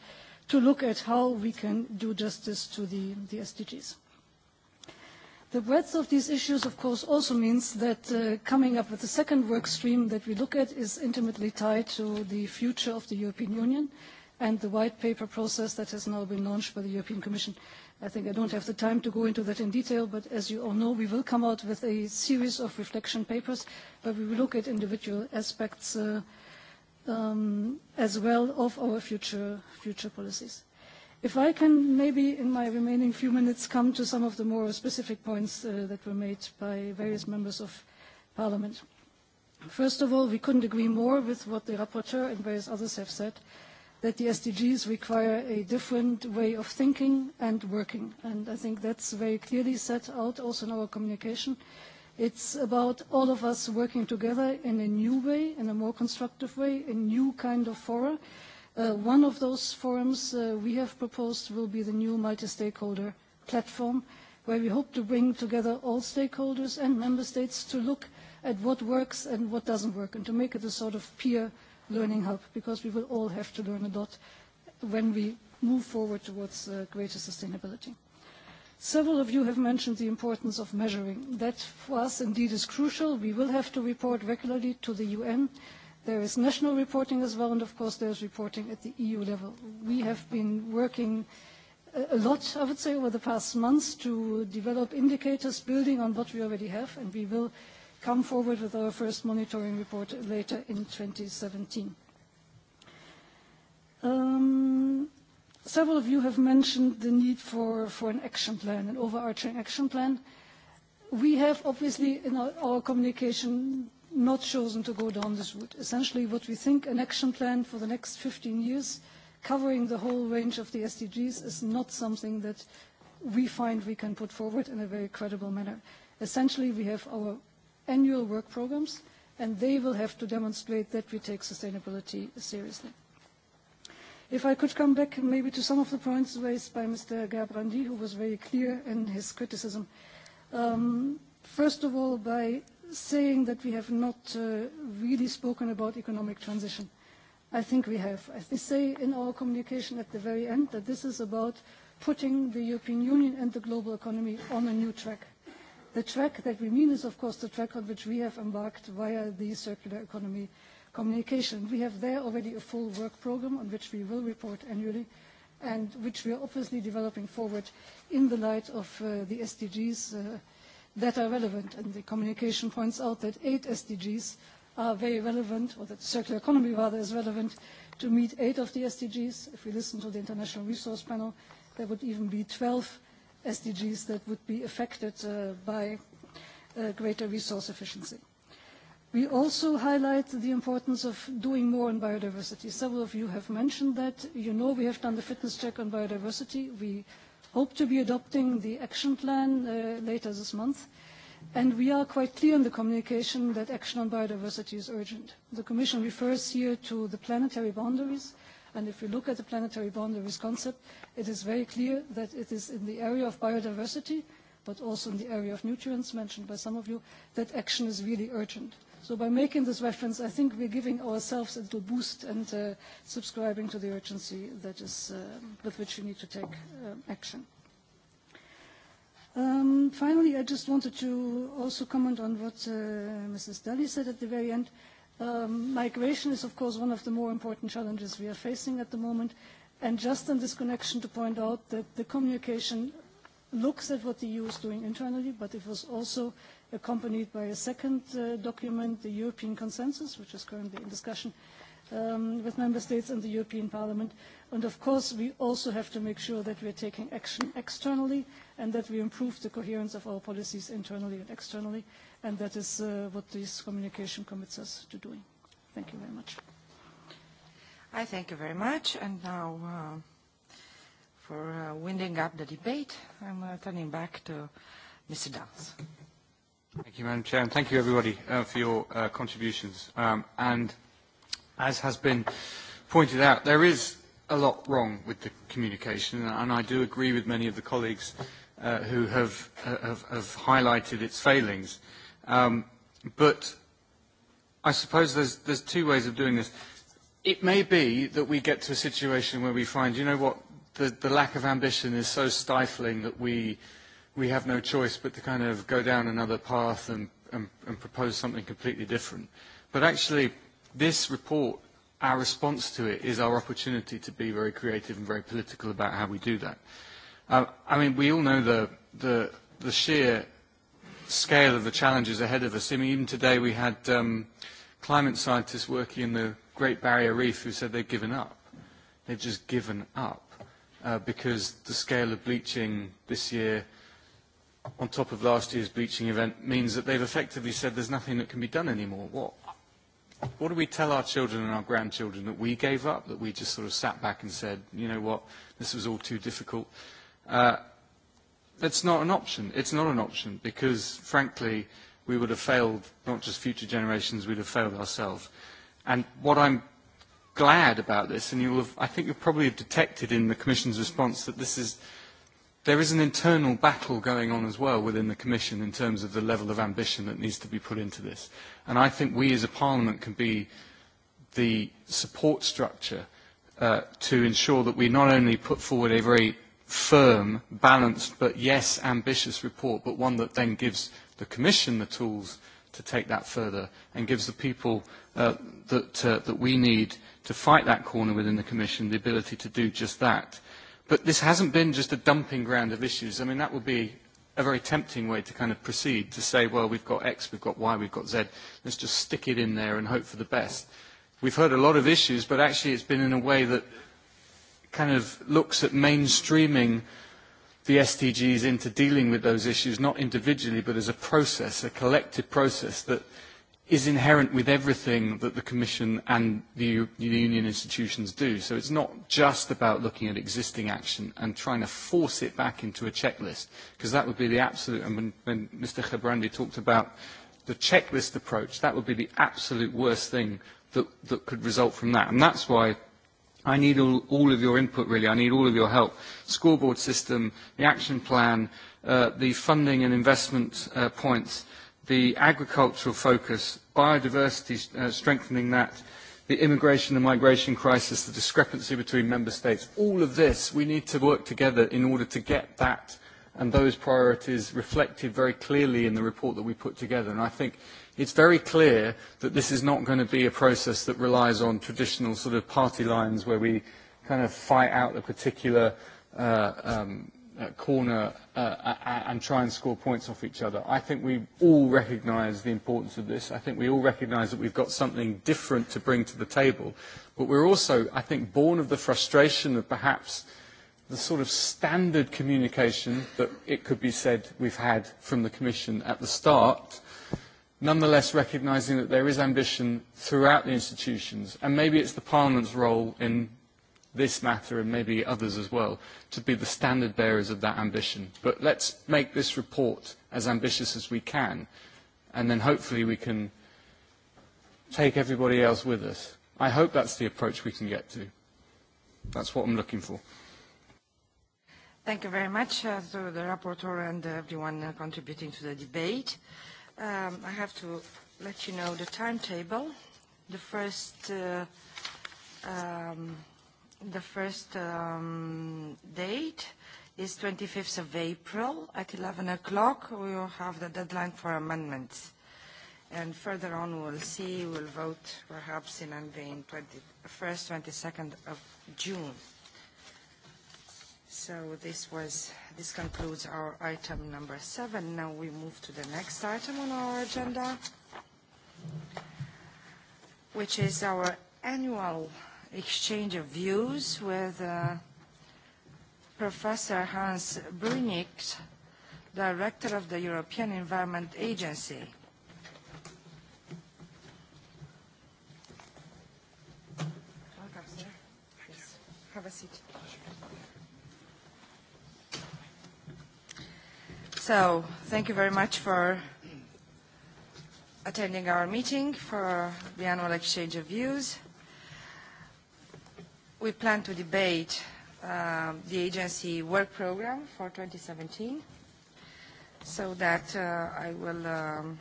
[SPEAKER 16] to look at how we can do justice to the SDGs. The breadth of these issues, of course, also means that uh, coming up with the second work stream that we look at is intimately tied to the future of the European Union and the white paper process that has now been launched by the European Commission. I think I don't have the time to go into that in detail, but as you all know, we will come out with a series of reflection papers where we will look at individual aspects uh, um, as well of our future, future policies. If I can maybe in my remaining few minutes come to some of the more specific points uh, that were made by various members of Parliament. First of all, we couldn't agree more with what the rapporteur and various others have said, that the SDGs require a different way of thinking and working. And I think that's very clearly set out also in our communication. It's about all of us working together in a new way, in a more constructive way, in new kind of fora Uh, one of those forums uh, we have proposed will be the new multi-stakeholder platform, where we hope to bring together all stakeholders and member states to look at what works and what doesn't work, and to make it a sort of peer learning hub, because we will all have to learn a lot when we move forward towards uh, greater sustainability. Several of you have mentioned the importance of measuring. That, for us, indeed, is crucial. We will have to report regularly to the UN, There is national reporting as well, and of course there is reporting at the EU level. We have been working uh, a lot, I would say, over the past months to develop indicators building on what we already have, and we will come forward with our first monitoring report later in 2017. Um, several of you have mentioned the need for, for an action plan, an overarching action plan. We have obviously in our communication not chosen to go down this route. Essentially, what we think an action plan for the next 15 years, covering the whole range of the SDGs, is not something that we find we can put forward in a very credible manner. Essentially, we have our annual work programs, and they will have to demonstrate that we take sustainability seriously. If I could come back maybe to some of the points raised by Mr. Gabrandi, who was very clear in his criticism. Um, first of all, by saying that we have not uh, really spoken about economic transition. I think we have. As we say in our communication at the very end, that this is about putting the European Union and the global economy on a new track. The track that we mean is, of course, the track on which we have embarked via the circular economy communication. We have there already a full work program on which we will report annually and which we are obviously developing forward in the light of uh, the SDGs uh, that are relevant and the communication points out that eight SDGs are very relevant or that the circular economy rather is relevant to meet eight of the SDGs. If we listen to the International Resource Panel, there would even be 12 SDGs that would be affected uh, by uh, greater resource efficiency. We also highlight the importance of doing more on biodiversity. Several of you have mentioned that. You know we have done the fitness check on biodiversity. We hope to be adopting the action plan uh, later this month and we are quite clear in the communication that action on biodiversity is urgent. the commission refers here to the planetary boundaries and if you look at the planetary boundaries concept it is very clear that it is in the area of biodiversity but also in the area of nutrients mentioned by some of you that action is really urgent. So by making this reference, I think we're giving ourselves a little boost and uh, subscribing to the urgency that is, uh, with which we need to take um, action. Um, finally, I just wanted to also comment on what uh, Mrs. Daly said at the very end. Um, migration is, of course, one of the more important challenges we are facing at the moment. And just in this connection to point out that the communication looks at what the EU is doing internally, but it was also accompanied by a second uh, document, the European Consensus, which is currently in discussion um, with Member States and the European Parliament. And of course, we also have to make sure that we are taking action externally and that we improve the coherence of our policies internally and externally. And that is uh, what this communication commits us to doing. Thank you very much.
[SPEAKER 1] I thank you very much. And now, uh, for uh, winding up the debate, I'm uh, turning back to Mr. Dance.
[SPEAKER 14] Thank you, Madam Chair, and thank you, everybody, uh, for your uh, contributions. Um, and as has been pointed out, there is a lot wrong with the communication, and I do agree with many of the colleagues uh, who have, uh, have, have highlighted its failings. Um, but I suppose there's, there's two ways of doing this. It may be that we get to a situation where we find, you know what, the, the lack of ambition is so stifling that we we have no choice but to kind of go down another path and, and, and propose something completely different. But actually, this report, our response to it is our opportunity to be very creative and very political about how we do that. Uh, I mean, we all know the, the, the sheer scale of the challenges ahead of us. I mean, even today we had um, climate scientists working in the Great Barrier Reef who said they've given up. They've just given up uh, because the scale of bleaching this year – on top of last year's bleaching event means that they've effectively said there's nothing that can be done anymore. What, what do we tell our children and our grandchildren that we gave up, that we just sort of sat back and said, you know what, this was all too difficult? Uh, not an option. It's not an option because, frankly, we would have failed not just future generations, we'd have failed ourselves. And what I'm glad about this, and you'll have, I think you'll probably have detected in the Commission's response that this is – There is an internal battle going on as well within the Commission in terms of the level of ambition that needs to be put into this. And I think we as a Parliament can be the support structure uh, to ensure that we not only put forward a very firm, balanced, but yes, ambitious report, but one that then gives the Commission the tools to take that further and gives the people uh, that, uh, that we need to fight that corner within the Commission the ability to do just that. But this hasn't been just a dumping ground of issues. I mean, that would be a very tempting way to kind of proceed, to say, well, we've got X, we've got Y, we've got Z. Let's just stick it in there and hope for the best. We've heard a lot of issues, but actually it's been in a way that kind of looks at mainstreaming the SDGs into dealing with those issues, not individually, but as a process, a collective process that – is inherent with everything that the Commission and the, Union institutions do. So it's not just about looking at existing action and trying to force it back into a checklist, because that would be the absolute, and when, when Mr. Gebrandi talked about the checklist approach, that would be the absolute worst thing that, that could result from that. And that's why I need all, all of your input, really. I need all of your help. Scoreboard system, the action plan, uh, the funding and investment uh, points, the agricultural focus, biodiversity, uh, strengthening that, the immigration and migration crisis, the discrepancy between member states, all of this, we need to work together in order to get that and those priorities reflected very clearly in the report that we put together. And I think it's very clear that this is not going to be a process that relies on traditional sort of party lines where we kind of fight out the particular uh, um, Uh, corner uh, and try and score points off each other. I think we all recognise the importance of this. I think we all recognise that we've got something different to bring to the table. But we're also, I think, born of the frustration of perhaps the sort of standard communication that it could be said we've had from the Commission at the start, nonetheless recognising that there is ambition throughout the institutions. And maybe it's the Parliament's role in this matter and maybe others as well to be the standard bearers of that ambition. But let's make this report as ambitious as we can and then hopefully we can take everybody else with us. I hope that's the approach we can get to. That's what I'm looking for.
[SPEAKER 1] Thank you very much uh, to the rapporteur and everyone uh, contributing to the debate. Um, I have to let you know the timetable. The first uh, um, The first um, date is 25th of April at 11 o'clock. We will have the deadline for amendments. And further on, we'll see, we'll vote perhaps in being 21st, 22nd of June. So this was, this concludes our item number seven. Now we move to the next item on our agenda, which is our annual exchange of views with uh, Professor Hans Brünig, Director of the European Environment Agency. Have a seat. So, thank you very much for attending our meeting for the annual exchange of views we plan to debate uh, the agency work program for 2017, so that uh, I will um,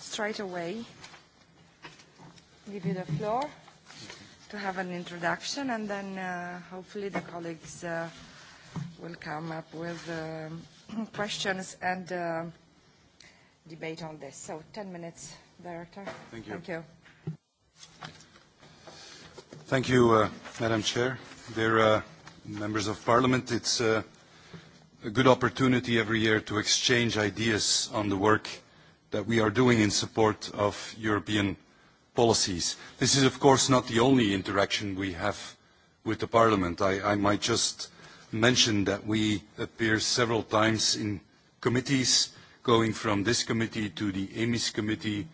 [SPEAKER 1] straight away give you the floor to have an introduction, and then uh, hopefully the colleagues uh, will come up with uh, questions and uh, debate on this. So 10 minutes, Director. Thank you. Thank you.
[SPEAKER 17] Thank you, uh, Madam Chair. Dear uh, members of Parliament, it's uh, a good opportunity every year to exchange ideas on the work that we are doing in support of European policies. This is, of course, not the only interaction we have with the Parliament. I, I might just mention that we appear several times in committees, going from this committee to the EMIS committee,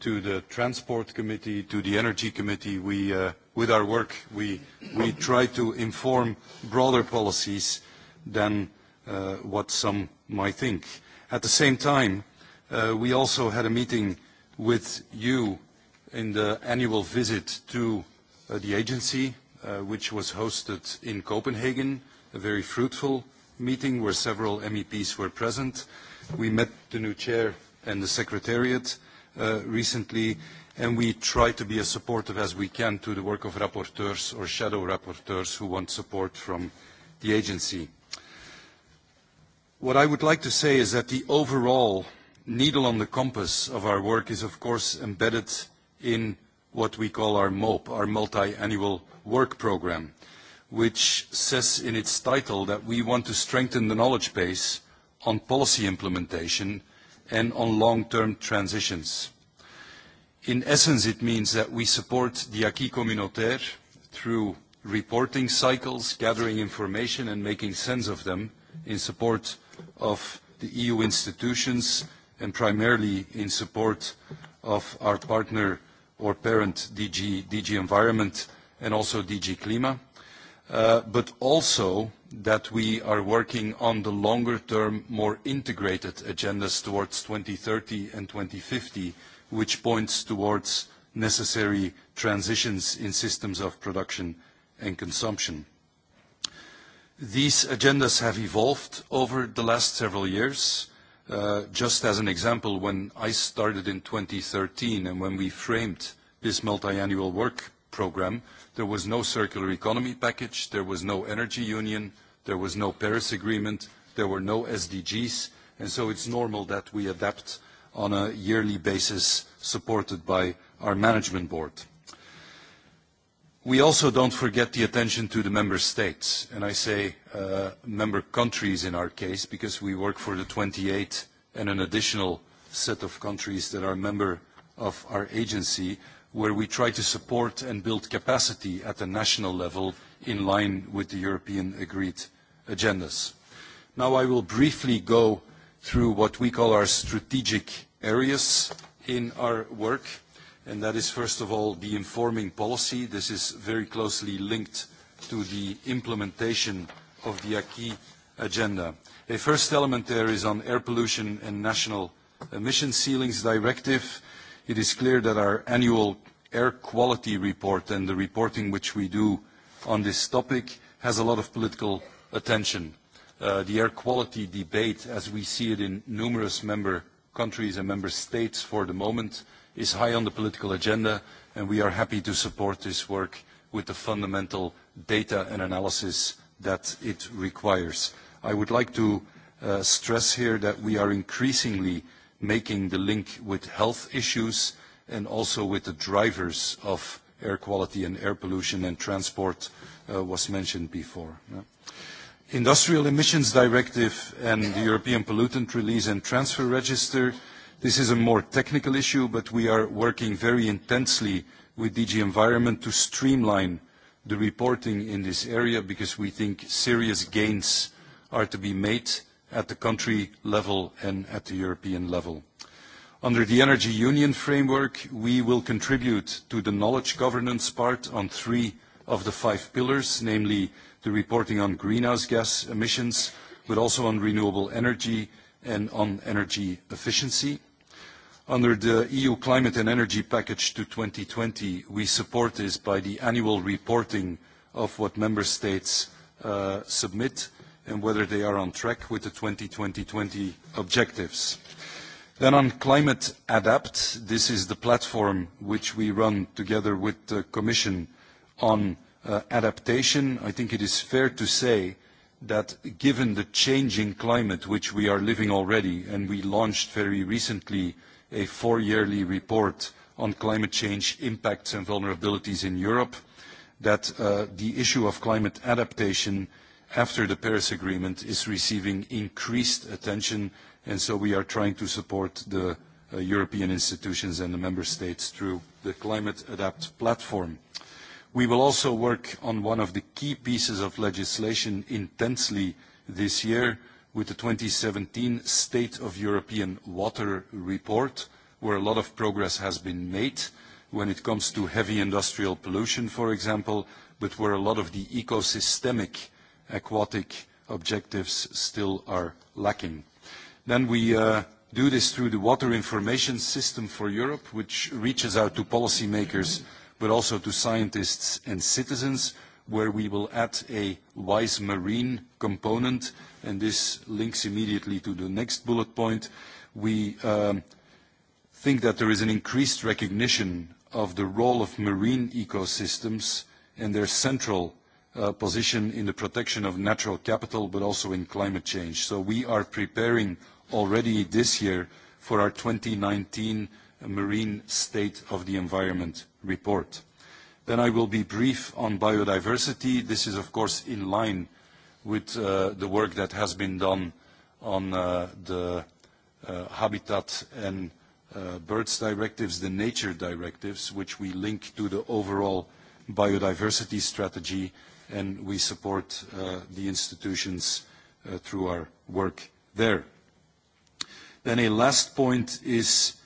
[SPEAKER 17] to the Transport Committee, to the Energy Committee, we, uh, with our work, we, we try to inform broader policies than uh, what some might think. At the same time, uh, we also had a meeting with you in the annual visit to uh, the agency, uh, which was hosted in Copenhagen, a very fruitful meeting where several MEPs were present. We met the new chair and the secretariat, Uh, recently, and we try to be as supportive as we can to the work of rapporteurs or shadow rapporteurs who want support from the agency. What I would like to say is that the overall needle on the compass of our work is, of course, embedded in what we call our MOP, our Multi-Annual Work Programme, which says in its title that we want to strengthen the knowledge base on policy implementation and on long-term transitions. In essence, it means that we support the acquis communautaire through reporting cycles, gathering information, and making sense of them in support of the EU institutions and primarily in support of our partner or parent DG, Environment and also DG Clima, uh, but also that we are working on the longer term, more integrated agendas towards 2030 and 2050, which points towards necessary transitions in systems of production and consumption. These agendas have evolved over the last several years. Uh, just as an example, when I started in 2013 and when we framed this multi-annual work program. There was no circular economy package. There was no energy union. There was no Paris Agreement. There were no SDGs. And so it's normal that we adapt on a yearly basis supported by our management board. We also don't forget the attention to the member states, and I say uh, member countries in our case because we work for the 28 and an additional set of countries that are member of our agency where we try to support and build capacity at the national level in line with the European agreed agendas. Now I will briefly go through what we call our strategic areas in our work, and that is first of all the informing policy. This is very closely linked to the implementation of the acquis agenda. A first element there is on air pollution and national emission ceilings directive it is clear that our annual air quality report and the reporting which we do on this topic has a lot of political attention. Uh, the air quality debate, as we see it in numerous member countries and member states for the moment, is high on the political agenda, and we are happy to support this work with the fundamental data and analysis that it requires. I would like to uh, stress here that we are increasingly making the link with health issues and also with the drivers of air quality and air pollution and transport uh, was mentioned before. Industrial Emissions Directive and the European Pollutant Release and Transfer Register, this is a more technical issue, but we are working very intensely with DG Environment to streamline the reporting in this area because we think serious gains are to be made at the country level and at the European level. Under the Energy Union framework, we will contribute to the knowledge governance part on three of the five pillars, namely the reporting on greenhouse gas emissions, but also on renewable energy and on energy efficiency. Under the EU Climate and Energy Package to 2020, we support this by the annual reporting of what member states uh, submit and whether they are on track with the 2020 objectives. Then on Climate Adapt, this is the platform which we run together with the Commission on uh, adaptation. I think it is fair to say that given the changing climate which we are living already, and we launched very recently a four-yearly report on climate change impacts and vulnerabilities in Europe, that uh, the issue of climate adaptation after the Paris Agreement is receiving increased attention, and so we are trying to support the uh, European institutions and the member states through the Climate Adapt platform. We will also work on one of the key pieces of legislation intensely this year with the 2017 State of European Water Report, where a lot of progress has been made when it comes to heavy industrial pollution, for example, but where a lot of the ecosystemic aquatic objectives still are lacking. Then we uh, do this through the Water Information System for Europe, which reaches out to policymakers, but also to scientists and citizens, where we will add a wise marine component, and this links immediately to the next bullet point. We um, think that there is an increased recognition of the role of marine ecosystems and their central Uh, position in the protection of natural capital, but also in climate change. So we are preparing already this year for our 2019 Marine State of the Environment report. Then I will be brief on biodiversity. This is, of course, in line with uh, the work that has been done on uh, the Habitat and Birds directives, the nature directives, which we link to the overall biodiversity strategy and we support uh, the institutions uh, through our work there. Then a last point is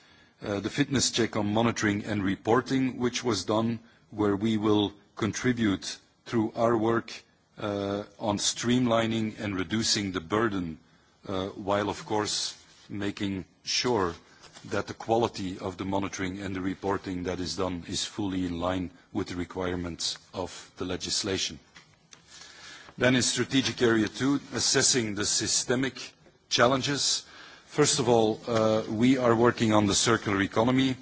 [SPEAKER 17] uh, the fitness check on monitoring and reporting, which was done, where we will contribute through our work on streamlining and reducing the burden, while of course making sure that the quality of the monitoring and the reporting that is done is fully in line with the requirements of the legislation. Then in strategic area two, assessing the systemic challenges. First of all, uh, we are working on the circular economy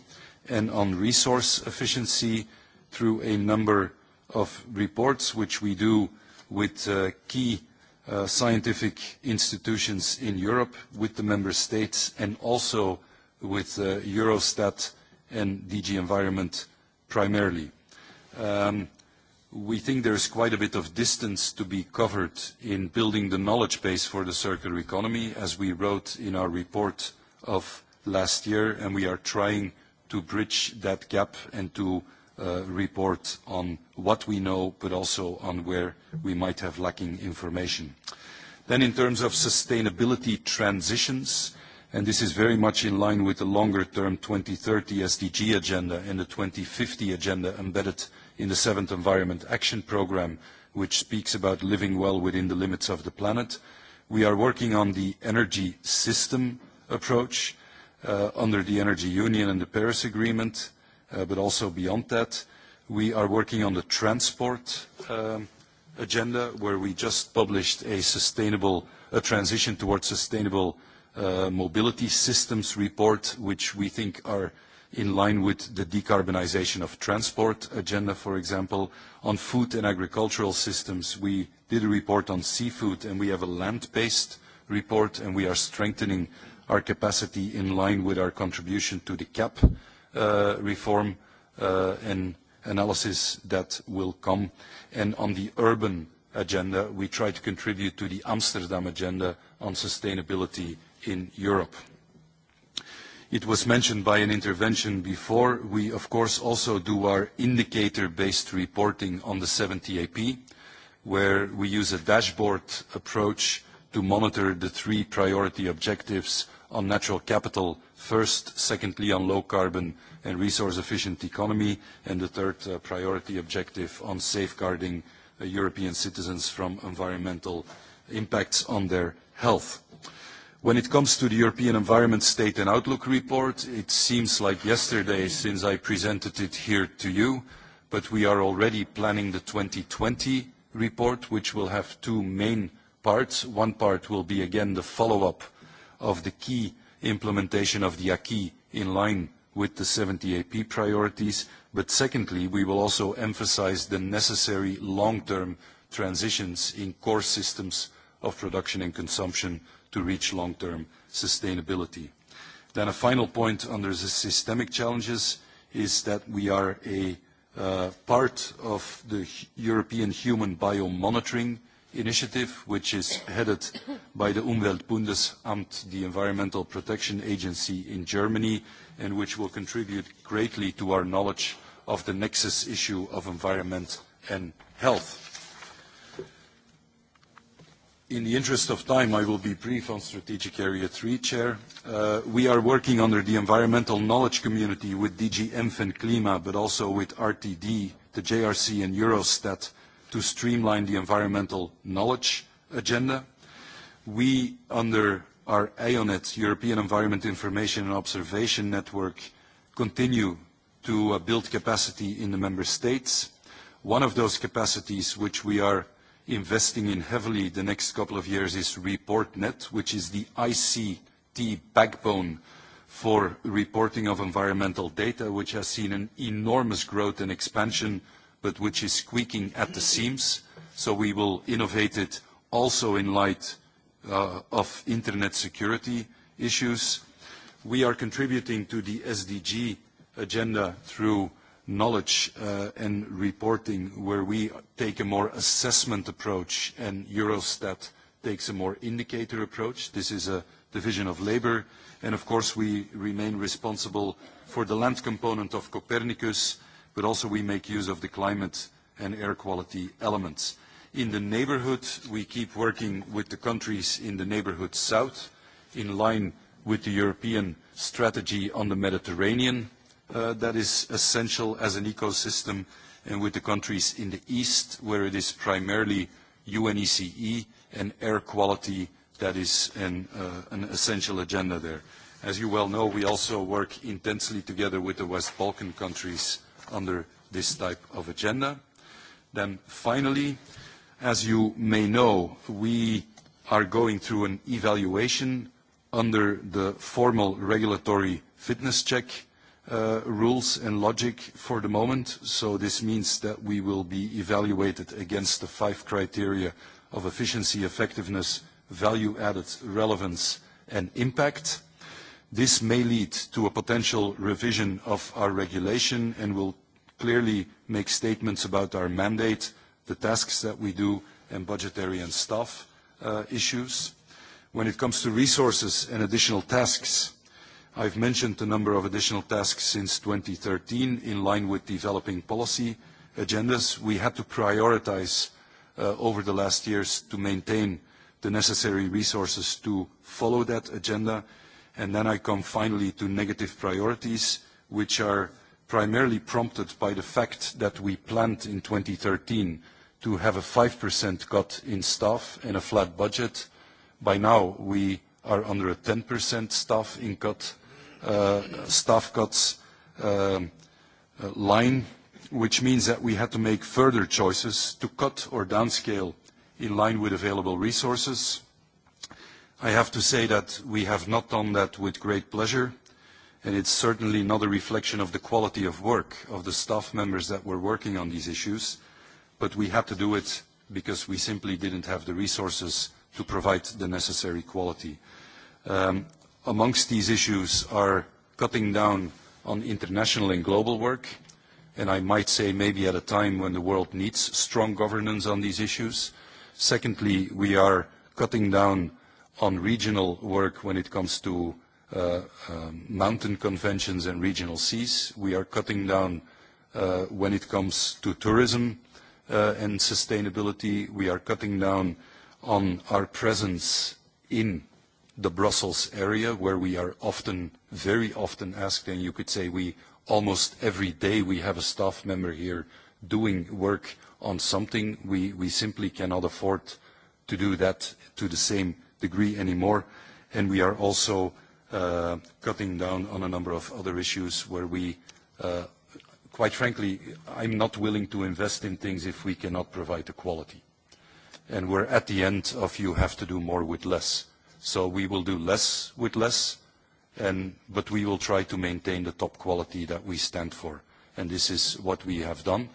[SPEAKER 17] and on resource efficiency through a number of reports, which we do with uh, key uh, scientific institutions in Europe, with the member states, and also with Eurostat and DG Environment primarily. Um, we think there is quite a bit of distance to be covered in building the knowledge base for the circular economy, as we wrote in our report of last year, and we are trying to bridge that gap and to uh, report on what we know, but also on where we might have lacking information. Then in terms of sustainability transitions, and this is very much in line with the longer-term 2030 SDG agenda and the 2050 agenda embedded in the seventh Environment Action Programme, which speaks about living well within the limits of the planet. We are working on the energy system approach uh, under the Energy Union and the Paris Agreement, uh, but also beyond that. We are working on the transport um, agenda, where we just published a sustainable a transition towards sustainable uh, mobility systems report, which we think are in line with the decarbonization of transport agenda, for example. On food and agricultural systems, we did a report on seafood, and we have a land-based report, and we are strengthening our capacity in line with our contribution to the CAP uh, reform uh, and analysis that will come. And on the urban agenda, we try to contribute to the Amsterdam agenda on sustainability in Europe. It was mentioned by an intervention before. We, of course, also do our indicator-based reporting on the 70AP, e where we use a dashboard approach to monitor the three priority objectives on natural capital first, secondly on low carbon and resource efficient economy, and the third uh, priority objective on safeguarding uh, European citizens from environmental impacts on their health. When it comes to the European Environment State and Outlook report, it seems like yesterday since I presented it here to you, but we are already planning the 2020 report, which will have two main parts. One part will be, again, the follow-up of the key implementation of the acquis in line with the 70 AP priorities. But secondly, we will also emphasize the necessary long-term transitions in core systems of production and consumption to reach long-term sustainability. Then a final point under the systemic challenges is that we are a uh, part of the European Human Biomonitoring Initiative, which is headed by the Umweltbundesamt, the Environmental Protection Agency in Germany, and which will contribute greatly to our knowledge of the nexus issue of environment and health. In the interest of time, I will be brief on Strategic Area 3, Chair. Uh, we are working under the environmental knowledge community with DG and Klima, but also with RTD, the JRC, and Eurostat to streamline the environmental knowledge agenda. We, under our IONET, European Environment Information and Observation Network, continue to uh, build capacity in the member states. One of those capacities, which we are investing in heavily the next couple of years is ReportNet, which is the ICT backbone for reporting of environmental data, which has seen an enormous growth and expansion, but which is squeaking at the seams. So we will innovate it also in light uh, of internet security issues. We are contributing to the SDG agenda through knowledge uh, and reporting where we take a more assessment approach and Eurostat takes a more indicator approach. This is a division of labor. And of course, we remain responsible for the land component of Copernicus, but also we make use of the climate and air quality elements. In the neighborhood, we keep working with the countries in the neighborhood south, in line with the European strategy on the Mediterranean Uh, that is essential as an ecosystem and with the countries in the east where it is primarily UNECE e and air quality that is an, uh, an essential agenda there. As you well know, we also work intensely together with the West Balkan countries under this type of agenda. Then finally, as you may know, we are going through an evaluation under the formal regulatory fitness check Uh, rules and logic for the moment, so this means that we will be evaluated against the five criteria of efficiency, effectiveness, value added, relevance, and impact. This may lead to a potential revision of our regulation and will clearly make statements about our mandate, the tasks that we do, and budgetary and staff uh, issues. When it comes to resources and additional tasks, I've mentioned a number of additional tasks since 2013 in line with developing policy agendas. We had to prioritize uh, over the last years to maintain the necessary resources to follow that agenda. And then I come finally to negative priorities, which are primarily prompted by the fact that we planned in 2013 to have a 5% cut in staff and a flat budget. By now, we are under a 10% staff in cut Uh, staff cuts uh, uh, line, which means that we had to make further choices to cut or downscale in line with available resources. I have to say that we have not done that with great pleasure, and it's certainly not a reflection of the quality of work of the staff members that were working on these issues, but we had to do it because we simply didn't have the resources to provide the necessary quality. Um, amongst these issues are cutting down on international and global work, and I might say maybe at a time when the world needs strong governance on these issues. Secondly, we are cutting down on regional work when it comes to uh, um, mountain conventions and regional seas. We are cutting down uh, when it comes to tourism uh, and sustainability. We are cutting down on our presence in the Brussels area, where we are often, very often asked, and you could say we almost every day we have a staff member here doing work on something. We, we simply cannot afford to do that to the same degree anymore. And we are also uh, cutting down on a number of other issues where we, uh, quite frankly, I'm not willing to invest in things if we cannot provide the quality. And we're at the end of you have to do more with less So we will do less with less, and, but we will try to maintain the top quality that we stand for. And this is what we have done.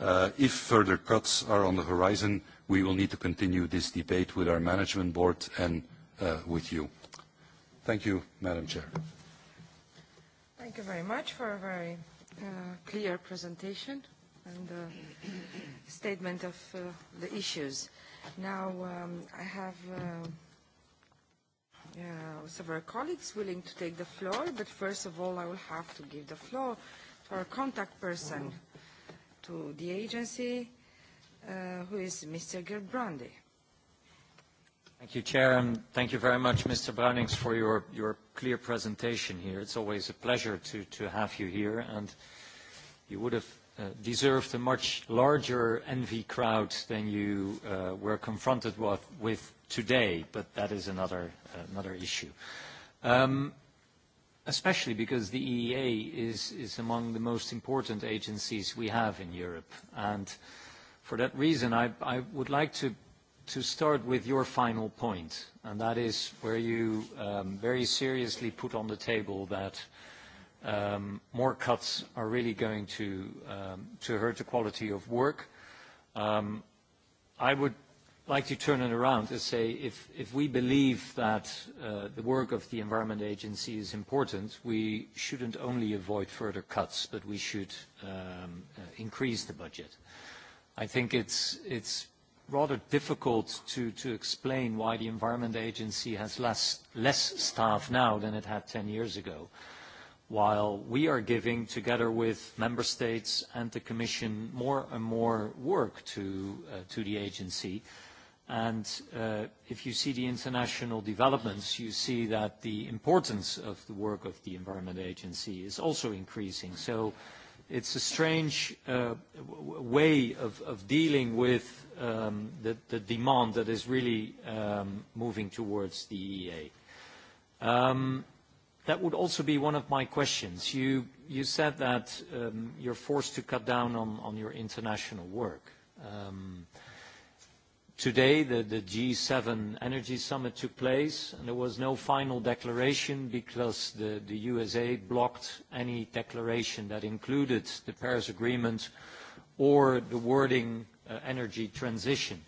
[SPEAKER 17] Uh, if further cuts are on the horizon, we will need to continue this debate with our management board and uh, with you. Thank you, Madam Chair.
[SPEAKER 1] Thank you very much for a very uh, clear presentation and statement of the issues. Now, um, I have Uh, several colleagues willing to take the floor, but first of all, I will have to give the floor to our contact person mm-hmm. to the agency, uh, who is Mr. Brandy.
[SPEAKER 5] Thank you, Chair, and thank you very much, Mr. Brownings, for your, your clear presentation here. It's always a pleasure to, to have you here, and you would have Uh, deserved a much larger envy crowd than you uh, were confronted with, with today, but that is another, another issue. Um, especially because the EEA is, is among the most important agencies we have in Europe. And for that reason, I, I would like to, to start with your final point, and that is where you um, very seriously put on the table that um, more cuts are really going to, um, to hurt the quality of work. Um, I would like to turn it around and say if, if we believe that uh, the work of the Environment Agency is important, we shouldn't only avoid further cuts, but we should um, uh, increase the budget. I think it's, it's rather difficult to, to explain why the Environment Agency has less, less staff now than it had 10 years ago, while we are giving, together with member states and the Commission, more and more work to, uh, to the agency – And uh, if you see the international developments, you see that the importance of the work of the Environment Agency is also increasing. So it's a strange uh, way of, of dealing with um, the, the demand that is really um, moving towards the EA. Um, that would also be one of my questions. You, you said that um, you're forced to cut down on, on your international work. Um, Today, the, G7 Energy Summit took place, and there was no final declaration because the, USA blocked any declaration that included the Paris Agreement or the wording uh, energy transition.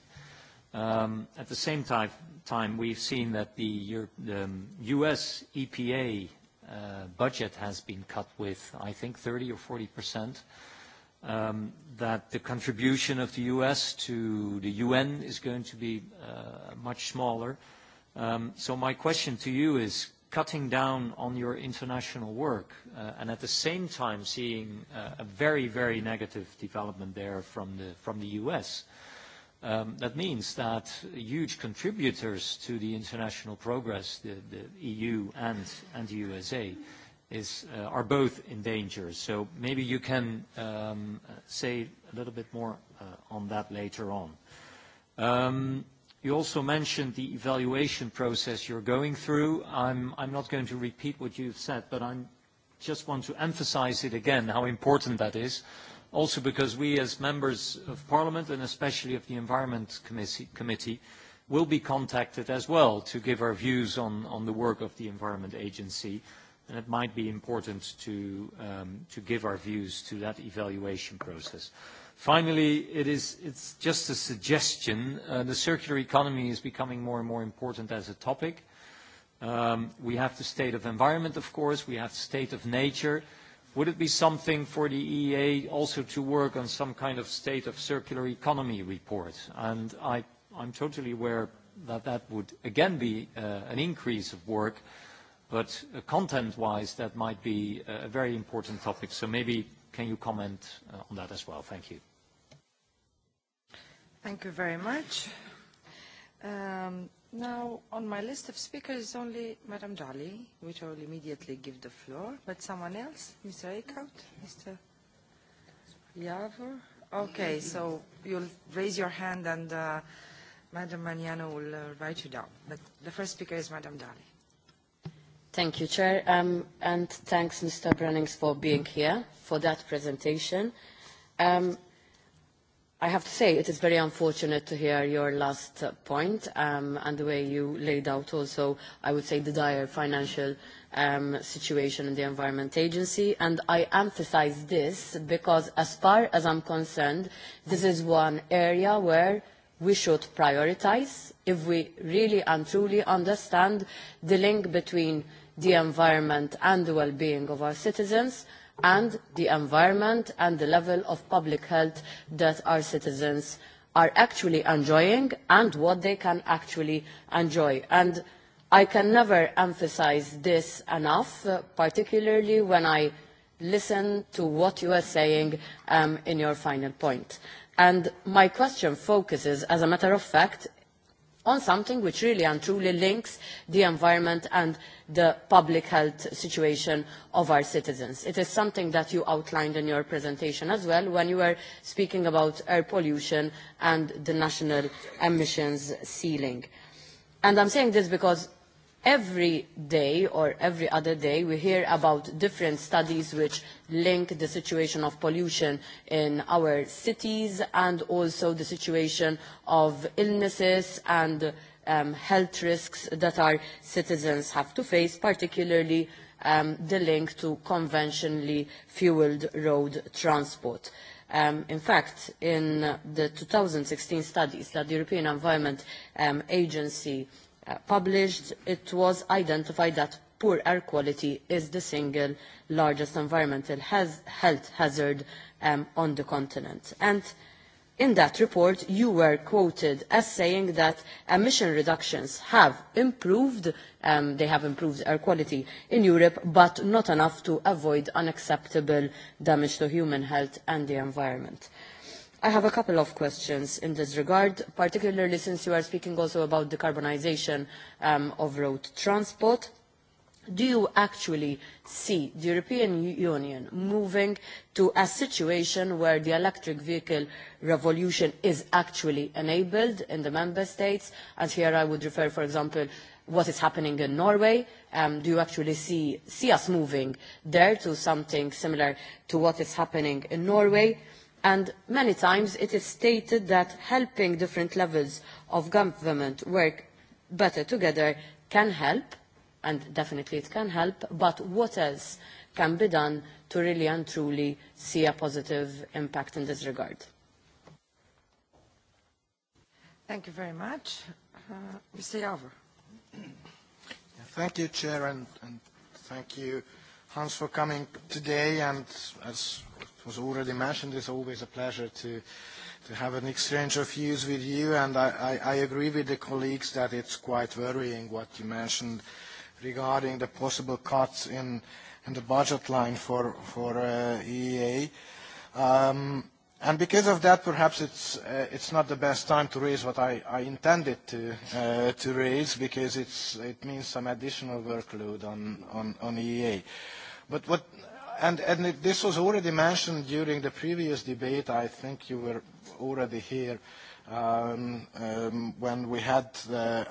[SPEAKER 5] Um, at the same time, we've seen that the, U.S. Um, EPA uh, budget has been cut with, I think, 30 or 40 um, that the contribution of the U.S. to the UN is going to be uh, much smaller. Um, so my question to you is cutting down on your international work uh, and at the same time seeing uh, a very, very negative development there from the, from the U.S. Um, that means that huge contributors to the international progress, the, the EU and, and the USA, is uh, are both in danger. So maybe you can um, say a little bit more uh, on that later on. Um, you also mentioned the evaluation process you're going through. I'm, I'm not going to repeat what you've said, but I just want to emphasize it again, how important that is, also because we as members of Parliament and especially of the Environment Committee, will be contacted as well to give our views on, the work of the Environment Agency and it might be important to, um, to give our views to that evaluation process. Finally, it is, it's just a suggestion. Uh, the circular economy is becoming more and more important as a topic. Um, we have the state of environment, of course. We have the state of nature. Would it be something for the EEA also to work on some kind of state of circular economy report? And I, I'm totally aware that that would again be uh, an increase of work, But uh, content-wise, that might be uh, a very important topic. So maybe can you comment uh, on that as well? Thank you.
[SPEAKER 1] Thank you very much. Um, now, on my list of speakers is only Madame Dali, which I will immediately give the floor. But someone else? Mr. Eickhout? Mr. Javor? Okay, so you'll raise your hand and uh, Madame Magnano will uh, write you down. But the first speaker is Madame Dali.
[SPEAKER 4] Thank you, Chair, um, and thanks, Mr. Brennings, for being here, for that presentation. Um, I have to say it is very unfortunate to hear your last point um, and the way you laid out also, I would say, the dire financial um, situation in the Environment Agency. And I emphasize this because as far as I'm concerned, this is one area where we should prioritize if we really and truly understand the link between the environment and the well-being of our citizens and the environment and the level of public health that our citizens are actually enjoying and what they can actually enjoy. And I can never emphasize this enough, uh, particularly when I listen to what you are saying um, in your final point. And my question focuses, as a matter of fact, on something which really and truly links the environment and the public health situation of our citizens. It is something that you outlined in your presentation as well when you were speaking about air pollution and the national emissions ceiling. And I'm saying this because every day or every other day we hear about different studies which link the situation of pollution in our cities and also the situation of illnesses and um, health risks that our citizens have to face particularly um, the link to conventionally fueled road transport Um, in fact in the 2016 studies that the European Environment um, Agency Uh, published, it was identified that poor air quality is the single largest environmental health hazard um, on the continent. And in that report, you were quoted as saying that emission reductions have improved, um, they have improved air quality in Europe, but not enough to avoid unacceptable damage to human health and the environment. I have a couple of questions in this regard, particularly since you are speaking also about decarbonisation um, of road transport. Do you actually see the European Union moving to a situation where the electric vehicle revolution is actually enabled in the member states? And here I would refer, for example, what is happening in Norway. Um, do you actually see, see us moving there to something similar to what is happening in Norway? and many times it is stated that helping different levels of government work better together can help and definitely it can help but what else can be done to really and truly see a positive impact in this regard
[SPEAKER 1] thank you very much uh, mr
[SPEAKER 15] thank you chair and, and thank you hans for coming today and as was already mentioned, it's always a pleasure to, to have an exchange of views with you, and I, I, I agree with the colleagues that it's quite worrying what you mentioned regarding the possible cuts in, in the budget line for, for uh, EEA. Um, and because of that, perhaps it's, uh, it's not the best time to raise what I, I intended to, uh, to raise, because it's, it means some additional workload on, on, on EEA. But what and, and this was already mentioned during the previous debate. I think you were already here um, um, when we had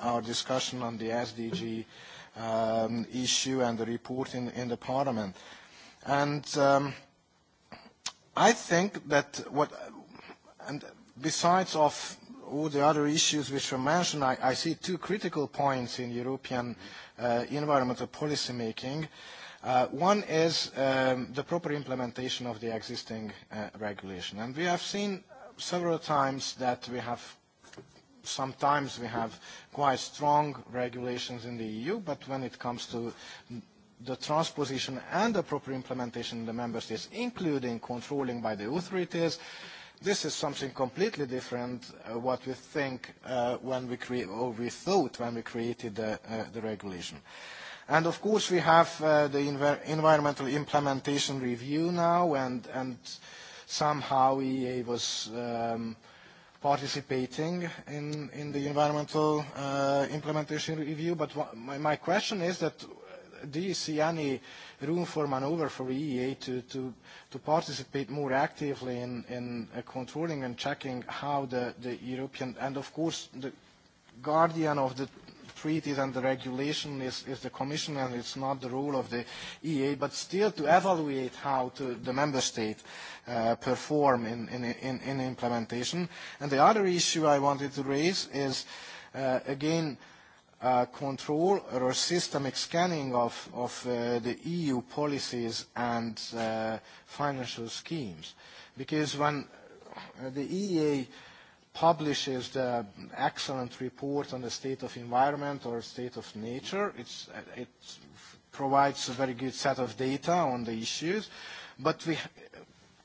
[SPEAKER 15] our discussion on the SDG um, issue and the report in, the Parliament. And I think that what, and besides of all the other issues which were mentioned, I, I see two critical points in European uh, environmental policy making. Uh, one is um, the proper implementation of the existing uh, regulation. And we have seen several times that we have, sometimes we have quite strong regulations in the EU, but when it comes to the transposition and the proper implementation in the member states, including controlling by the authorities, this is something completely different uh, what we think uh, when we create or we thought when we created the, regulation. And of course, we have uh, the environmental implementation review now, and, and somehow EEA was um, participating in, the environmental uh, implementation review. But my, question is that uh, do you see any room for maneuver for EEA to, participate more actively in, controlling and checking how the, the European, and of course the guardian of the treaties and the regulation is, is the Commission and it's not the role of the EA, but still to evaluate how to, the Member State uh, perform in, in, in, in implementation. And the other issue I wanted to raise is, uh, again, Uh, control or systemic scanning of, of uh, the EU policies and uh, financial schemes. Because when uh, the EEA publishes the excellent report on the state of environment or state of nature. It's, it provides a very good set of data on the issues, but we,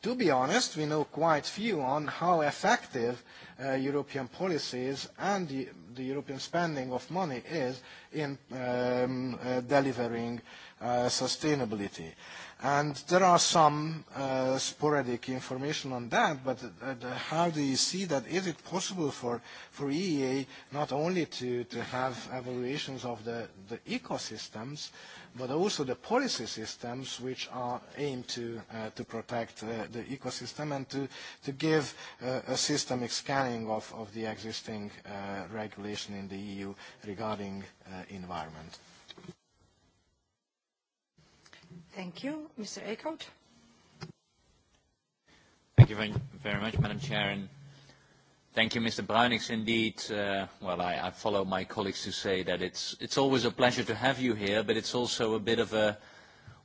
[SPEAKER 15] to be honest, we know quite few on how effective uh, European policies and the, the European spending of money is in um, uh, delivering uh, sustainability. And there are some uh, sporadic information on that, but uh, how do you see that? Is it possible for, for EEA not only to, to have evaluations of the, the ecosystems, but also the policy systems which are aimed to, uh, to protect uh, the ecosystem and to, to give uh, a systemic scanning of, of the existing uh, regulation in the EU regarding environment?
[SPEAKER 1] Thank you. Mr. Eickhout.
[SPEAKER 18] Thank you very, much, Madam Chair, and thank you, Mr. Indeed, uh, well, I, I follow my colleagues to say that it's, it's always a pleasure to have you here, but it's also a bit of a,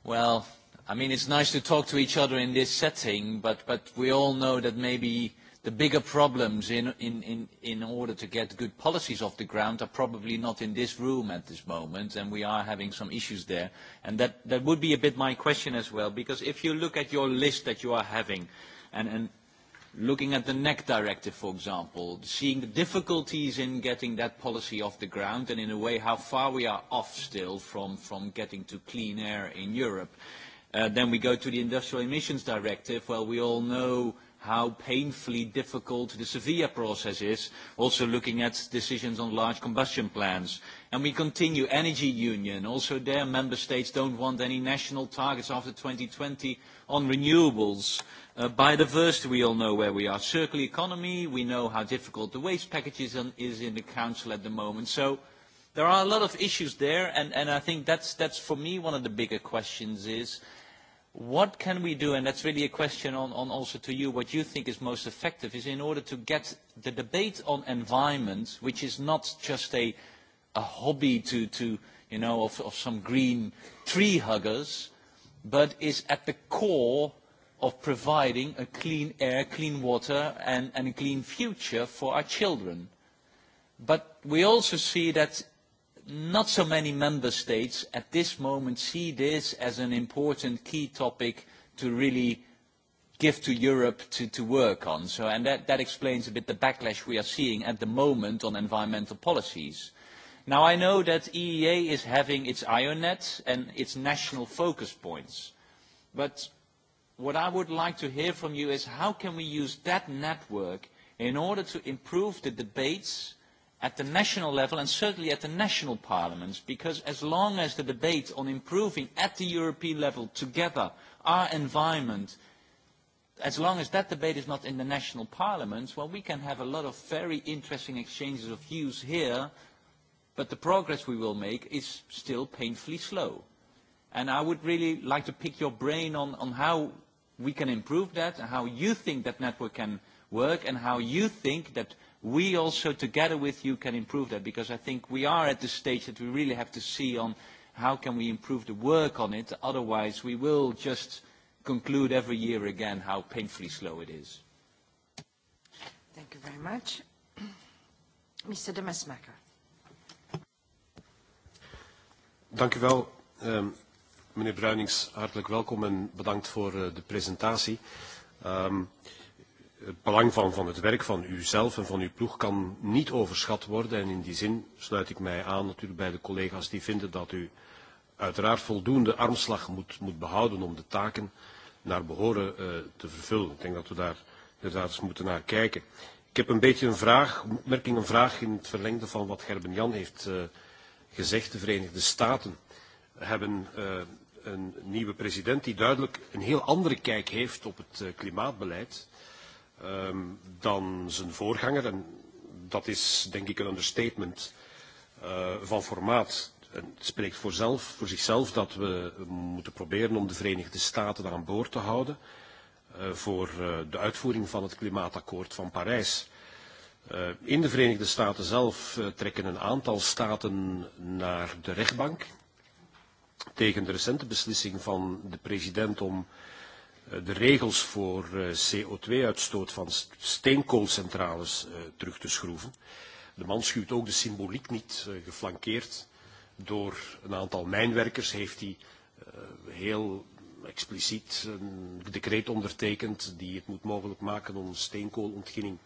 [SPEAKER 18] well, I mean, it's nice to talk to each other in this setting, but, but we all know that maybe the bigger problems in, in, in, in order to get good policies off the ground are probably not in this room at this moment, and we are having some issues there. And that, that would be a bit my question as well, because if you look at your list that you are having, and, and looking at the NEC directive, for example, seeing the difficulties in getting that policy off the ground, and in a way how far we are off still from, from getting to clean air in Europe. Uh, then we go to the Industrial Emissions Directive. Well, we all know how painfully difficult the Sevilla process is, also looking at decisions on large combustion plants. And we continue energy union. Also there, member states don't want any national targets after 2020 on renewables. Uh, biodiversity, we all know where we are. Circular economy, we know how difficult the waste package is, is in the council at the moment. So there are a lot of issues there, and, and I think that's, that's for me one of the bigger questions is – what can we do, and that's really a question on, on also to you, what you think is most effective is in order to get the debate on environment, which is not just a, a hobby to, to, you know, of, of some green tree huggers, but is at the core of providing a clean air, clean water, and, and a clean future for our children. But we also see that not so many member states at this moment see this as an important key topic to really give to Europe to, to work on. So, and that, that explains a bit the backlash we are seeing at the moment on environmental policies. Now, I know that EEA is having its IONET and its national focus points. But what I would like to hear from you is how can we use that network in order to improve the debates at the national level and certainly at the national parliaments because as long as the debate on improving at the European level together our environment, as long as that debate is not in the national parliaments, well, we can have a lot of very interesting exchanges of views here, but the progress we will make is still painfully slow. And I would really like to pick your brain on, on how we can improve that, and how you think that network can work, and how you think that – we also together with you can improve that because I think we are at the stage that we really have to see on how can we improve the work on it, otherwise we will just conclude every year again how painfully slow it is.
[SPEAKER 1] Thank you very much. Mr. De Mesmaker.
[SPEAKER 19] Dank u wel. Um, meneer Bruinings, hartelijk welkom en bedankt voor eh, de presentatie. Um, het belang van, van het werk van u zelf en van uw ploeg kan niet overschat worden. En in die zin sluit ik mij aan natuurlijk bij de collega's die vinden dat u uiteraard voldoende armslag moet, moet behouden om de taken naar behoren uh, te vervullen. Ik denk dat we daar inderdaad eens moeten naar kijken. Ik heb een beetje een vraag, een vraag in het verlengde van wat Gerben Jan heeft uh, gezegd. De Verenigde Staten hebben uh, een nieuwe president die duidelijk een heel andere kijk heeft op het klimaatbeleid Ehm, dan zijn voorganger. En dat is denk ik een understatement eh, van formaat. het spreekt voor, zelf, voor zichzelf dat we moeten proberen om de Verenigde Staten aan boord te houden eh, voor eh, de uitvoering van het klimaatakkoord van Parijs. in de Verenigde Staten zelf trekken een aantal staten naar de rechtbank tegen de recente beslissing van de president om de regels voor eh, CO2-uitstoot van steenkoolcentrales eh, terug te schroeven. De man schuwt ook de symboliek niet, eh, geflankeerd door een aantal mijnwerkers heeft hij heel expliciet een decreet ondertekend die het moet mogelijk maken om steenkoolontginning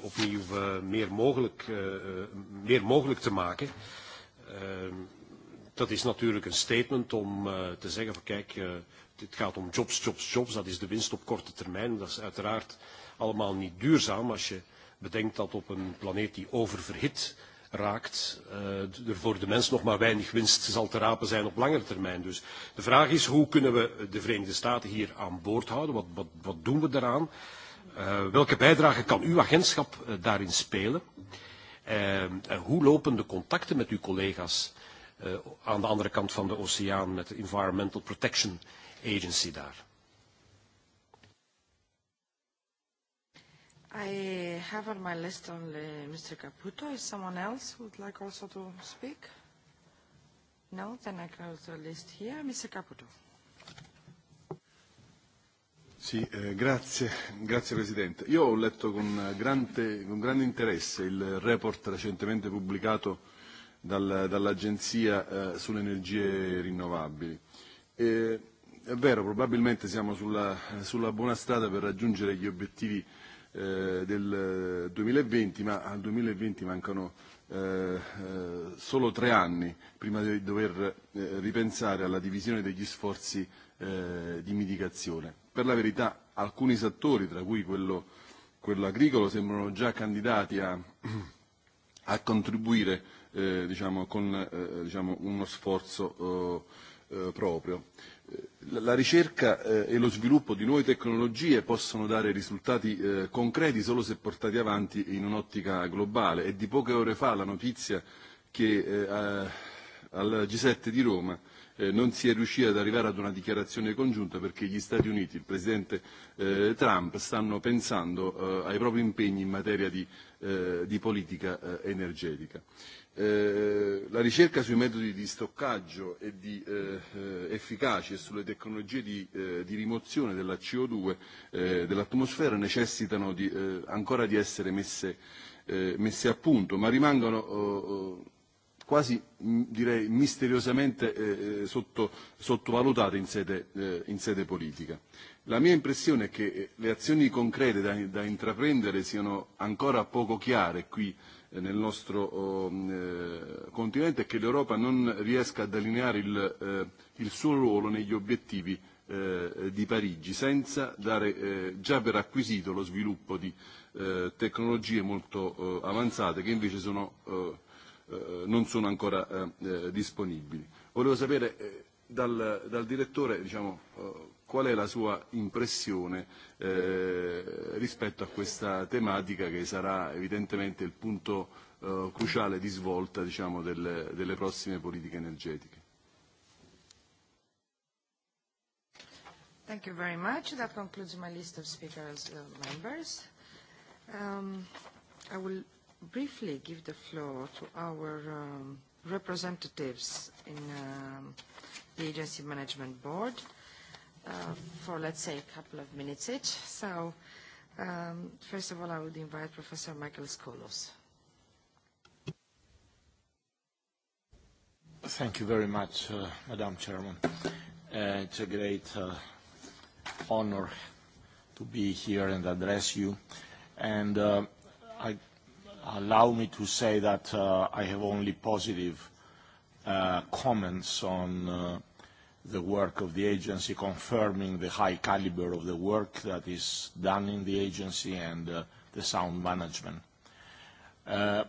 [SPEAKER 19] opnieuw meer mogelijk, meer mogelijk te maken. Ehm, dat is natuurlijk een statement om te zeggen van kijk, het gaat om jobs, jobs, jobs. Dat is de winst op korte termijn. Dat is uiteraard allemaal niet duurzaam als je bedenkt dat op een planeet die oververhit raakt, eh, er voor de mens nog maar weinig winst zal te rapen zijn op langere termijn. Dus de vraag is hoe kunnen we de Verenigde Staten hier aan boord houden? Wat, wat, wat doen we daaraan? Uh, welke bijdrage kan uw agentschap eh, daarin spelen? Uh, en hoe lopen de contacten met uw collega's aan de andere kant van de oceaan met de Environmental Protection agency there?
[SPEAKER 1] I have on my list only Mr. Caputo. Is someone else who would like also to speak? No, then I close the list here. Mr. Caputo.
[SPEAKER 20] Sì, eh, grazie, grazie Presidente. Io ho letto con grande, con grande interesse il report recentemente pubblicato dal, dall'Agenzia eh, sulle energie rinnovabili. Eh, È vero, probabilmente siamo sulla, sulla buona strada per raggiungere gli obiettivi eh, del 2020, ma al 2020 mancano eh, eh, solo tre anni prima di dover eh, ripensare alla divisione degli sforzi eh, di mitigazione. Per la verità alcuni settori, tra cui quello, quello agricolo, sembrano già candidati a, a contribuire eh, diciamo, con diciamo, uno sforzo proprio la ricerca eh, e lo sviluppo di nuove tecnologie possono dare risultati eh, concreti solo se portati avanti in un'ottica globale e di poche ore fa la notizia che eh, al G7 di Roma non si è riuscita ad arrivare ad una dichiarazione congiunta perché gli Stati Uniti, il Presidente Trump, stanno pensando ai propri impegni in materia di politica energetica. Eh, la ricerca sui metodi di stoccaggio e di eh, efficaci e sulle tecnologie di, eh, di rimozione della CO2 dell'atmosfera necessitano di, ancora di essere messe, messe a punto, ma rimangono oh, oh, quasi mm, direi misteriosamente sotto, sottovalutate in sede, in sede politica. La mia impressione è che le azioni concrete da, da intraprendere siano ancora poco chiare qui nel nostro oh, eh, continente e che l'Europa non riesca a delineare il, eh, il suo ruolo negli obiettivi eh, di Parigi senza dare già per acquisito lo sviluppo di tecnologie molto avanzate che invece sono, non sono ancora disponibili. Volevo sapere dal, dal direttore diciamo, oh, qual è la sua impressione eh, rispetto a questa tematica che sarà evidentemente il punto eh, cruciale di svolta diciamo, del, delle prossime politiche energetiche.
[SPEAKER 1] Thank you very much. That concludes my list of speakers uh, members. Um, I will briefly give the floor to our um, representatives in um, the Agency Management Board. Um, for, let's say, a couple of minutes each. So, um, first of all, I would invite Professor Michael Skoulos.
[SPEAKER 21] Thank you very much, uh, Madam Chairman. Uh, it's a great uh, honor to be here and address you. And uh, I, allow me to say that I have only positive comments on the work of the agency, confirming the high caliber of the work that is done in the agency and uh, the sound management. Uh,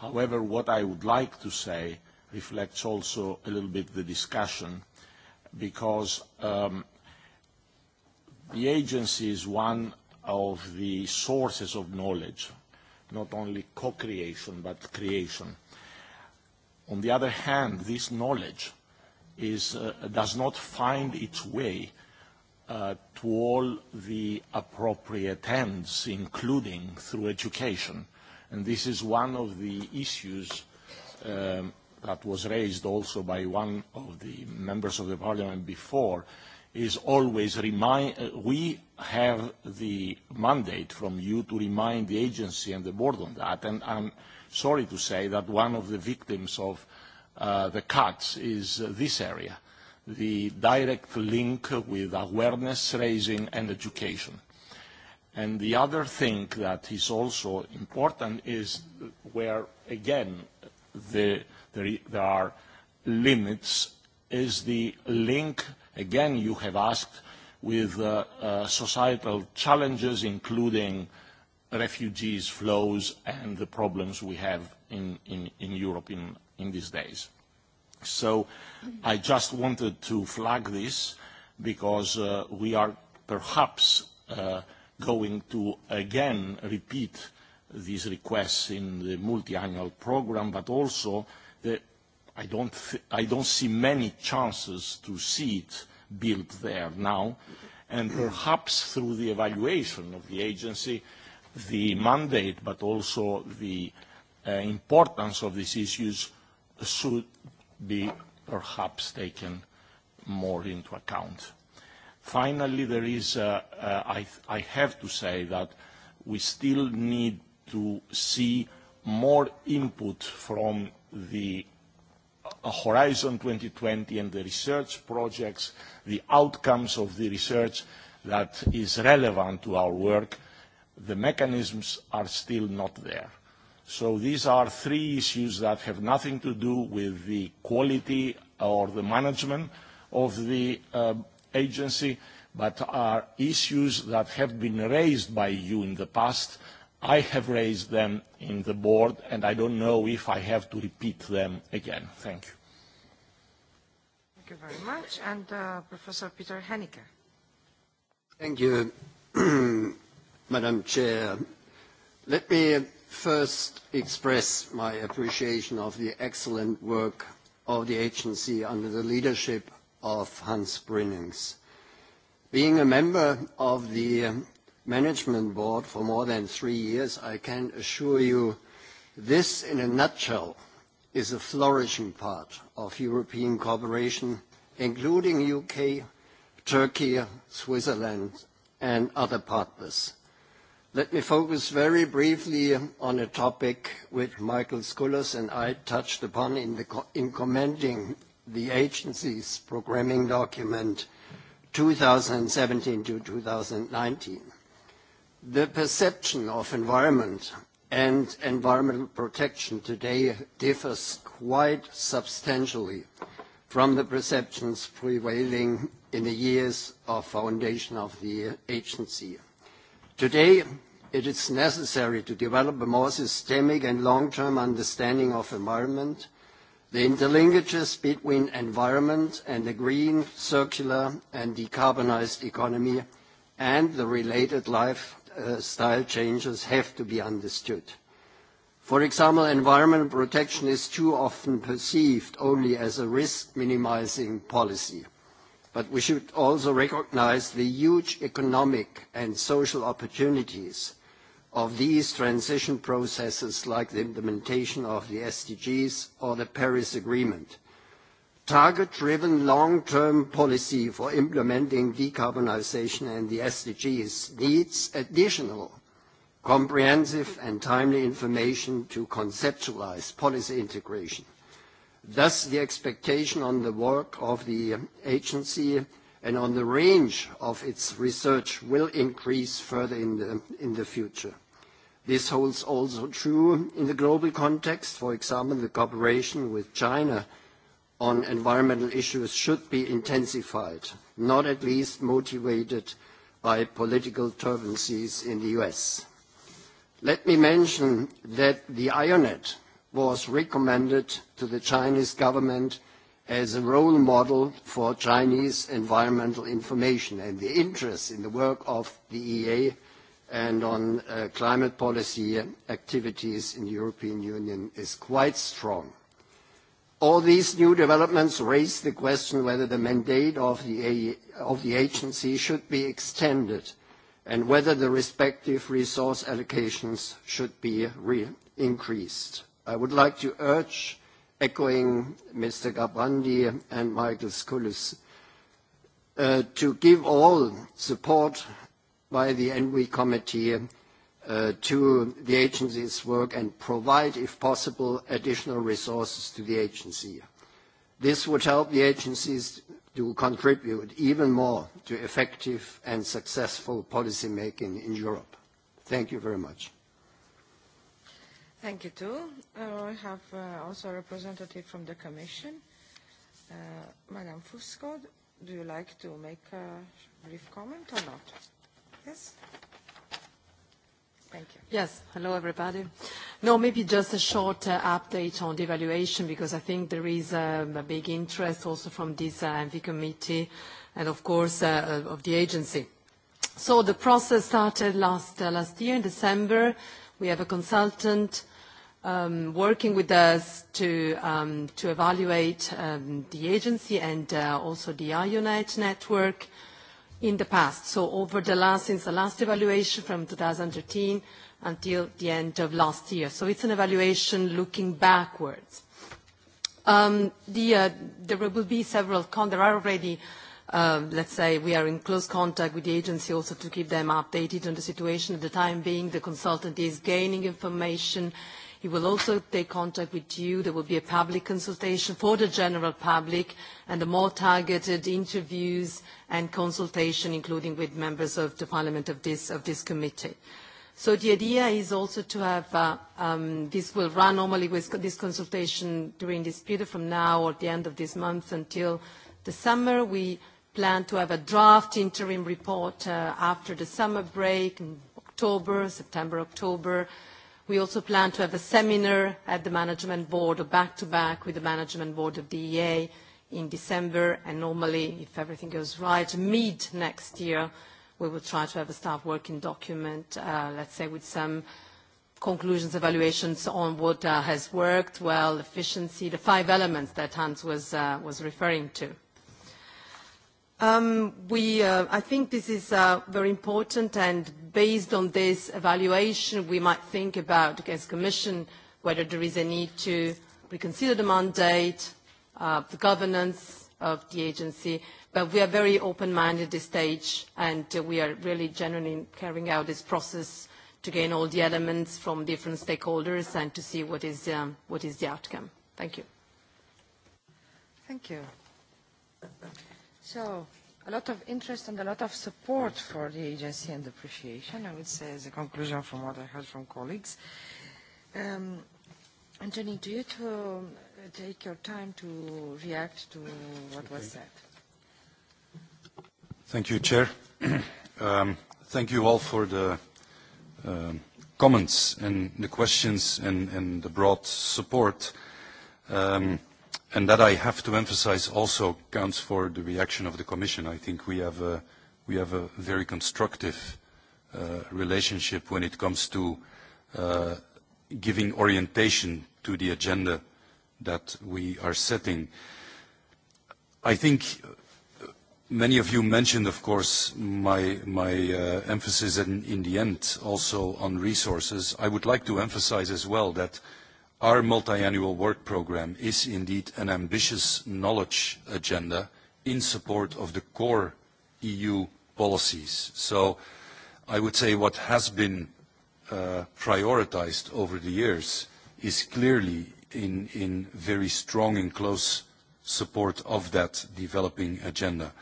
[SPEAKER 21] however, what I would like to say reflects also a little bit the discussion because um, the agency is one of the sources of knowledge, not only co-creation but creation. On the other hand, this knowledge is, uh, does not find its way uh, to all the appropriate ends, including through education. And this is one of the issues um, that was raised also by one of the members of the parliament before, is always remind, uh, we have the mandate from you to remind the agency and the board on that. And I'm sorry to say that one of the victims of Uh, the cuts is this area, the direct link with awareness raising and education. And the other thing that is also important is where, again, there are limits is the link, again, you have asked, with uh, uh, societal challenges, including refugees flows and the problems we have in, in, in Europe in in these days. So I just wanted to flag this because uh, we are perhaps uh, going to again repeat these requests in the multi-annual program, but also I, don't I don't see many chances to see it built there now. And perhaps through the evaluation of the agency, the mandate, but also the uh, importance of these issues should be perhaps taken more into account. Finally, there is, uh, uh, I, I have to say that we still need to see more input from the uh, Horizon 2020 and the research projects, the outcomes of the research that is relevant to our work. The mechanisms are still not there. So these are three issues that have nothing to do with the quality or the management of the um, agency, but are issues that have been raised by you in the past. I have raised them in the board, and I don't know if I have to repeat them again. Thank you.
[SPEAKER 1] Thank you very much. And uh, Professor Peter Henniker.
[SPEAKER 22] Thank you, Madam Chair. Let me first express my appreciation of the excellent work of the agency under the leadership of Hans Brünnings. Being a member of the management board for more than three years, I can assure you this, in a nutshell, is a flourishing part of European cooperation, including UK, Turkey, Switzerland, and other partners. Let me focus very briefly on a topic which Michael Skoulas and I touched upon in, the in commenting the agency's programming document 2017 to 2019. The perception of environment and environmental protection today differs quite substantially from the perceptions prevailing in the years of foundation of the agency. Today, it is necessary to develop a more systemic and long-term understanding of environment, the interlinkages between environment and the green, circular, and decarbonized economy, and the related lifestyle changes have to be understood. For example, environmental protection is too often perceived only as a risk-minimizing policy but we should also recognize the huge economic and social opportunities of these transition processes like the implementation of the SDGs or the Paris Agreement. Target-driven long-term policy for implementing decarbonization and the SDGs needs additional comprehensive and timely information to conceptualize policy integration. Thus, the expectation on the work of the agency and on the range of its research will increase further in the, in the future. This holds also true in the global context. For example, the cooperation with China on environmental issues should be intensified, not at least motivated by political turbulences in the U.S. Let me mention that the IONET was recommended to the Chinese government as a role model for Chinese environmental information and the interest in the work of the EA and on uh, climate policy activities in the European Union is quite strong. All these new developments raise the question whether the mandate of the, of the agency should be extended and whether the respective resource allocations should be re increased. I would like to urge, echoing Mr. Gabrandi and Michael Skoulis, uh, to give all support by the ENVI committee uh, to the agency's work and provide, if possible, additional resources to the agency. This would help the agencies to contribute even more to effective and successful policy making in Europe. Thank you very much.
[SPEAKER 1] Thank you too. Uh, I have uh, also a representative from the Commission. Uh, Madam Fusco, do you like to make a brief comment or not? Yes? Thank you. Yes.
[SPEAKER 23] Hello, everybody. No, maybe just a short uh, update on the evaluation, because I think there is um, a big interest also from this MV uh, committee and of course, uh, of the agency. So the process started last, uh, last year in December. We have a consultant Um, working with us to, um, evaluate um, the agency and uh, also the IONET network in the past. So over the last, since the last evaluation from 2013 until the end of last year. So it's an evaluation looking backwards. Uh, there will be several, con there are already let's say we are in close contact with the agency also to keep them updated on the situation. At the time being, the consultant is gaining information He will also take contact with you. There will be a public consultation for the general public and a more targeted interviews and consultation, including with members of the parliament of this, of this committee. So the idea is also to have, uh, um, this will run normally with this consultation during this period from now or the end of this month until the summer. We plan to have a draft interim report uh, after the summer break, in October, September, October, We also plan to have a seminar at the management board or back-to-back with the management board of DEA e in December, and normally, if everything goes right, mid next year, we will try to have a staff working document, uh, let's say, with some conclusions, evaluations on what uh, has worked well, efficiency, the five elements that Hans was, uh, was referring to. Um, we, uh, I think this is uh, very important and based on this evaluation, we might think about, the Commission, whether there is a need to reconsider the mandate, the governance of the agency. But we are very open-minded at this stage, and we are really genuinely carrying out this process to gain all the elements from different stakeholders and to see what is, um, what is the outcome. Thank you.
[SPEAKER 1] Thank you. So a lot of interest and a lot of support for the agency and appreciation, I would say, as a conclusion from what I heard from colleagues. Um, Anthony, do you to uh, take your time to react to what okay. was said?
[SPEAKER 17] Thank you, Chair. um, thank you all for the um, comments and the questions and, and the broad support. Um, and that I have to emphasize also counts for the reaction of the Commission. I think we have a, we have a very constructive uh, relationship when it comes to uh, giving orientation to the agenda that we are setting. I think many of you mentioned, of course, my, my uh, emphasis in, in the end also on resources. I would like to emphasize as well that Our multi-annual work program is indeed an ambitious knowledge agenda in support of the core EU policies. So I would say what has been prioritised uh, prioritized over the years is clearly in very strong and close support of that developing agenda.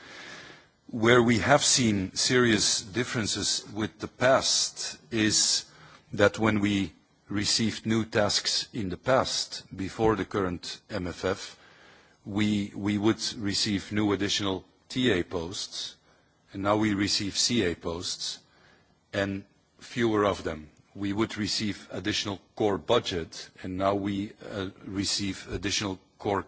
[SPEAKER 17] Where we have seen serious differences with the past is that when we received new tasks in the past, before the current MFF, we, we would receive new additional TA posts, and now we receive CA posts, and fewer of them. We would receive additional core budget, and now we uh, receive additional core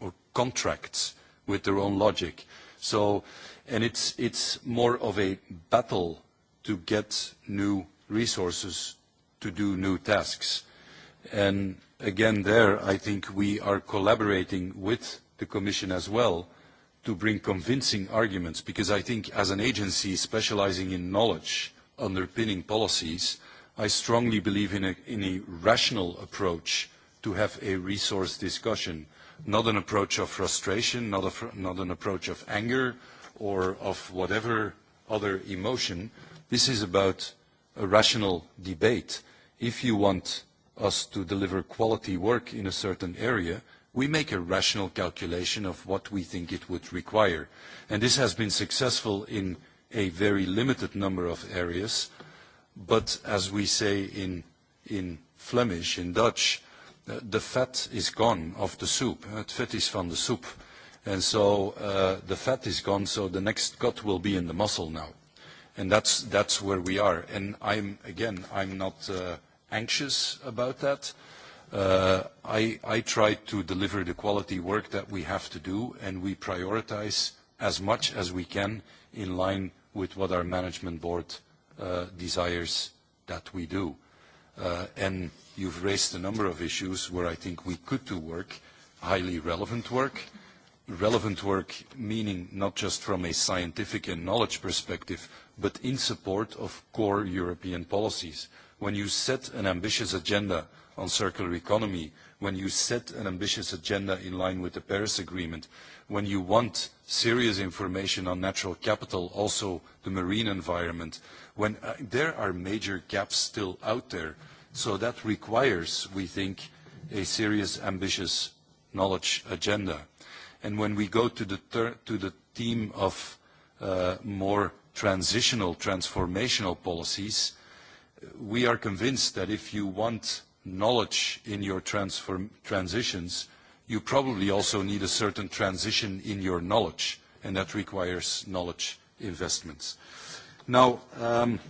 [SPEAKER 17] or contracts with their own logic. So, and it's, it's more of a battle to get new resources to do new tasks. And again, there, I think we are collaborating with the Commission as well to bring convincing arguments, because I think as an agency specializing in knowledge underpinning policies, I strongly believe in a, rational approach to have a resource discussion, not an approach of frustration, not an approach of anger or of whatever other emotion. This is about a rational debate. If you want us to deliver quality work in a certain area, we make a rational calculation of what we think it would require. And this has been successful in a very limited number of areas, but as we say in, in Flemish, in Dutch, uh, the fat is gone of the soup. Uh, het vet is van de soep. And so uh, the fat is gone, so the next cut will be in the muscle now and that's that's where we are. And I'm again, I'm not uh, anxious about that. Uh, I, I try to deliver the quality work that we have to do, and we prioritize as much as we can in line with what our management board uh, desires that we do. Uh, and you've raised a number of issues where I think we could do work, highly relevant work relevant work, meaning not just from a scientific and knowledge perspective, but in support of core European policies. When you set an ambitious agenda on circular economy, when you set an ambitious agenda in line with the Paris Agreement, when you want serious information on natural capital, also the marine environment, when uh, there are major gaps still out there. So that requires, we think, a serious, ambitious knowledge agenda. And when we go to the, theme of uh, more transitional, transformational policies, we are convinced that if you want knowledge in your transitions, you probably also need a certain transition in your knowledge, and that requires knowledge investments. Now, um,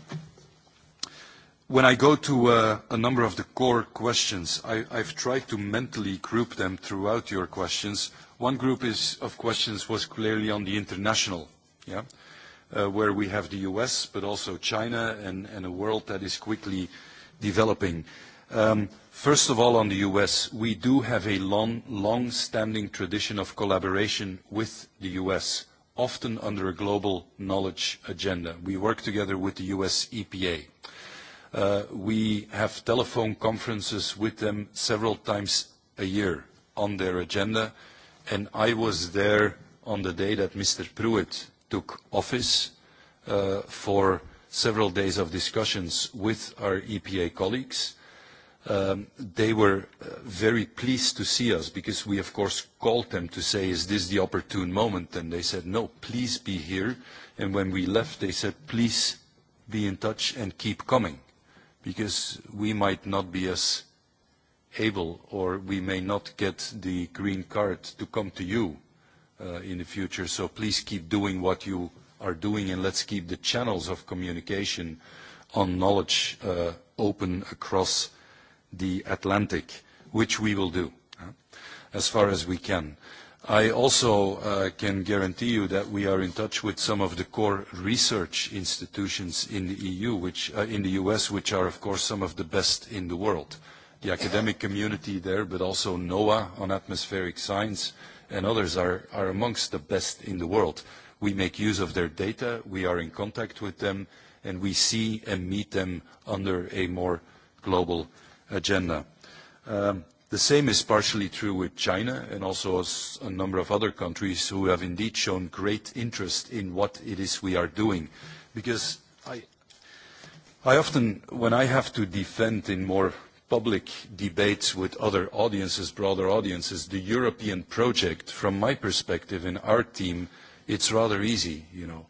[SPEAKER 17] when I go to uh, a number of the core questions, I, I've tried to mentally group them throughout your questions one group is, of questions was clearly on the international, yeah, uh, where we have the U.S., but also China and, a world that is quickly developing. Um, first of all, on the U.S., we do have a long, long-standing tradition of collaboration with the U.S., often under a global knowledge agenda. We work together with the U.S. EPA. Uh, we have telephone conferences with them several times a year on their agenda, and I was there on the day that Mr. Pruitt took office uh, for several days of discussions with our EPA colleagues. Um, they were uh, very pleased to see us because we, of course, called them to say, is this the opportune moment? And they said, no, please be here. And when we left, they said, please be in touch and keep coming because we might not be as able or we may not get the green card to come to you uh, in the future. So please keep doing what you are doing and let's keep the channels of communication on knowledge uh, open across the Atlantic, which we will do as far as we can. I also uh, can guarantee you that we are in touch with some of the core research institutions in the EU, which, in the US, which are of course some of the best in the world the academic community there, but also NOAA on atmospheric science and others are, are amongst the best in the world. We make use of their data, we are in contact with them, and we see and meet them under a more global agenda. Um, the same is partially true with China and also a number of other countries who have indeed shown great interest in what it is we are doing. Because I, I often, when I have to defend in more public debates with other audiences, broader audiences, the European project, from my perspective in our team, it's rather easy, you know.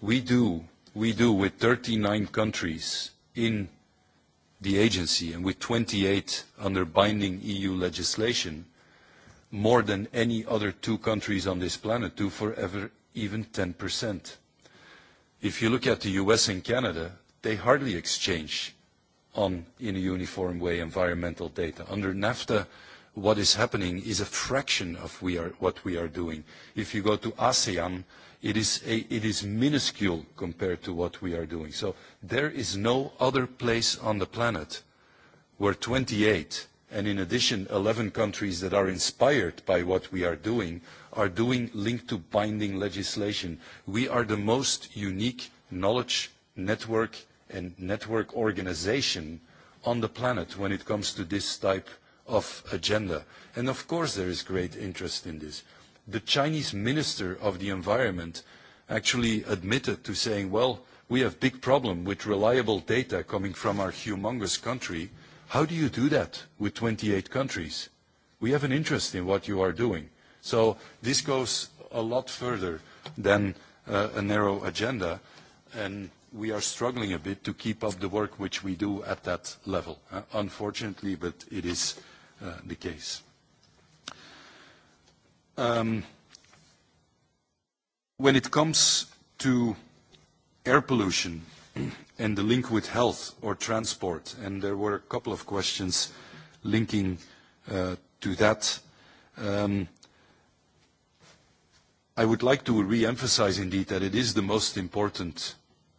[SPEAKER 17] We do, we do with 39 countries in the agency and with 28 under binding EU legislation, more than any other two countries on this planet do forever even 10%. If you look at the US and Canada, they hardly exchange on, um, in a uniform way, environmental data. Under NAFTA, what is happening is a fraction of we are, what we are doing. If you go to ASEAN, it is, a, it is minuscule compared to what we are doing. So there is no other place on the planet where 28, and in addition 11 countries that are inspired by what we are doing, are doing linked to binding legislation. We are the most unique knowledge network and network organization on the planet when it comes to this type of agenda. And of course there is great interest in this. The Chinese Minister of the Environment actually admitted to saying, well, we have big problem with reliable data coming from our humongous country. How do you do that with 28 countries? We have an interest in what you are doing. So this goes a lot further than uh, a narrow agenda. And we are struggling a bit to keep up the work which we do at that level, uh, unfortunately, but it is uh, the case. Um, when it comes to air pollution and the link with health or transport, and there were a couple of questions linking uh, to that, um, I would like to reemphasize indeed that it is the most important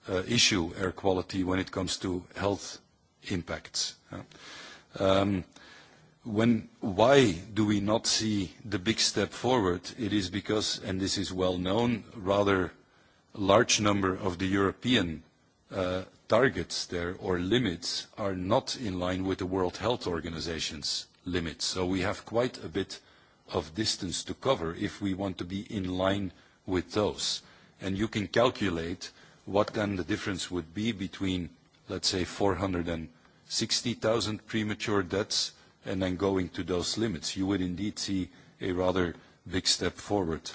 [SPEAKER 17] Uh, issue, air quality, when it comes to health impacts. Um, why do we not see the big step forward? It is because, and this is well known, rather large number of the European uh, targets there or limits are not in line with the World Health Organization's limits. So we have quite a bit of distance to cover if we want to be in line with those. And you can calculate what then the difference would be between, let's say, 460,000 premature deaths and then going to those limits. You would indeed see a rather big step forward.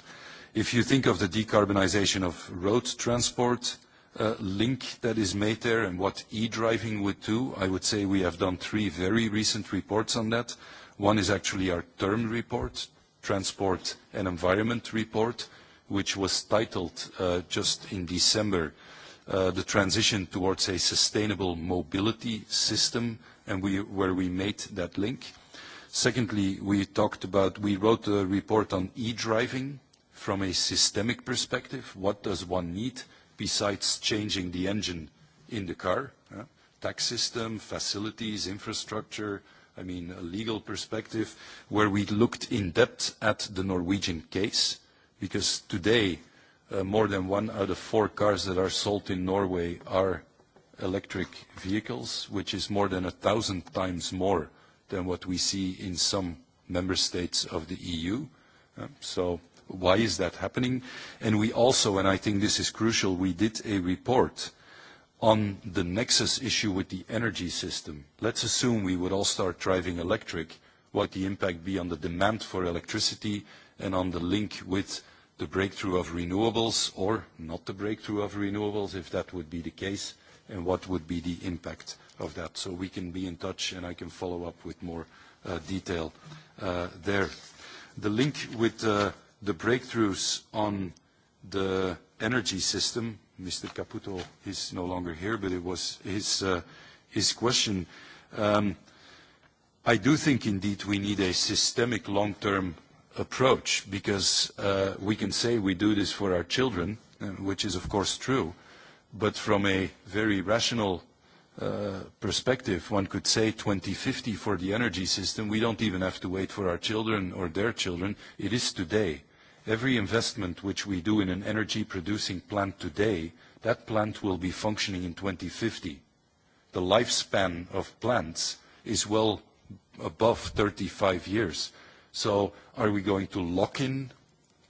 [SPEAKER 17] If you think of the decarbonization of road transport uh, link that is made there and what e-driving would do, I would say we have done three very recent reports on that. One is actually our term report, transport and environment report, which was titled uh, just in December, uh, The Transition Towards a Sustainable Mobility System, and where we made that link. Secondly, we talked about, we wrote a report on e-driving from a systemic perspective. What does one need besides changing the engine in the car? tax system, facilities, infrastructure, I mean, a legal perspective, where we looked in depth at the Norwegian case because today uh, more than one out of four cars that are sold in Norway are electric vehicles, which is more than a thousand times more than what we see in some member states of the EU. Uh, so why is that happening? And we also, and I think this is crucial, we did a report on the nexus issue with the energy system. Let's assume we would all start driving electric, what the impact be on the demand for electricity and on the link with the breakthrough of renewables or not the breakthrough of renewables, if that would be the case, and what would be the impact of that. So we can be in touch, and I can follow up with more uh, detail uh, there. The link with uh, the breakthroughs on the energy system, Mr. Caputo is no longer here, but it was his, question. Um, I do think indeed we need a systemic long-term approach because uh, we can say we do this for our children, uh, which is of course true, but from a very rational uh, perspective, one could say 2050 for the energy system. We don't even have to wait for our children or their children. It is today. Every investment which we do in an energy-producing plant today, that plant will be functioning in 2050. The lifespan of plants is well above 35 years. So are we going to lock in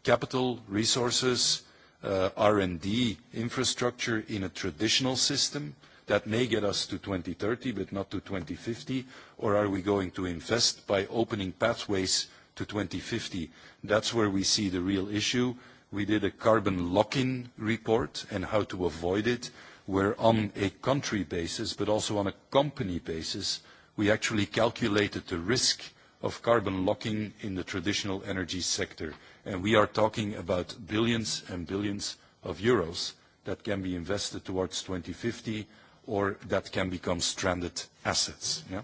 [SPEAKER 17] capital, resources, uh, R&D, infrastructure in a traditional system that may get us to 2030 but not to 2050? Or are we going to invest by opening pathways to 2050? That's where we see the real issue. We did a carbon lock-in report and how to avoid it, where on a country basis, but also on a company basis, we actually calculated the risk of carbon locking in the traditional energy sector. And we are talking about billions and billions of euros that can be invested towards 2050 or that can become stranded assets. Yeah?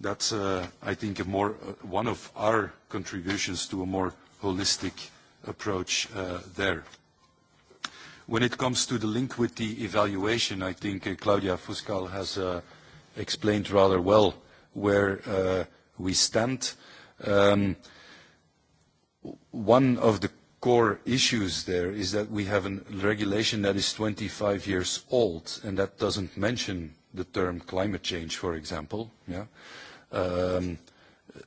[SPEAKER 17] That's, uh, I think, a more, uh, one of our contributions to a more holistic approach uh, there. When it comes to the link with the evaluation, I think Claudia Fuscal has explained rather well where we stand. Um, one of the core issues there is that we have a regulation that is 25 years old, and that doesn't mention the term climate change, for example. Yeah? Um,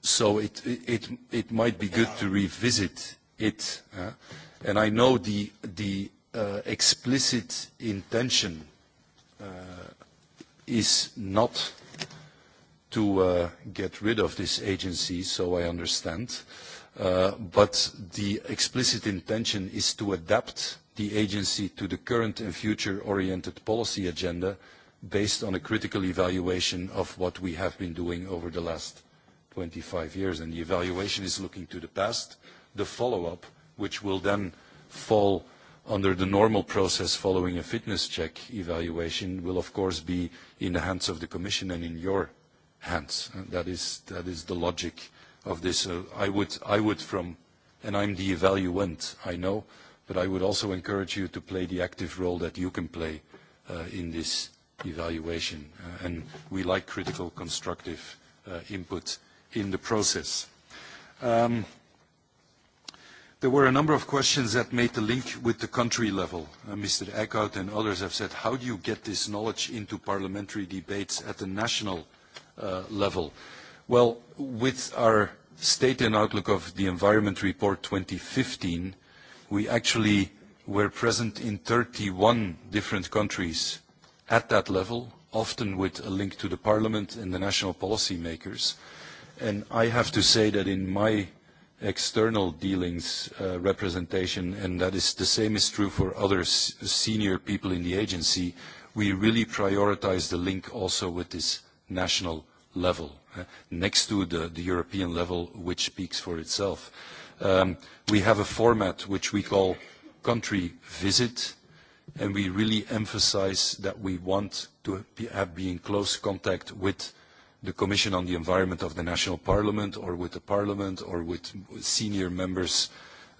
[SPEAKER 17] so it, it, it might be good to revisit it. Yeah? And I know the, the uh, explicit intention uh, is not to uh, get rid of this agency, so I understand. Uh, but the explicit intention is to adapt the agency to the current and future-oriented policy agenda based on a critical evaluation of what we have been doing over the last 25 years. And the evaluation is looking to the past, the follow-up, which will then fall under the normal process following a fitness check evaluation, will of course be in the hands of the Commission and in your hands. that is the logic of this. I would I would from and I'm the evaluant, I know, but I would also encourage you to play the active role that you can play uh, in this evaluation. Uh, and we like critical, constructive uh, input in the process. Um, there were a number of questions that made the link with the country level. Mr. Eickhout and others have said, how do you get this knowledge into parliamentary debates at the national Uh, level? Well, with our State and Outlook of the Environment Report 2015, we actually were present in 31 different countries at that level, often with a link to the parliament and the national policymakers. And I have to say that in my external dealings uh, representation, and that is the same is true for other senior people in the agency, we really prioritize the link also with this national level, eh, next to the, the European level, which speaks for itself. Um, we have a format which we call country visit, and we really emphasize that we want to have be in close contact with the Commission on the Environment of the National Parliament or with the Parliament or with senior members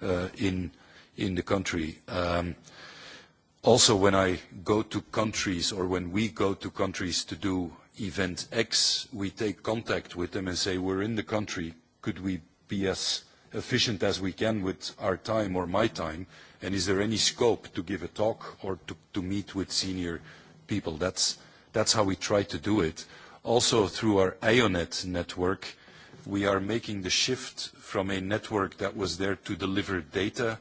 [SPEAKER 17] uh, in, in the country. Um, also, when I go to countries or when we go to countries to do event X, we take contact with them and say, we're in the country, could we be as efficient as we can with our time or my time, and is there any scope to give a talk or to, to meet with senior people? That's, that's how we try to do it. Also, through our IONET network, we are making the shift from a network that was there to deliver data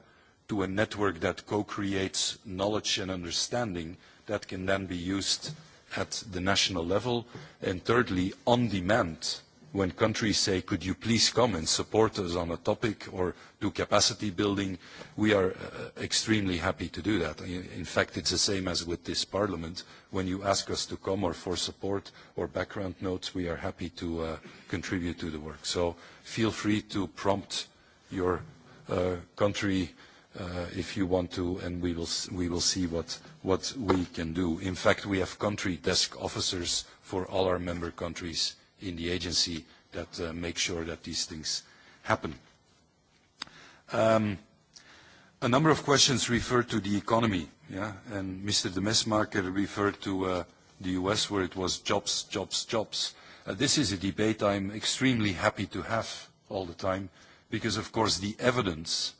[SPEAKER 17] to a network that co-creates knowledge and understanding that can then be used at the national level. And thirdly, on demand, when countries say, could you please come and support us on a topic or do capacity building, we are uh, extremely happy to do that. In fact, it's the same as with this parliament. When you ask us to come or for support or background notes, we are happy to uh, contribute to the work. So feel free to prompt your uh, country Uh, if you want to, and we will, see what, we can do. In fact, we have country desk officers for all our member countries in the agency that uh, make sure that these things happen. Um, a number of questions refer to the economy, yeah? and Mr. de Mesmaeker referred to uh, the U.S., where it was jobs, jobs, jobs. This is a debate I'm extremely happy to have all the time because, of course, the evidence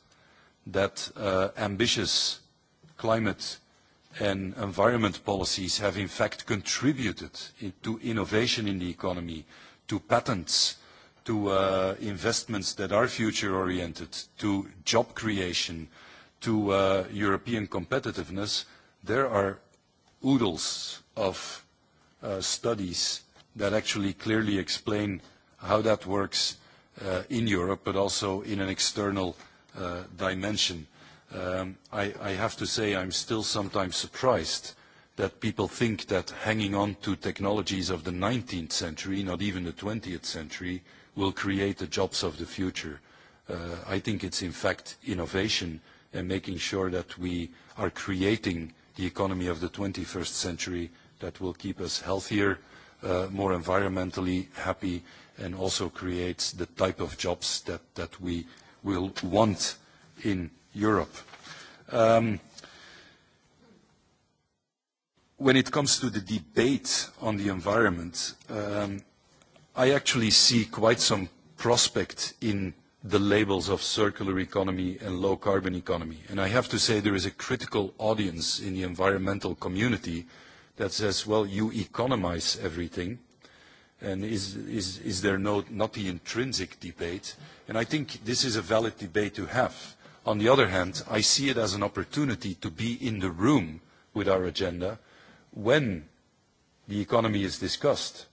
[SPEAKER 17] that uh, ambitious climate and environment policies have in fact contributed to innovation in the economy, to patents, to uh, investments that are future-oriented, to job creation, to uh, European competitiveness, there are oodles of studies that actually clearly explain how that works in Europe, but also in an external Uh, dimension. Um, I, I have to say I'm still sometimes surprised that people think that hanging on to technologies of the 19th century, not even the 20th century, will create the jobs of the future. Uh, I think it's in fact innovation and making sure that we are creating the economy of the 21st century that will keep us healthier, uh, more environmentally happy, and also creates the type of jobs that we will want in Europe. Um, when it comes to the debate on the environment, um, I actually see quite some prospect in the labels of circular economy and low carbon economy. And I have to say there is a critical audience in the environmental community that says, well, you economize everything, and is, is, is there no, not the intrinsic debate? And I think this is a valid debate to have. On the other hand, I see it as an opportunity to be in the room with our agenda when the economy is discussed.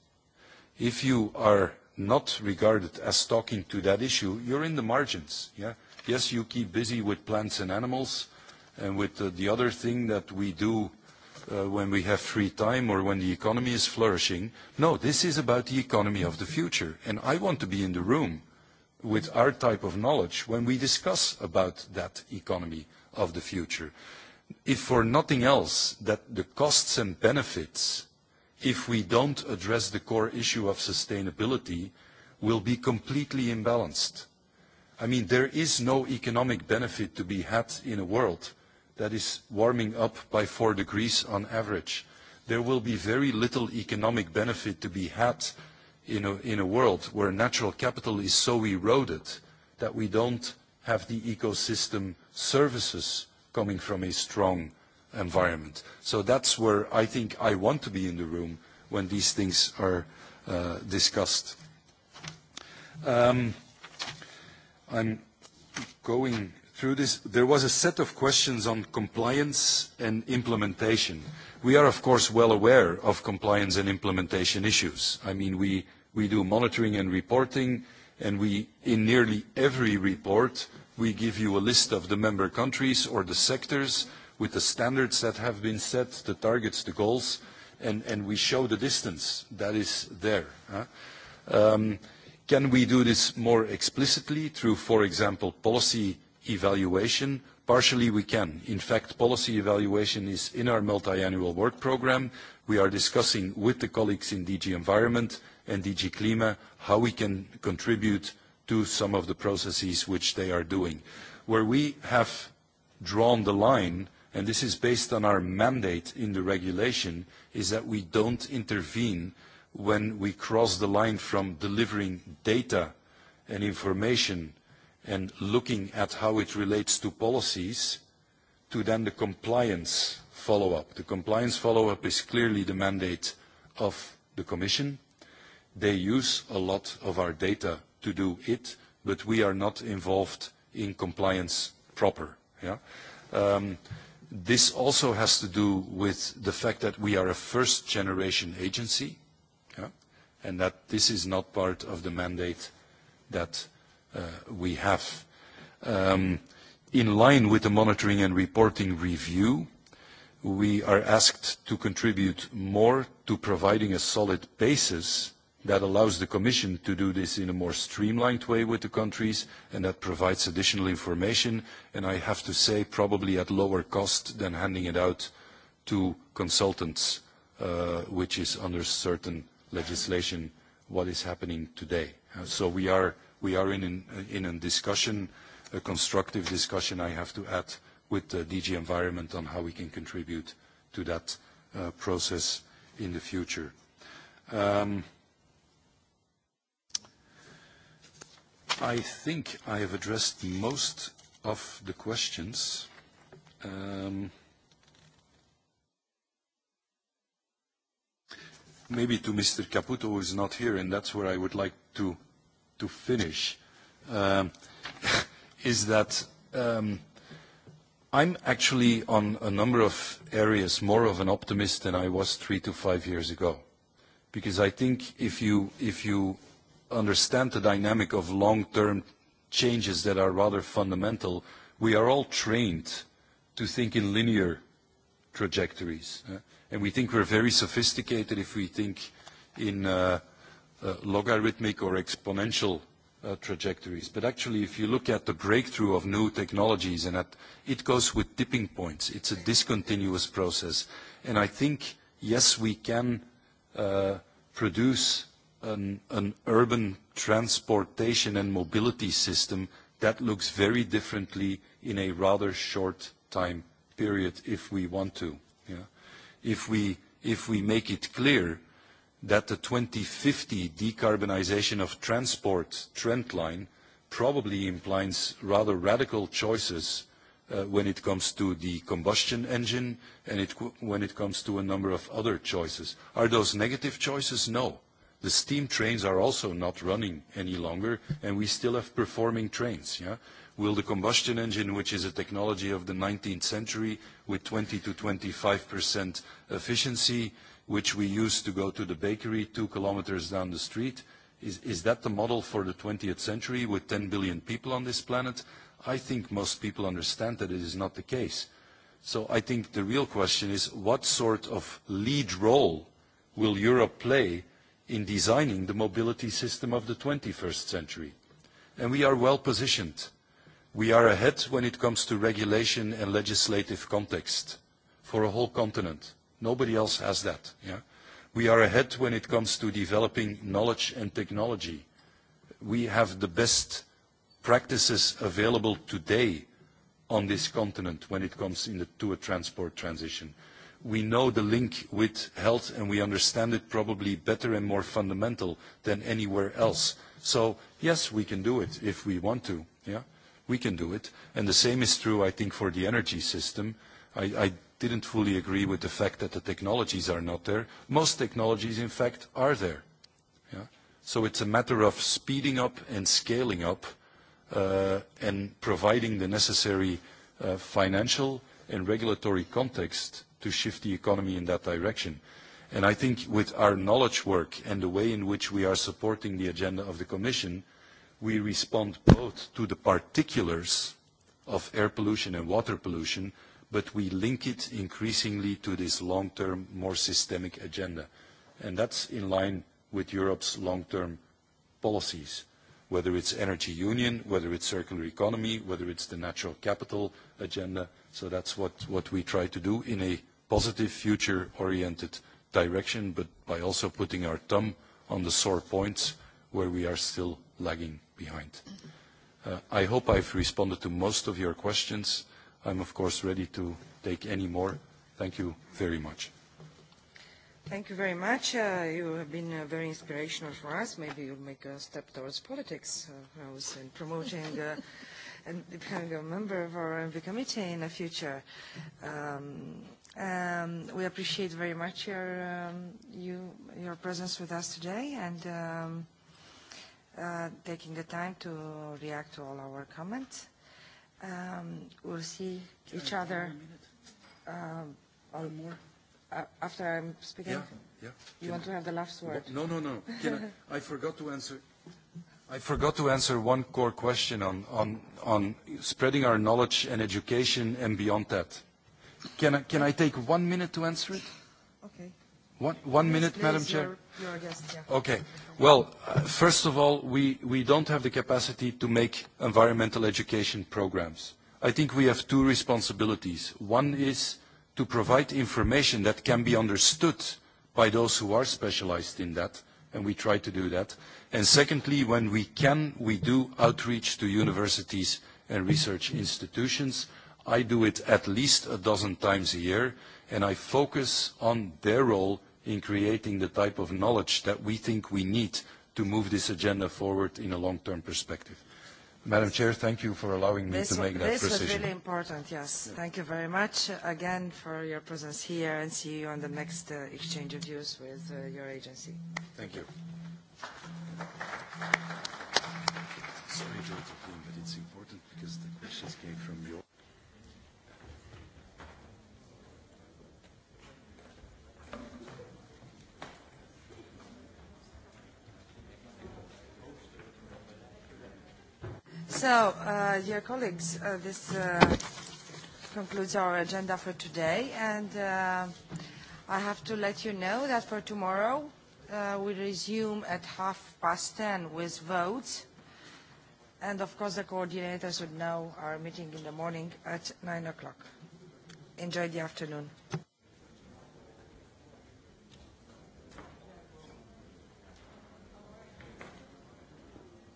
[SPEAKER 17] If you are not regarded as talking to that issue, you're in the margins. Yeah? Yes, you keep busy with plants and animals and with uh, the other thing that we do Uh, when we have free time or when the economy is flourishing. No, this is about the economy of the future. And I want to be in the room with our type of knowledge when we discuss about that economy of the future. If for nothing else, that the costs and benefits, if we don't address the core issue of sustainability, will be completely imbalanced. I mean, there is no economic benefit to be had in a world that is warming up by four degrees on average. There will be very little economic benefit to be had in a, in a world where natural capital is so eroded that we don't have the ecosystem services coming from a strong environment. So that's where I think I want to be in the room when these things are uh, discussed. Um, I'm going through this, there was a set of questions on compliance and implementation. We are, of course, well aware of compliance and implementation issues. I mean, we, we do monitoring and reporting, and we, in nearly every report, we give you a list of the member countries or the sectors with the standards that have been set, the targets, the goals, and, and we show the distance that is there. Um, can we do this more explicitly through, for example, policy evaluation. Partially, we can. In fact, policy evaluation is in our multi-annual work program. We are discussing with the colleagues in DG Environment and DG Clima how we can contribute to some of the processes which they are doing. Where we have drawn the line, and this is based on our mandate in the regulation, is that we don't intervene when we cross the line from delivering data and information and looking at how it relates to policies to then the compliance follow-up. The compliance follow-up is clearly the mandate of the Commission. They use a lot of our data to do it, but we are not involved in compliance proper. Yeah? Um, this also has to do with the fact that we are a first-generation agency, yeah? and that this is not part of the mandate that Uh, we have. Um, in line with the monitoring and reporting review, we are asked to contribute more to providing a solid basis that allows the Commission to do this in a more streamlined way with the countries, and that provides additional information, and I have to say, probably at lower cost than handing it out to consultants, uh, which is under certain legislation, what is happening today. Uh, so we are we are in, a discussion, a constructive discussion, I have to add, with the DG Environment on how we can contribute to that uh, process in the future. Um, I think I have addressed most of the questions. Um, maybe to Mr. Caputo, who is not here, and that's where I would like to to finish um, is that um, I'm actually on a number of areas more of an optimist than I was three to five years ago. Because I think if you, if you understand the dynamic of long-term changes that are rather fundamental, we are all trained to think in linear trajectories. Uh, and we think we're very sophisticated if we think in uh, Uh, logarithmic or exponential uh, trajectories. But actually, if you look at the breakthrough of new technologies, and it goes with tipping points. It's a discontinuous process. And I think, yes, we can uh, produce an, an urban transportation and mobility system that looks very differently in a rather short time period if we want to. Yeah? If, we, if we make it clear that the 2050 decarbonization of transport trend line probably implies rather radical choices uh, when it comes to the combustion engine and when it comes to a number of other choices. Are those negative choices? No. The steam trains are also not running any longer, and we still have performing trains. Yeah? Will the combustion engine, which is a technology of the 19th century with 20 to 25% efficiency, which we use to go to the bakery two kilometers down the street. Is, is that the model for the 20th century with 10 billion people on this planet? I think most people understand that it is not the case. So I think the real question is what sort of lead role will Europe play in designing the mobility system of the 21st century? And we are well positioned. We are ahead when it comes to regulation and legislative context for a whole continent Nobody else has that. Yeah? We are ahead when it comes to developing knowledge and technology. We have the best practices available today on this continent when it comes in the, to a transport transition. We know the link with health, and we understand it probably better and more fundamental than anywhere else. So yes, we can do it if we want to. Yeah, we can do it. And the same is true, I think, for the energy system. I, I didn't fully agree with the fact that the technologies are not there. Most technologies, in fact, are there. Yeah? So it's a matter of speeding up and scaling up uh, and providing the necessary uh, financial and regulatory context to shift the economy in that direction. And I think with our knowledge work and the way in which we are supporting the agenda of the Commission, we respond both to the particulars of air pollution and water pollution, but we link it increasingly to this long-term, more systemic agenda. And that's in line with Europe's long-term policies, whether it's energy union, whether it's circular economy, whether it's the natural capital agenda. So that's what, we try to do in a positive, future-oriented direction, but by also putting our thumb on the sore points where we are still lagging behind. Uh, I hope I've responded to most of your questions. I'm of course ready to take any more. Thank you very much.
[SPEAKER 1] Thank you very much. Uh, you have been uh, very inspirational for us. Maybe you'll make a step towards politics. Uh, I was in promoting uh, and becoming a member of our MV committee in the future. Um, um, we appreciate very much your, um, you, your presence with us today and um, uh, taking the time to react to all our comments um, we'll see each other um, more. Uh, after I'm speaking. Yeah,
[SPEAKER 17] yeah. You want to have the last word? No, no, no. Can I, I forgot to answer. I forgot to answer one core question on, on, on spreading our knowledge and education and beyond that. Can I, can I take one minute to answer it? Okay. One, one minute, Madam Chair a guest, yeah. Okay. Well, first of all, we, we don't have the capacity to make environmental education programs. I think we have two responsibilities. One is to provide information that can be understood by those who are specialized in that, and we try to do that. And secondly, when we can, we do outreach to universities and research institutions. I do it at least a dozen times a year, and I focus on their role in creating the type of knowledge that we think we need to move this agenda forward in a long-term perspective. Madam Chair, thank you for allowing me to make that precision. This
[SPEAKER 1] was really important, yes. Thank you very much uh, again for your presence here and see you on the next uh, exchange of views with uh, your agency.
[SPEAKER 14] Thank you.
[SPEAKER 17] Sorry to intervene, but it's important because the questions came from you.
[SPEAKER 5] So, uh, dear colleagues, uh,
[SPEAKER 1] this uh, concludes our agenda for today, and uh, I have to let you know that for tomorrow uh, we resume at half past ten with votes, and of course the coordinators would know our meeting in the morning at nine o'clock. Enjoy the afternoon.